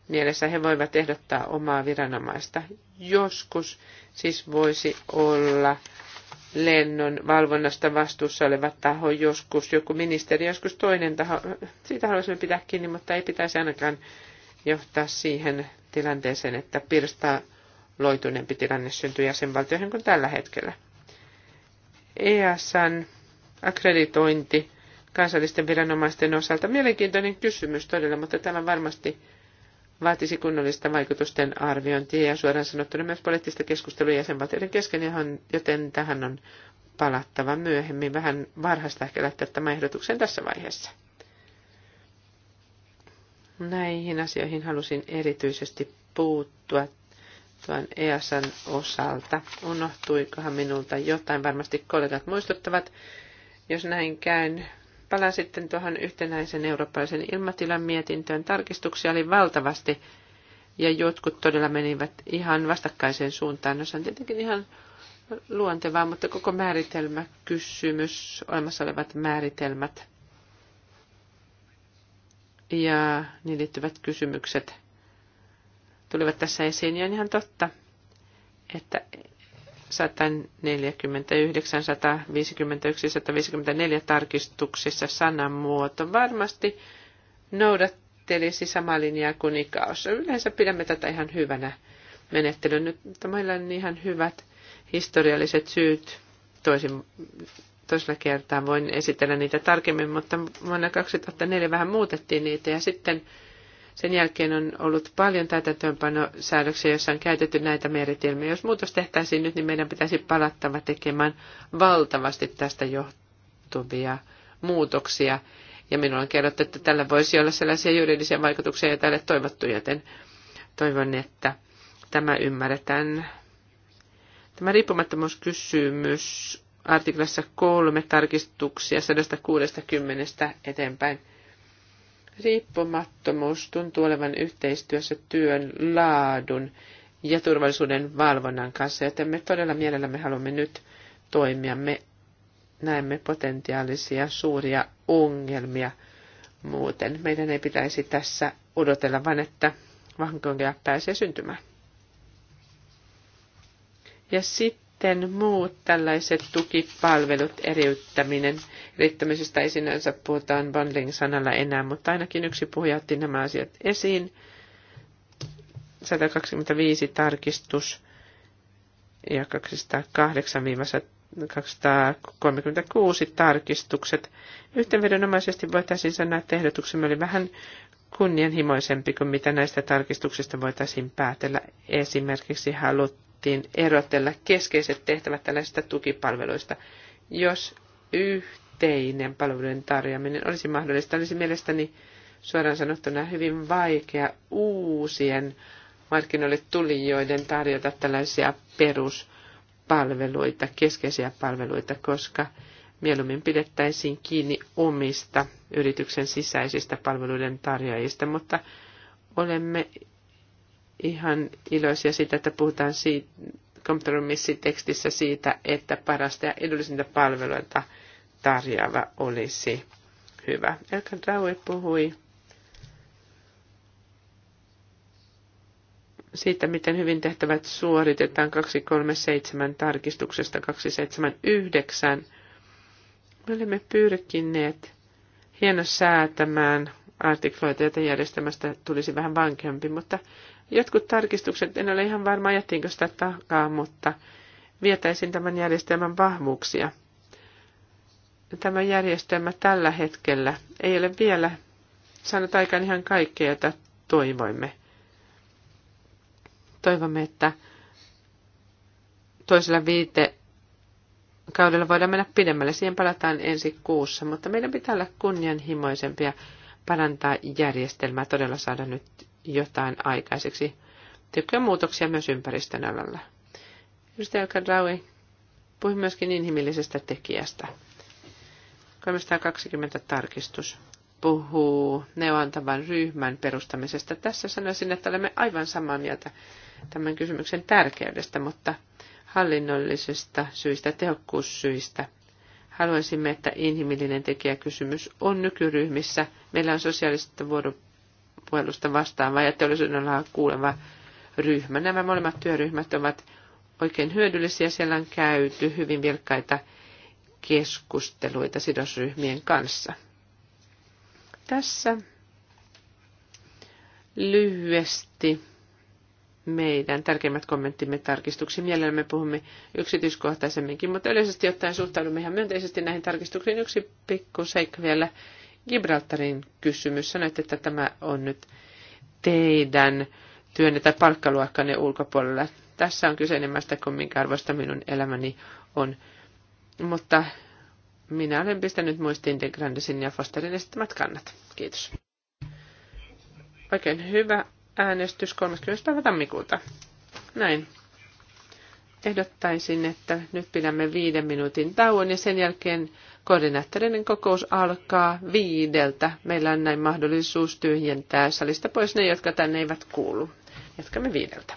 mielessä. He voivat ehdottaa omaa viranomaista. Joskus siis voisi olla lennon valvonnasta vastuussa oleva taho, joskus joku ministeri, joskus toinen taho. Siitä haluaisimme pitää kiinni, mutta ei pitäisi ainakaan johtaa siihen tilanteeseen, että pirstaa loituneempi tilanne syntyy jäsenvaltioihin kuin tällä hetkellä. EASan akkreditointi kansallisten viranomaisten osalta. Mielenkiintoinen kysymys todella, mutta tämä varmasti vaatisi kunnollista vaikutusten arviointia ja suoraan sanottuna myös poliittista keskustelua jäsenvaltioiden kesken, johon, joten tähän on palattava myöhemmin. Vähän varhaista ehkä lähteä tämän ehdotuksen tässä vaiheessa. Näihin asioihin halusin erityisesti puuttua tuon EASan osalta. Unohtuikohan minulta jotain? Varmasti kollegat muistuttavat. Jos näin käyn, Palaan sitten tuohon yhtenäisen eurooppalaisen ilmatilan mietintöön. Tarkistuksia oli valtavasti ja jotkut todella menivät ihan vastakkaiseen suuntaan. No se on tietenkin ihan luontevaa, mutta koko määritelmä, kysymys, olemassa olevat määritelmät ja niin liittyvät kysymykset tulivat tässä esiin. Ja on ihan totta, että 149, 151, 154 tarkistuksissa sanamuoto varmasti noudattelisi samaa linjaa kuin ikaossa. Yleensä pidämme tätä ihan hyvänä menettelyn. Nyt meillä on ihan hyvät historialliset syyt. Toisin, toisella kertaa voin esitellä niitä tarkemmin, mutta vuonna 2004 vähän muutettiin niitä ja sitten sen jälkeen on ollut paljon täytäntöönpanosäädöksiä, joissa on käytetty näitä meritelmiä. Jos muutos tehtäisiin nyt, niin meidän pitäisi palattava tekemään valtavasti tästä johtuvia muutoksia. Ja minulla on kerrottu, että tällä voisi olla sellaisia juridisia vaikutuksia, joita ei ole toivottu, joten toivon, että tämä ymmärretään. Tämä riippumattomuuskysymys artiklassa kolme tarkistuksia 160 eteenpäin Riippumattomuus tuntuu olevan yhteistyössä työn laadun ja turvallisuuden valvonnan kanssa, joten me todella mielellämme haluamme nyt toimia. Me näemme potentiaalisia suuria ongelmia muuten. Meidän ei pitäisi tässä odotella, vaan että vahinkoja pääsee syntymään. Ja sitten sitten muut tällaiset tukipalvelut eriyttäminen. Eriyttämisestä ei sinänsä puhutaan bundling-sanalla enää, mutta ainakin yksi puhuja otti nämä asiat esiin. 125 tarkistus ja 208-236 tarkistukset. Yhteenvedonomaisesti voitaisiin sanoa, että ehdotuksemme oli vähän kunnianhimoisempi kuin mitä näistä tarkistuksista voitaisiin päätellä. Esimerkiksi halut haluttiin erotella keskeiset tehtävät tällaisista tukipalveluista. Jos yhteinen palvelujen tarjoaminen olisi mahdollista, olisi mielestäni suoraan sanottuna hyvin vaikea uusien markkinoille tulijoiden tarjota tällaisia peruspalveluita, keskeisiä palveluita, koska mieluummin pidettäisiin kiinni omista yrityksen sisäisistä palveluiden tarjoajista, mutta olemme ihan iloisia siitä, että puhutaan siitä, kompromissitekstissä siitä, että parasta ja edullisinta palveluita tarjoava olisi hyvä. Elkan Raue puhui siitä, miten hyvin tehtävät suoritetaan 237 tarkistuksesta 279. Me olemme pyrkineet hieno säätämään artikloita, joita järjestelmästä tulisi vähän vankempi, mutta Jotkut tarkistukset, en ole ihan varma jättiinkö sitä takaa, mutta vietäisin tämän järjestelmän vahvuuksia. Tämä järjestelmä tällä hetkellä ei ole vielä saanut aikaan ihan kaikkea, jota toivoimme. Toivomme, että toisella viite kaudella voidaan mennä pidemmälle. Siihen palataan ensi kuussa, mutta meidän pitää olla kunnianhimoisempia, parantaa järjestelmää, todella saada nyt jotain aikaiseksi. tykkää muutoksia myös ympäristön alalla. Edustaja Elkadraui puhui myöskin inhimillisestä tekijästä. 320 tarkistus puhuu neuvontavan ryhmän perustamisesta. Tässä sanoisin, että olemme aivan samaa mieltä tämän kysymyksen tärkeydestä, mutta hallinnollisista syistä, tehokkuussyistä. Haluaisimme, että inhimillinen tekijäkysymys on nykyryhmissä. Meillä on sosiaalista vuoropuolta puhelusta vastaava ja teollisuudenalaa kuuleva ryhmä. Nämä molemmat työryhmät ovat oikein hyödyllisiä. Siellä on käyty hyvin vilkkaita keskusteluita sidosryhmien kanssa. Tässä lyhyesti meidän tärkeimmät kommenttimme tarkistuksiin. Mielellämme puhumme yksityiskohtaisemminkin, mutta yleisesti ottaen suhtaudumme ihan myönteisesti näihin tarkistuksiin. Yksi pikku seikka vielä, Gibraltarin kysymys. Sanoit, että tämä on nyt teidän työnne tai palkkaluokkanne ulkopuolella. Tässä on kyse enemmän sitä kuin minkä arvosta minun elämäni on. Mutta minä olen pistänyt muistiin De Grandesin ja Fosterin esittämät kannat. Kiitos. Oikein hyvä äänestys 30. päivä tammikuuta. Näin. Ehdottaisin, että nyt pidämme viiden minuutin tauon ja sen jälkeen Koordinaattorinen kokous alkaa viideltä. Meillä on näin mahdollisuus tyhjentää salista pois ne, jotka tänne eivät kuulu. Jatkamme viideltä.